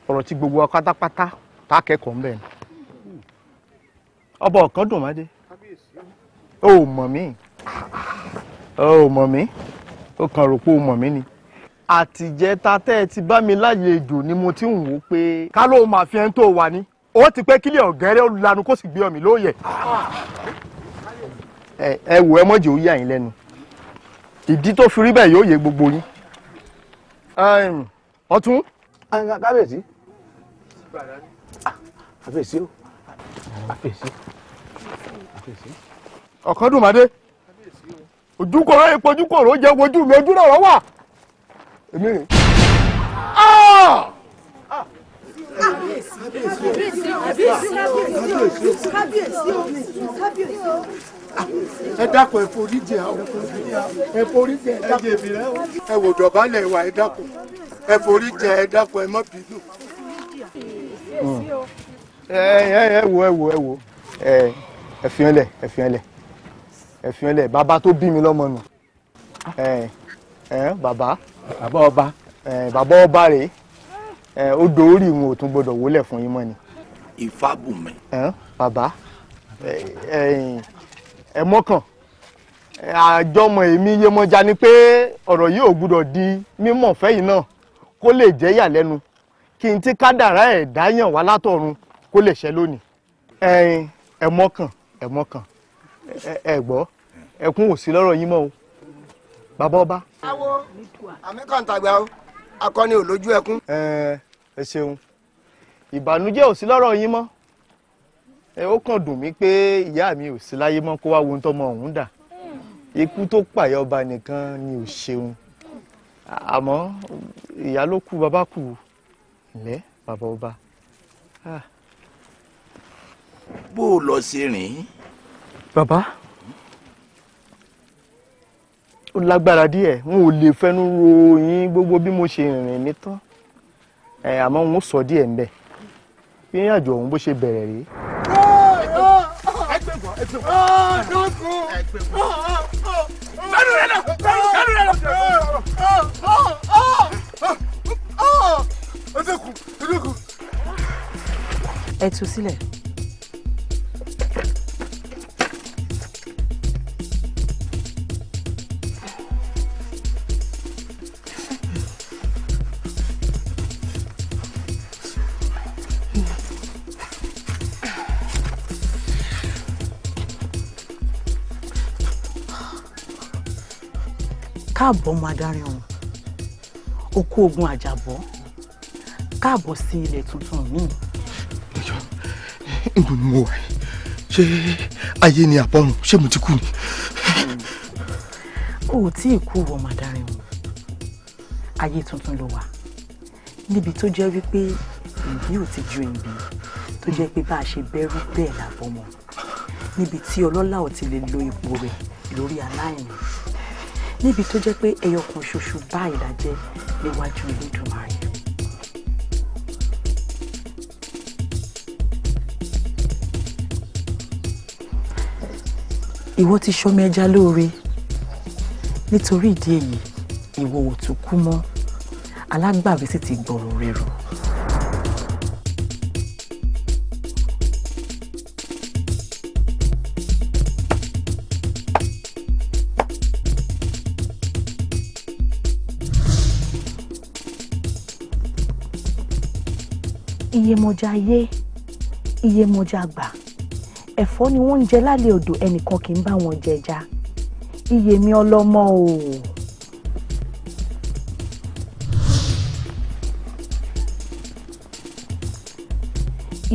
ọ̀rọ̀ tí gbogbo wa pátápátá tá a kẹ́kọ̀ọ́ ń bẹ̀ ni. ọba ọ̀kan dùn má dé. o mọ̀ mí o mọ̀ mí ó kàn rò pé o mọ̀ mí ni àtìjẹta tẹ́ ẹ ti bá mi lálejò ni mo ti ń wò ó pé ká ló máa fi ẹni tó wà ní ó ti pẹ́ kílẹ̀ ọ̀gẹ́rẹ́ ó kó sì gbé ọ̀mì lóòyẹ̀. ẹ wò ẹ mọ̀jẹ̀ ó yà lẹ́nu ìdí tó fi rí bẹ́ẹ̀ yóò yé gbogbo yín. ọ̀tún. kábíyèsí àfẹ̀sí o àfẹ̀sí àfẹ̀sí ojúkòrò epo ojúkòrò jẹ wojú mi ojú náà wà èmi rè. Ah! ẹ dákun ẹ forí jẹ àwọn ẹ forí jẹ ẹ dákun ẹ wò dọ̀bálẹ̀ wà ẹ dákun ẹ forí jẹ ẹ dákun ẹ bínú. ẹ ẹ ẹ wo ẹ wo ẹ wo ẹ ẹ fi hàn lẹ ẹ fi hàn lẹ ẹ̀fin ẹlẹ̀ bàbá tó bí mi lọ́mọ nù ẹ̀ ẹ̀ bàbá. bàbá ọba. ẹ̀ bàbá ọba rèé ẹ̀ ó dòórì wọn ò tún gbọdọ̀ wọlé fún yín mọ́ ni. ìfábùnmi. ẹ̀ bàbá ẹ̀ ẹ̀ mọ́kàn àjọmọ̀ èmi Yemọja ni pé ọ̀rọ̀ yìí ò gbọdọ̀ di mímọ̀ fẹ́yìn náà kó lè jẹ́ yàlẹ́nu kí n ti kádàrá ẹ̀ dáyàn wá látọ̀run kó lè ṣẹ lónìí ẹ̀ mọ́kàn ẹ̀ mọ́kàn ẹ gbọ́ ẹkún ò sí lọ́rọ̀ yín mọ́ o bàbá ọba. awo àmì kàǹtàgbà o akọni ò lójú ẹkún. ẹ ẹ ṣeun ìbànújẹ́ ò sí lọ́rọ̀ yín mọ́ ẹ ó kàn dùn mí pé ìyá mi ò sí láyé mọ́ kó wá wo ohun tọ́mọ ọ̀hún dà ikú tó pàyà ọba nìkan ni ò ṣeun àmọ́ ìyá ló kú bàbá kú ǹlẹ́ bàbá ọba. Ah. bó o lọ sí rìn bàbá o lágbára díẹ̀ n ò lè fẹnu ro yín gbogbo bí mo ṣe rìnrìn mi tán ẹ àmọ́ n ó sọ díẹ̀ ń bẹ bí ìrìn àjò ọ̀hún bó ṣe bẹ̀rẹ̀ rèé. Ẹ tú sílẹ̀. káàbọ̀ ọmọ adarí ọ̀hún okú ogun àjàbọ̀ káàbọ̀ sí ilẹ̀ tuntun míì. ìjọ ìbò ni mo wà yìí ṣé ayé ni àbọ̀rùn ṣé mo ti kú ni. o ò tí ì kú ọmọ adarí ọ̀hún ayé tuntun ló wà níbi tó jẹ́ wípé ìbí ò ti ju ìbí tó jẹ́ pé bá a ṣe bẹ̀rù bẹ́ẹ̀ làbọ̀ mọ́ níbi tí ọlọ́lá ò ti lè lo ipò rẹ̀ lórí aláìní níbi tó jẹ́ pé ẹyọ kan ṣoṣo báyìí la jẹ́ níwájú Elédùmarè. ìwọ ti ṣọmọ ẹja lóore nítorí ìdí èyí ìwọ ò tún kú mọ́ alágbàwí sì ti gbọ̀rọ̀ rẹ̀ rò. iyemọja yé iyemọja gbà ẹ̀fọ́ ni wọ́n ń jẹ lálẹ́ odò ẹnìkan kì í bá wọn jẹja iyèmí ọlọ́mọ o.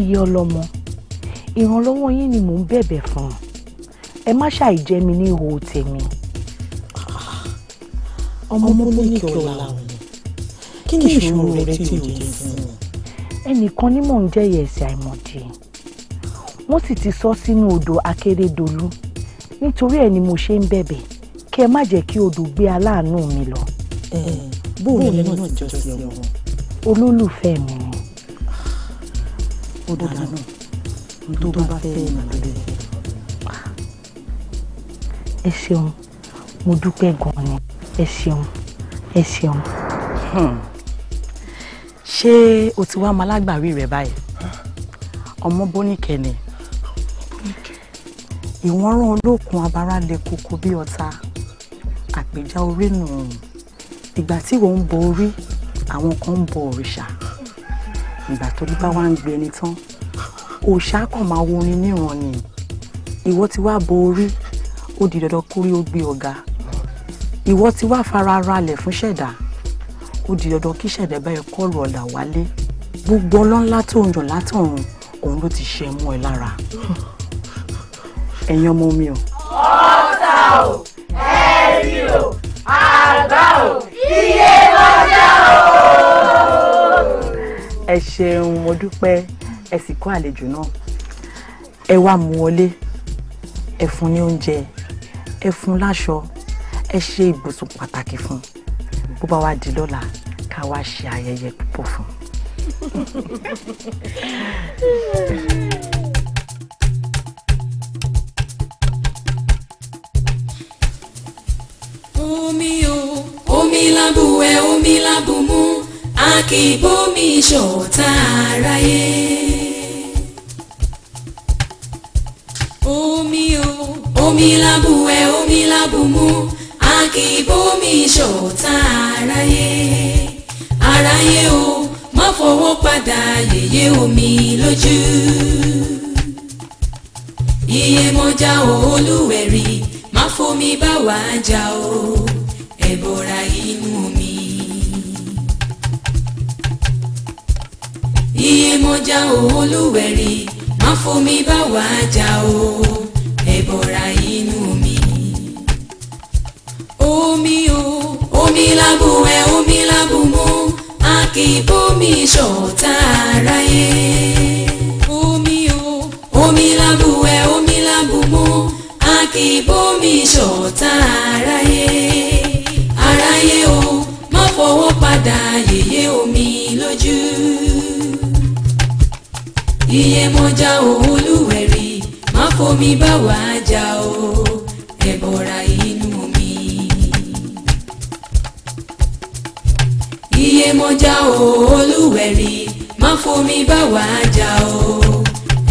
iye ọlọ́mọ ìrànlọ́wọ́ yín ni mò ń bẹ̀bẹ̀ fún ẹ má ṣàì jẹ mi ní ihò tèmi. ọmọ mú mi kí ọ̀la kí ni ìṣòro rẹ tí ò jẹ fún un ẹnìkan ní mò ń jẹ́yẹ ẹ̀sẹ̀ àìmọ̀dí wọ́n sì ti sọ sínú odò akérèdọ́lù nítorí ẹ̀ ni mo ṣe ń bẹ̀bẹ̀ kí ẹ má jẹ́ kí odò gbé aláàánú mi lọ. bóòlù ẹni náà jọ sí ọmọ. olólùfẹ́ mi ni. ó dára náà tó bá fẹ́ ìmọ̀lẹ́. ẹ ṣeun mo dúpẹ́ gan-an ni ẹ ṣeun ẹ ṣeun. Hmm ṣé o ti wá ọmọ alágbàwí rẹ báyìí ọmọ bóníkẹ ni ìwọ̀n rán olókun abara lè koko bí ọ̀tá àpèjá orí nù ìgbà tí wọ́n ń bọ orí àwọn kan ń bọ òrìṣà ìgbà tó bá wá ń gbẹni tán òòṣà kan máa wo orin níran ni ìwọ ti wá bọ orí ó di dandan kórí ó gbé ọ̀gá ìwọ ti wá fara ralẹ̀ fún ṣẹ̀dá ó di dandan kí ṣẹ̀dẹ̀ báyìí kọ́ọ̀lù ọ̀dà wálé gbogbo ọlọ́nlá tó ń yàn látọ̀run òun ló ti ṣe mọ́ ẹ lára ẹ̀yin ọmọ mi o. ọ̀tá o ẹ̀yìn o àgbà o iye lọ́jà o. ẹ ṣeun mo dúpẹ́ ẹ sì kó àlejò náà ẹ wá mú wọlé ẹ fún ní oúnjẹ ẹ fún láṣọ ẹ ṣe ibùsùn pàtàkì fún un bó bá wá di lọ́la ká wá ṣe ayẹyẹ púpọ̀ fún un. omi o omi lábùwẹ̀ omi lábùmú a kì í omi o omi lábùwẹ̀ omi lábùmú akíbomi ṣòta aráyé aráyé o má fọwọ́ padà yẹ̀yẹ́ omi lójú Iyemọja o olúwẹ̀rí má fomi bá wà á jà o ẹ bọ́ra inú omi. Iyemọja o olúwẹ̀rí má fomi bá wà á o ẹ inú omi omi o. omi labu lábùwẹ̀ omi lábùmú a kì í bómi ṣọ̀tá aráyé. omi o. omi labu lábùwẹ̀ omi lábùmú a kì í bómi ṣọ̀tá aráyé. aráyé o má fọwọ́ padà yèyé omi lójú. iye mọ́já òun lúwẹ̀rí má fomi bá wàá jà o. já o olúwẹ̀rí má fomi bá wa jà o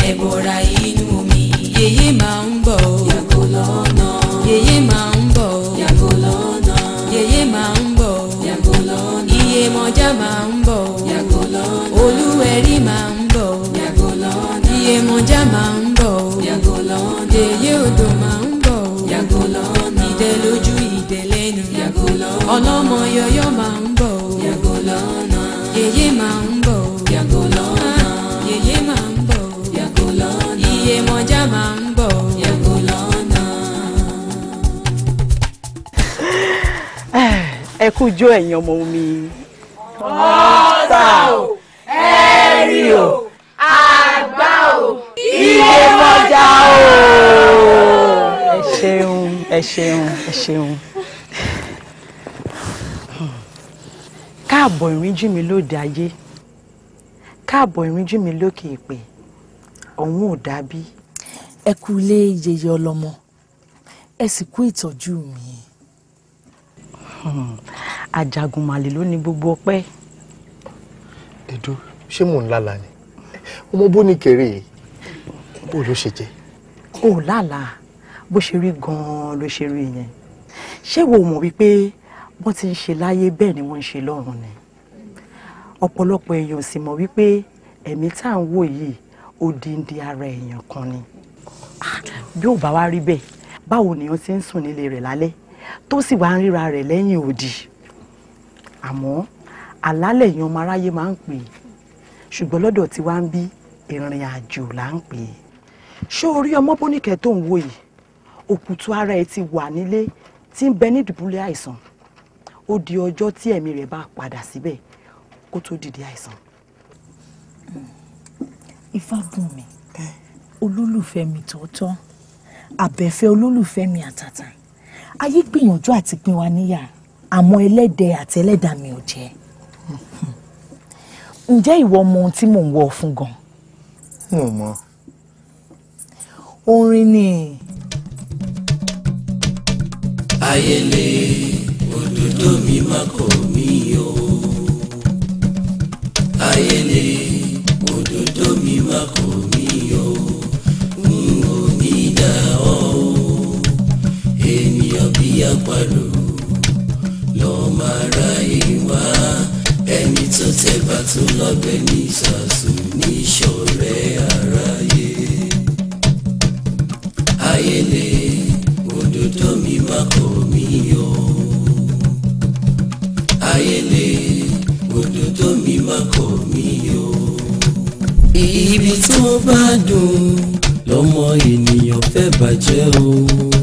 ẹ̀bọ̀ra inú omi yèyé máa ń. ẹ kú jó ọmọ omi. ọ̀tà o ẹ̀rì o àgbà o ilé mọ́jà o. ẹ ṣeun ẹ ṣeun ẹ ṣeun. káàbọ̀ ìrìnjú mi lóde ayé káàbọ̀ ìrìnjú mi lókè èpè ọ̀hún ò dàbí. ẹ kú ilé yeye ọlọmọ ẹ sì kú ìtọ́jú mi. Hmm. Ajagunmalè ló ní gbogbo ọpẹ́. Edo ṣé mò ń lálàá ni ọmọ bó ní kéré yìí bó ló ṣe jẹ. o lálàá bó ṣe rí gan-an ló ṣe rí yẹn ṣé wo mọ̀ wípé wọ́n ti ń ṣe láyé bẹ́ẹ̀ ni wọ́n ń ṣe lọ́run ni ọ̀pọ̀lọpọ̀ èèyàn sì mọ̀ wípé ẹ̀mí tá à ń wò yìí odindi ara èèyàn kan ni ah, bí ò bá wá rí bẹ́ẹ̀ báwo ni ó ti ń sùn nílé rẹ̀ lálẹ́ tó sì wá ń ríra rẹ̀ lẹ́yìn òdì àmọ́ àlálẹ̀ yan ọmọ aráyé máa ń pè é ṣùgbọ́n lọ́dọ̀ tí wá ń bí ìrìn àjò là ń pè é ṣé orí ọmọ bóníkẹ́ tó ń wò yìí òkùtù ara ẹ ti wà nílé tí ń bẹ ní ìdùbúlẹ̀ àìsàn ó di ọjọ́ tí ẹ̀mí rẹ̀ bá padà síbẹ̀ kó tó dìde àìsàn. Ifábùnmi olólùfẹ́ mi tòótọ́ àbẹ̀fẹ́ olólùfẹ́ mi àtàtà ayé gbìyànjú àti pín wa níyà àmọ́ ẹlẹ́dẹ̀ àti ẹlẹ́dà mi ò jẹ́ ǹjẹ́ ìwọ mọ ohun tí mò ń wọ fún gan. n mọ. orin ni. ayẹlẹ òdòdó mi má kọ mí o ayẹlẹ òdòdó mi má kọ. àparò ló máa ráyè wá ẹni tó tẹ̀bà tó lọ́bẹ̀ ní ìsàsùn ní ìṣọ̀rẹ́ aráyé. ayẹlẹ òdòdó mi máa kọ̀ mí yọ. ayẹlẹ òdòdó mi máa kọ̀ mí yọ. ibi tó bá dùn lọ́mọ ènìyàn fẹ́ bàjẹ́ o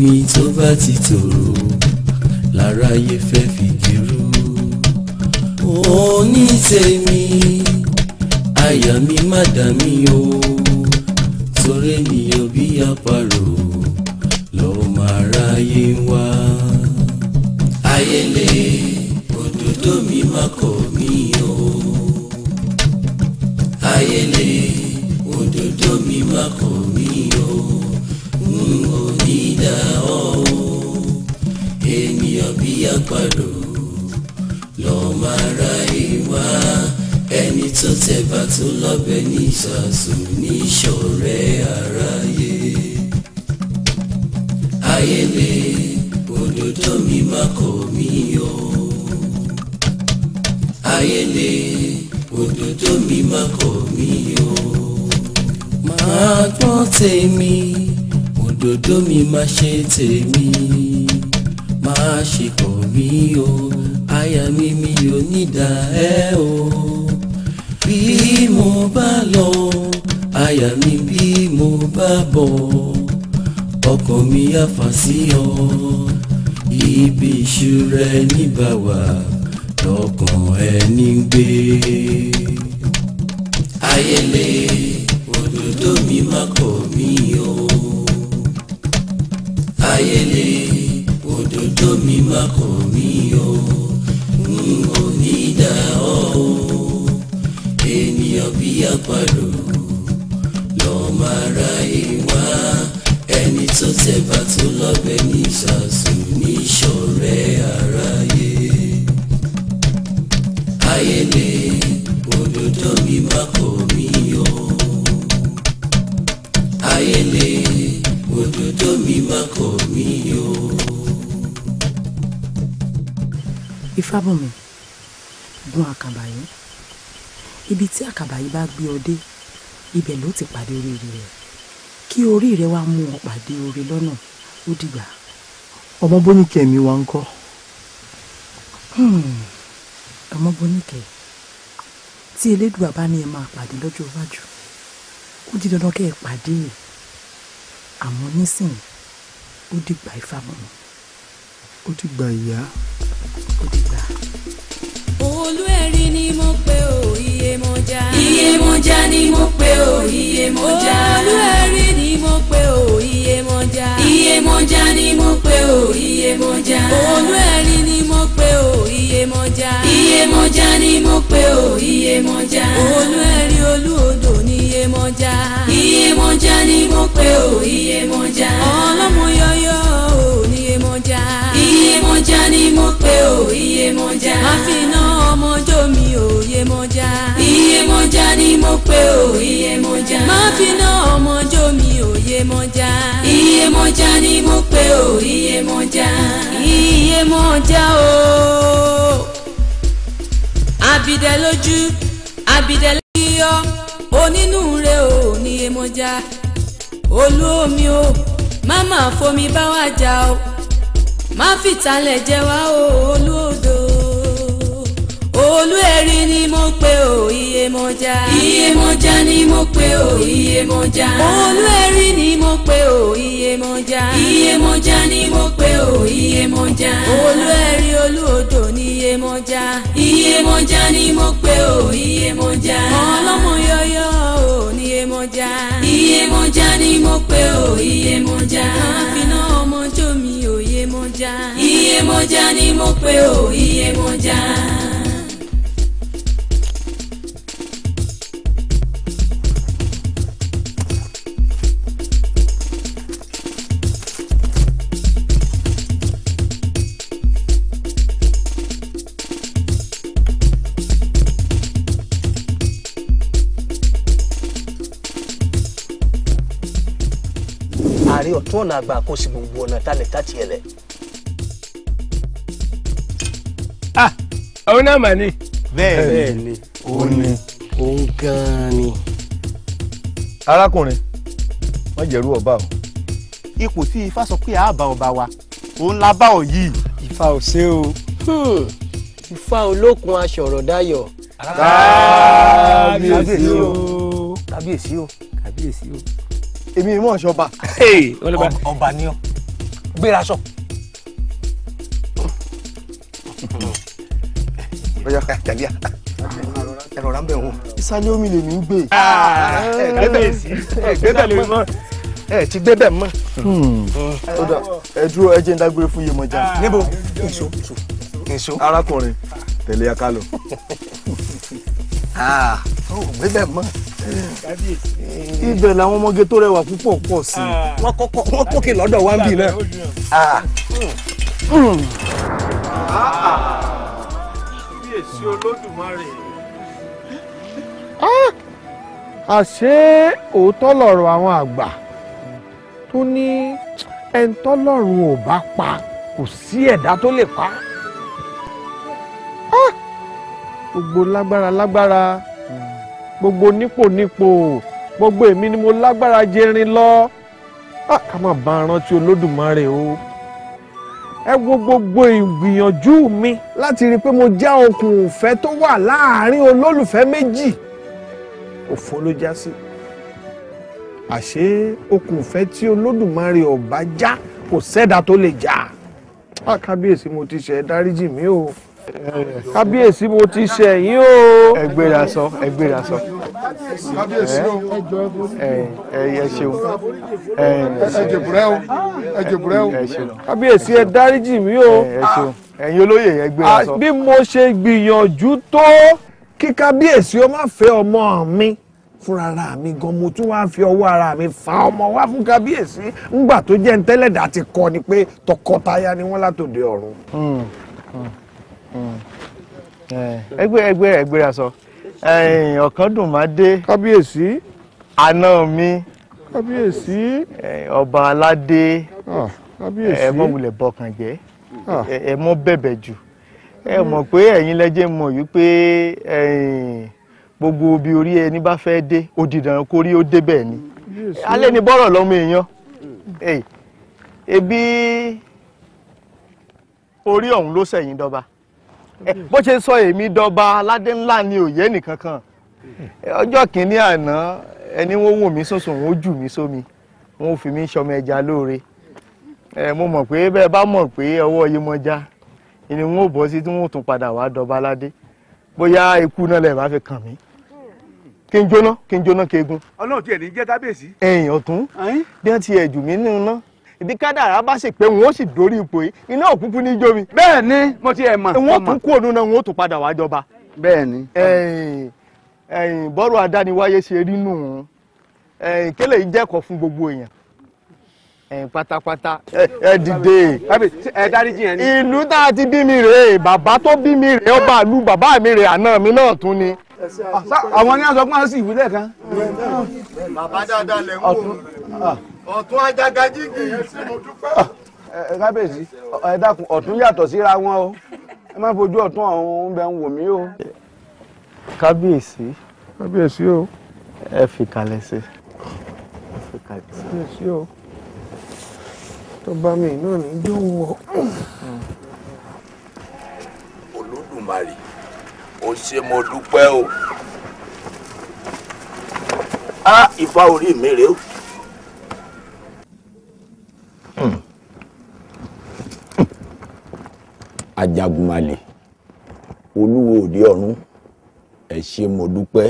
omi tó bá ti tòrò láráyé fẹ́ fi kírú. òní tèmi àyà mi má dà mí o torí mi ò bí àparò lọ́ọ́ máa ráyé wá. ayẹlẹ òdòdó mi má kọ̀ mí o ayẹlẹ òdòdó mi má kọ̀ mí dídá ọ ènìyàn bí àparò lọ máa ra ìwà ẹni tó tẹ̀bà tó lọ́bẹ ní ìsàsùn ní ìṣọ̀rẹ́ aráyé ayẹlẹ òdòdó mi má kọ̀ mí yọ ayẹlẹ òdòdó mi má kọ̀ mí yọ máa gbọ́ tèmi òdòdó mi máa ṣe tèmi máa ṣe kàn mí o àyà mi mi ò ní dà ẹ́ o bí mo bá lọ àyà mi bí mo bá bọ̀ ọkàn mi á fà sí ọ ibi ìṣúra ẹni bá wà lọ́kàn ẹni gbé ayẹlẹ òdòdó mi má kọ. délé òdòdó mi má kò mí o n ò ní dà ọ́ o ènìyàn bí àpàlò lọ́ọ́ máa ra ìwà ẹni tó tẹ̀ bá tó ní ìsàsùn ní ìṣọ̀rẹ́ ara. Ṣọ́bùnmi gun àkàbà yìí ibi tí àkàbà yìí bá gbé ọ dé ibẹ̀ ló ti pàdé oríire rẹ̀ kí orí rẹ̀ wá mú ọ pàdé oore lọ́nà ó dìgbà. ọmọ bóníkẹ́ mi wá ń kọ́. Hmm. ọmọ bóníkẹ́ tí elédùà bá ní ẹ máa pàdé lọ́jọ́ iwájú ó di dandan kẹ́ ẹ pàdé e. àmọ́ nísìnyí ó dìgbà Ifábùnmi. ó dìgbà ìyá. ó dìgbà olúẹ̀rí ni mo pè ó iyemọja. iyemọja ni mo pè ó iyemọja. olúẹ̀rí ni mo pè ó iyemọja. iyemọja ni mo pè ó iyemọja. olúẹ̀rí ni mo pè ó iyemọja. iyemọja ni mo pè ó iyemọja. olúẹ̀rí olú odò ni iyemọja. iyemọja ni mo pè ó iyemọja. ọlọ́mọ yọyọ ò ní iyemọja. iyemọja ni mo pè ó iyemọja. àfihàn ọmọjó mi ò yé iye mọ́já ni mo pè ó iye mọ́já. má fi ná ọmọjó mi ò yé iye mọ́já ni mo pè ó iye mọ́já. iye mọ́já o. àbìdẹ lójú àbìdẹ lójú yọ onínúure ò ní iye mọ́já. olú omi o má fomi bá wa jà o má fìtálẹ̀ jẹ wá o olú odò olúẹ̀rí ni mo pe o Iyemọja. Iyemọja ni mo pe o Iyemọja. olúẹ̀rí ni mo pe o Iyemọja. Iyemọja ni mo pe o Iyemọja. olúẹ̀rí olúodò ni Iyemọja. Iyemọja ni mo pe o Iyemọja. ọlọ́mọ yọyọ o ni Iyemọja. Iyemọja ni mo pe o Iyemọja. àfinà ọmọ jó mi o Iyemọja. Iyemọja ni mo pe o Iyemọja. tú ọ̀nà àgbà kó sì gbogbo ọ̀nà tálẹ̀ tàti ẹ̀lẹ̀. ah òun náà mà ní. bẹ́ẹ̀ ni òun ni òun gan-an ni. arákùnrin má jẹ̀rú ọba o. ipò tí ifá sọ pé àá ọba wa òun la bá ọ yìí. ifá ò ṣe o. Hmm. ifá olókun aṣọ̀rọ̀ dayọ̀. kábíyèsí o kábíyèsí o kábíyèsí o èmi mọ̀ ṣọba. ọba ni ọ gbéra sọ. bóyá jàdíà ẹ̀rọ rámbẹ̀ wọn. ìsàlẹ̀ omi lèmi ń gbé. Ah, ẹ̀gbẹ́bẹ̀ lèmi mọ̀ ẹ ti gbé bẹ́ẹ̀ mọ́. Hmm. ẹ dúró ẹ jẹ́ ń dágbére fún Yemọja. níbo nso arákùnrin tẹ̀lé aká òwe ah. bẹ́ẹ̀ mọ́ ibẹ̀ làwọn ọmọge tó rẹwà púpọ̀ pọ̀ sí i ah. wọ́n kọ́kọ́ wọ́n kókè lọ́dọ̀ wá ń bì náà. Ah. kíyèsí olódùmarè. àṣé òótọ́ lọ̀rọ̀ àwọn àgbà tó ní ẹni tọ́lọ́run ò bá pa kò sí ẹ̀dá tó lè pa. Ah! gbogbo lágbára lágbára gbogbo nípò nípò gbogbo èmi ni mo lágbára jẹrin lọ ah, ká má bá rántí olódùmarè o ẹ wo gbogbo ìgbìyànjú mi láti rí i pé mo já okùn ìfẹ́ tó wà láàárín olólùfẹ́ méjì òfo ló já sí àṣé okùn ìfẹ́ tí olódùmarè ọba já kò sẹ́dá tó lè já ah, kábíyèsí mo ti ṣe dáríjì mi o kábíyèsí mo ti ṣe yín o. ẹ gbéra sọ ẹ gbéra sọ. kábíyèsí o ẹ ṣeun ẹ jèbùrẹ́ o ẹ jèbùrẹ́ o. kábíyèsí ẹ dáríjì mí o. ẹ ṣeun ẹ̀yin olóyè ẹ gbéra ah, sọ. bí mo ṣe gbìyànjú tó kí kábíyèsí ó má fẹ́ ọmọ mi fúnra ara mi gan mo tún wáá fi ọwọ́ ara mi fa ọmọ wá fún kábíyèsí ńgbà tó jẹ́ ń tẹ́lẹ̀dá ti kọ́ ni pé tọkọtaya ni wọ́n látòde ọ̀run. Hmm, hmm. Mm. Eh. ẹgbẹ́ ẹgbẹ́ ẹgbẹ́ aṣọ ọ̀kan dùn má dé kábíyèsí àná mi kábíyèsí ọba aládé ah, kábíyèsí ẹ mọ wulẹ̀ bọkàn jẹ́ ah. ẹ mọ bẹ̀bẹ̀ jù ẹ hmm. mọ̀ pé ẹ̀yin lẹ́jẹ̀ mọ̀ yìí pé gbogbo bí orí ẹni bá fẹ́ dé ó di dandan kó rí ó débẹ̀ ni alẹ́ ni bọ́rọ̀ lọ́mọ èèyàn hmm. ebi orí ọ̀hún ló sẹ̀yìn dọ́ba bó ṣe sọ èmi dọba aládé ńlá ni òye nìkankan ọjọ́ kìíní àná ẹni wọ́n wò mí sọ̀sọ̀ wọ́n jù mí sómi wọ́n fi mí sọmọ ẹja lóore mo mọ̀ pé bẹ́ẹ̀ bá mọ̀ pé ọwọ́ yìí mọ já ni wọ́n ò bọ́ sí tí wọ́n tún padà wá dọba aládé bóyá ikú náà lè bá fi kàn mí kí n jóná kí n jóná keegun. ọlọ́run tiẹ̀ ní jẹ́ kábíyèsí. ẹ̀yìn ọ̀tún bí wọ́n ti ẹ̀jù mí nínú náà ìdí kádàrá bá sì pé wọn ó sì dórí ipò yìí iná òkúkú ní jómi. bẹ́ẹ̀ ni mo ti ẹ̀ mọ̀. wọn tún kú òun náà wọn ó tún padà wá jọba. bẹ́ẹ̀ ni. bọ́rọ̀ adániwáyé ṣe rí nù ún kélé yìí jẹ́kọ̀ọ́ fún gbogbo èèyàn pátápátá. ẹ dìde. ẹ dáríjì yẹn ìlú tá a ti bí mi rèé bàbá tó bí mi rèé ọba ìlú bàbá mi rèé àná mi náà tún ni. àwọn ní aṣọ pọ́n sí ìwúlẹ̀ kan. bàbá dáadáa lè ń wò ọ̀tún ajagajigi. Ah, kábíyèsí ẹ dákun ọ̀tún yàtọ̀ síra wọn o ẹ má fojú ọ̀tún ọ̀hún bẹ ń wò mí o. kábíyèsí. kábíyèsí o. ẹ fi kalẹ̀ sí. ẹ fi kalẹ̀ sí. kábíyèsí o tó bá mi náà ní yóò wọ. olódùmarè ó ṣe mo dúpẹ́ o. a ìfà orí mi rèé ajagunmalè olúwo òde ọ̀run ẹ ṣé mo dúpẹ́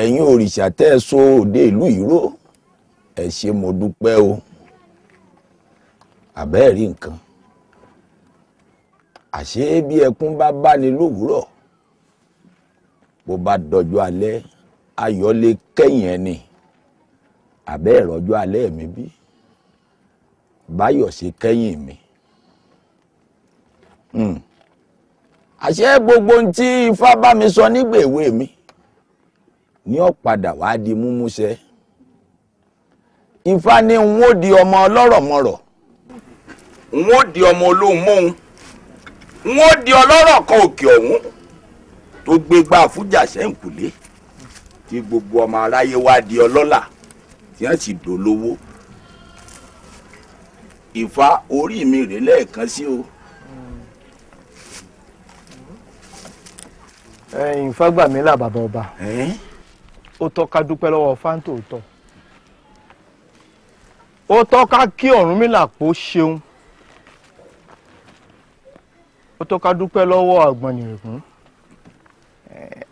ẹ̀yin òrìṣà tẹ́ ẹ so òde ìlú ìró ẹ ṣé mo dúpẹ́ o àbẹ́ẹ̀ rí nǹkan àṣé bí ẹkún bá bá ní lówùúrọ̀ bó bá dọjọ́ alẹ́ ayọ̀ lè kẹ́yìn ẹni àbẹ́ ìrọ́jọ́ alẹ́ mi bí báyọ̀ ṣe kẹ́yìn mi. Hmm. àṣẹ gbogbo ohun tí ifá bá mi sọ nígbà èwe mi ni ó padà wàá di múmúṣẹ ifá ní n ó di ọmọ ọlọ́rọ̀mọrọ̀ n ó di ọmọ olóhùn mọ́hún n ó di ọlọ́rọ̀ kan òkè ọ̀hún tó gbégbá fújà sẹ́ǹkùlé tí gbogbo ọmọ aráyé wá di ọlọ́lá tí a sì dolówó ìfà orí mi rè lẹ́ẹ̀kan sí o. ìfà gbà mí là bàbá ọba ó tọ́ ká dúpẹ́ lọ́wọ́ fáńtò tọ́ ó tọ́ ká kí Ọ̀rúnmìlà pò ṣeun ó tọ́ ká dúpẹ́ lọ́wọ́ Àgbọnnìrègún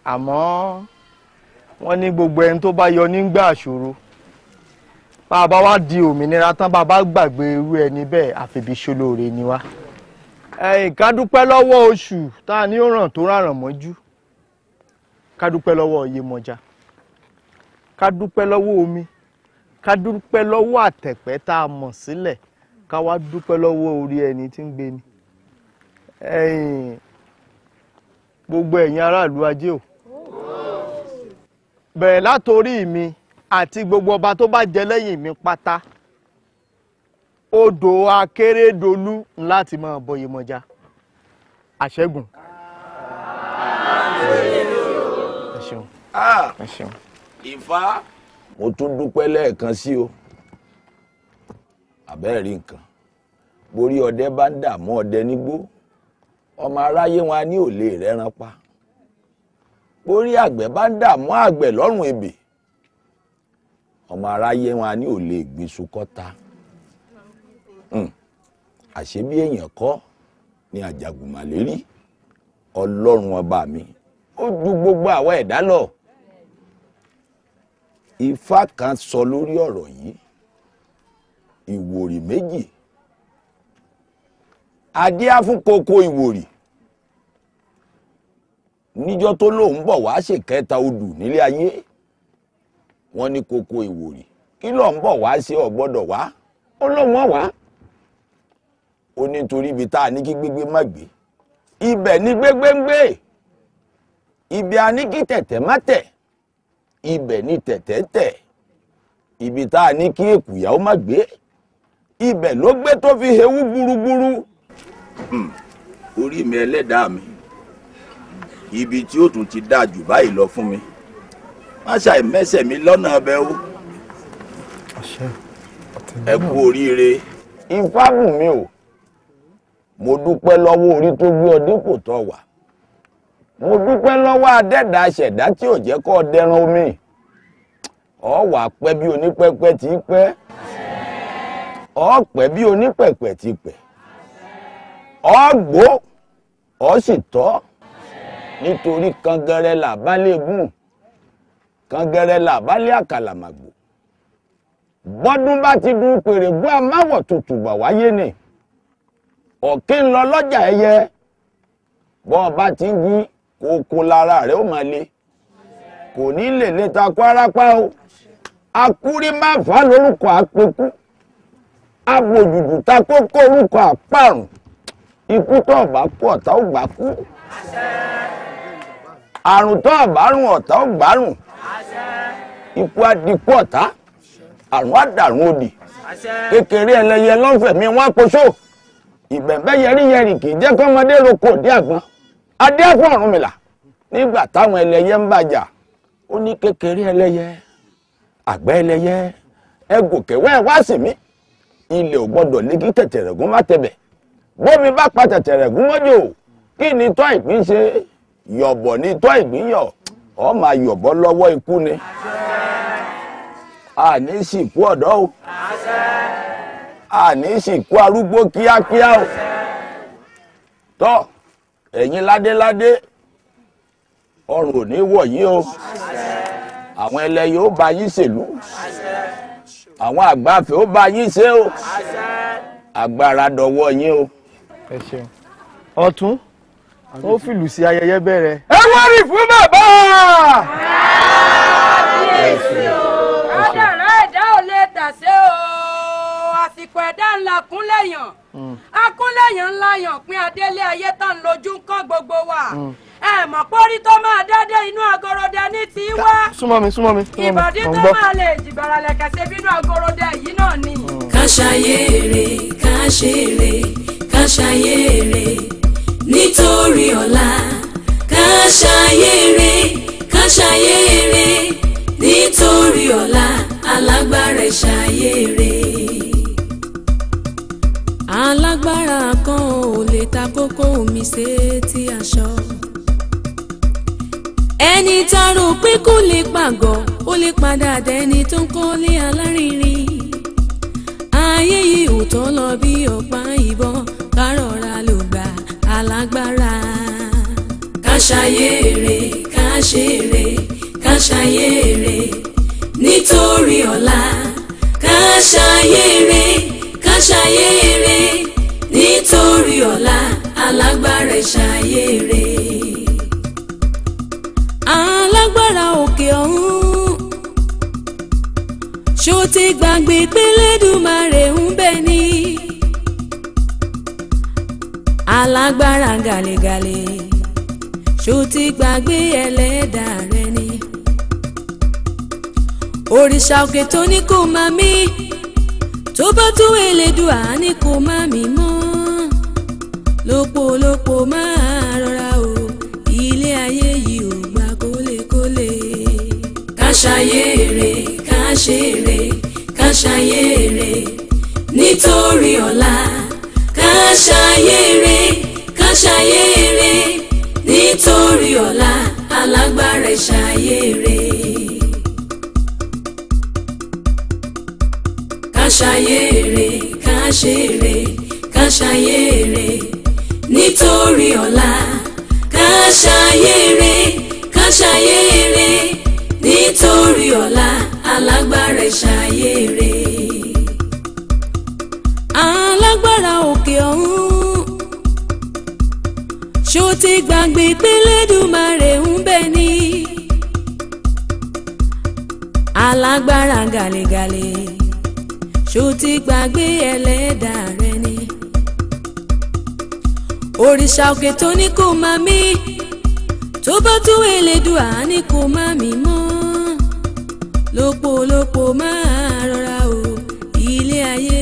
àmọ́ wọ́n ní gbogbo ẹni tó bá yọ nígbà àṣòro bá a bá wá di òmìnira tán bá a bá gbàgbé irú ẹni bẹ́ẹ̀ àfẹ̀bíṣolóore ni wá. ẹ̀yìn ká dúpẹ́ lọ́wọ́ oṣù tá a ní ó ràn tó ráràn mọ́jú ká dúpẹ́ lọ́wọ́ Yemọja ká dúpẹ́ lọ́wọ́ omi ká dúpẹ́ lọ́wọ́ àtẹ̀pẹ́ tá a mọ̀ sílẹ̀ ká wá dúpẹ́ lọ́wọ́ orí ẹni tí ń gbé ni. ẹ̀yìn gbogbo ẹ̀yin aráàlú ajé o bẹ̀rẹ̀ látòrí mi àti gbogbo ọba tó bá jẹ lẹ́yìn mi pátá odò akérèdọ́lù láti máa bọyì mọ́já àṣẹ́gun. ẹ ṣeun. Ah! ẹ ṣeun. ìfá mo tún dúpẹ́ lẹ́ẹ̀kan sí o àbẹ́ẹ̀ rí nǹkan borí ọdẹ bá ń dààmú ọdẹ nígbó ọmọ aráyé wọn ní òlé rẹ̀ rán borí àgbẹ̀ bá ń dààmú àgbẹ̀ lọ́rùn ebè ọmọ aráyé wọn a ní ò lè gbèsò kọ́ta hmm. àṣé bí èèyàn kọ́ ni àjàgùnmàlérí ọlọ́run ọba mi ó ju gbogbo àwa ẹ̀dá lọ ifá kan sọ lórí ọ̀rọ̀ yìí ìwòrì méjì adé afúnkoko ìwòrì níjọ́ tó lóun bọ̀ wá ṣèkẹta odù nílé ayé. wọ́n ní kókó ìwòrì kí ló ń bọ̀ wá ṣe ọ̀gbọ́dọ̀ wá ó wọn wá ó ní torí ibi tá a ní kí gbégbé má gbé ibẹ̀ ní gbégbé ń gbé ibi a ní kí tẹ̀tẹ̀ má tẹ̀ ibẹ̀ ní tẹ̀tẹ̀ tẹ̀ ibi tá a ní kí èkùyà ó má gbé ibẹ̀ ló gbé tó fi hewú gburugburu hmm. orí mi ẹlẹ́dàá mi ibi tí ó tún ti dáa jù báyìí lọ fún mi. má ṣàì mi lọ́nà abẹ́ o ẹ kú oríire. ifá mi o mo dúpẹ́ lọ́wọ́ orí tó gbé ọ dípò tó wà mo dúpẹ́ lọ́wọ́ adẹ́dà aṣẹ̀dá tí ò jẹ́ kó dẹran omi ọ wà pẹ́ bí onípẹ́pẹ́ tí pẹ́ ọ pẹ́ bí ọ gbó ọ sì tọ́ nítorí kàngẹrẹ là bálẹ̀ àkàlà màgbò bọ́dún bá ti dun pèrègbè amáwọ̀ tutù bà wáyé ni ọ̀kí ń lọ lọ́jà ẹyẹ bọ́ ọba ti ń yí kókó lára rẹ̀ ó máa le kò ní lè níta kwarapa o akúrí má fà lórúkọ àpekú abòjùdù ta kókó orúkọ àpárùn ikú tó ọba kú ọ̀tá ó gbà kú àrùn tó ọba rùn ọ̀tá ó gbà rùn ikú adikú ọ̀tá àrùn àdàrùn òdì kékeré ẹlẹ́yẹ lọ́fẹ̀mí wọn akoṣó ìbẹ̀bẹ̀ yẹríyẹrì kì í jẹ́ kọ́mọdé roko òdí àgbọn adé fún Ọ̀rúnmìlà nígbà táwọn ẹlẹ́yẹ ń bàjà ó ní kékeré ẹlẹ́yẹ àgbẹ̀ ẹlẹ́yẹ ẹ gòkè wá sí mi ilẹ̀ ò gbọ́dọ̀ lé kí tẹ̀tẹ̀rẹ̀gún má tẹ̀bẹ̀ bómi bá pa tẹ̀tẹ̀rẹ̀gún mọ́jò kí ni tọ́ ìpín ṣe yọ̀bọ̀ ni tọ́ ìpín yọ̀ ọ máa yọ̀bọ́ lọ́wọ́ ikú ni àní sìnkú ọ̀dọ́ o àní sìnkú arúgbó kíákíá o tọ́ ẹ̀yin ládéládé ọrùn ò ní o àwọn ẹlẹ́yẹ ó bá yín ṣèlú àwọn àgbàfẹ́ ó bá yín ṣe o agbára dọwọ́ yín o. ẹ ṣeun ó fìlù sí ayẹyẹ bẹ̀rẹ̀. ẹ wọ́n rì fún bàbá. kábíyèsí o ọ̀dàrà ẹ̀dá ò lè tàṣé o àsìkò ẹ̀dá ńlá kúnlẹ̀yàn hmm. akúnlẹ̀yàn ńlá yàn pín adélé ayé tán lójú ń kọ́ gbogbo wa hmm. ẹ mọ̀ pórí tó máa dádé inú agorode ní ti wá. súnmọ́ mi súnmọ́ mi. Hmm, ìbàdí tó máa lè jìbàrà lẹ̀kẹ̀ bínú agorode yìí náà ni. ká ṣayé rè ká ṣe rè ká ṣayé nítorí ọ̀la ká ṣayére ká ṣayére nítorí ọ̀la alágbára ṣayére. alágbára kan ò lè ta kókó mi ṣe ti aṣọ ẹni tá a lè pàgọ́ ó lè padà dẹni tó ń kọ́lé alárinrin ayé yìí ò tọ́ lọ bí ọ̀pá ìbọn kárọ̀ra ló lágbára. ká ṣayé èrè ká ṣe èrè ká ṣayé èrè nítorí ọ̀la. ká ṣayé èrè ká ṣayé èrè nítorí ọ̀la alágbára ṣayé èrè. alágbára òkè ọ̀hún ṣó ti gbàgbé pé ń bẹ ni alágbára gàlégàlé ṣùtì gbàgbé ẹlẹ́dàá rẹ ni. òrìṣà òkè tó ní kò máa mí tó bá tó Elédùà ní kò máa mí mọ́ lọ́pọ̀lọpọ̀ máa rọra o ilé ayé yìí ò gba kólékólé. ká ṣayé rè ká ṣeré ká ṣayé rè nítorí ọ̀la káṣáyére káṣáyére nítorí ọ̀la alágbára ìṣàyére. káṣáyére káṣáyére káṣáyére nítorí ọ̀la káṣáyére káṣáyére nítorí ọ̀la alágbára ìṣàyére. mo ti gbàgbé pé lẹ́dùnmarè ń bẹ ni alágbára gàlégàlé ṣó ti gbàgbé ẹlẹ́dàá rẹ ni òrìṣà òkè tó ní kò má mi. tó bá tún Elédùà ní kò má mí mọ́ lọ́pọ̀lọpọ̀ máa rọra o ilé ayé.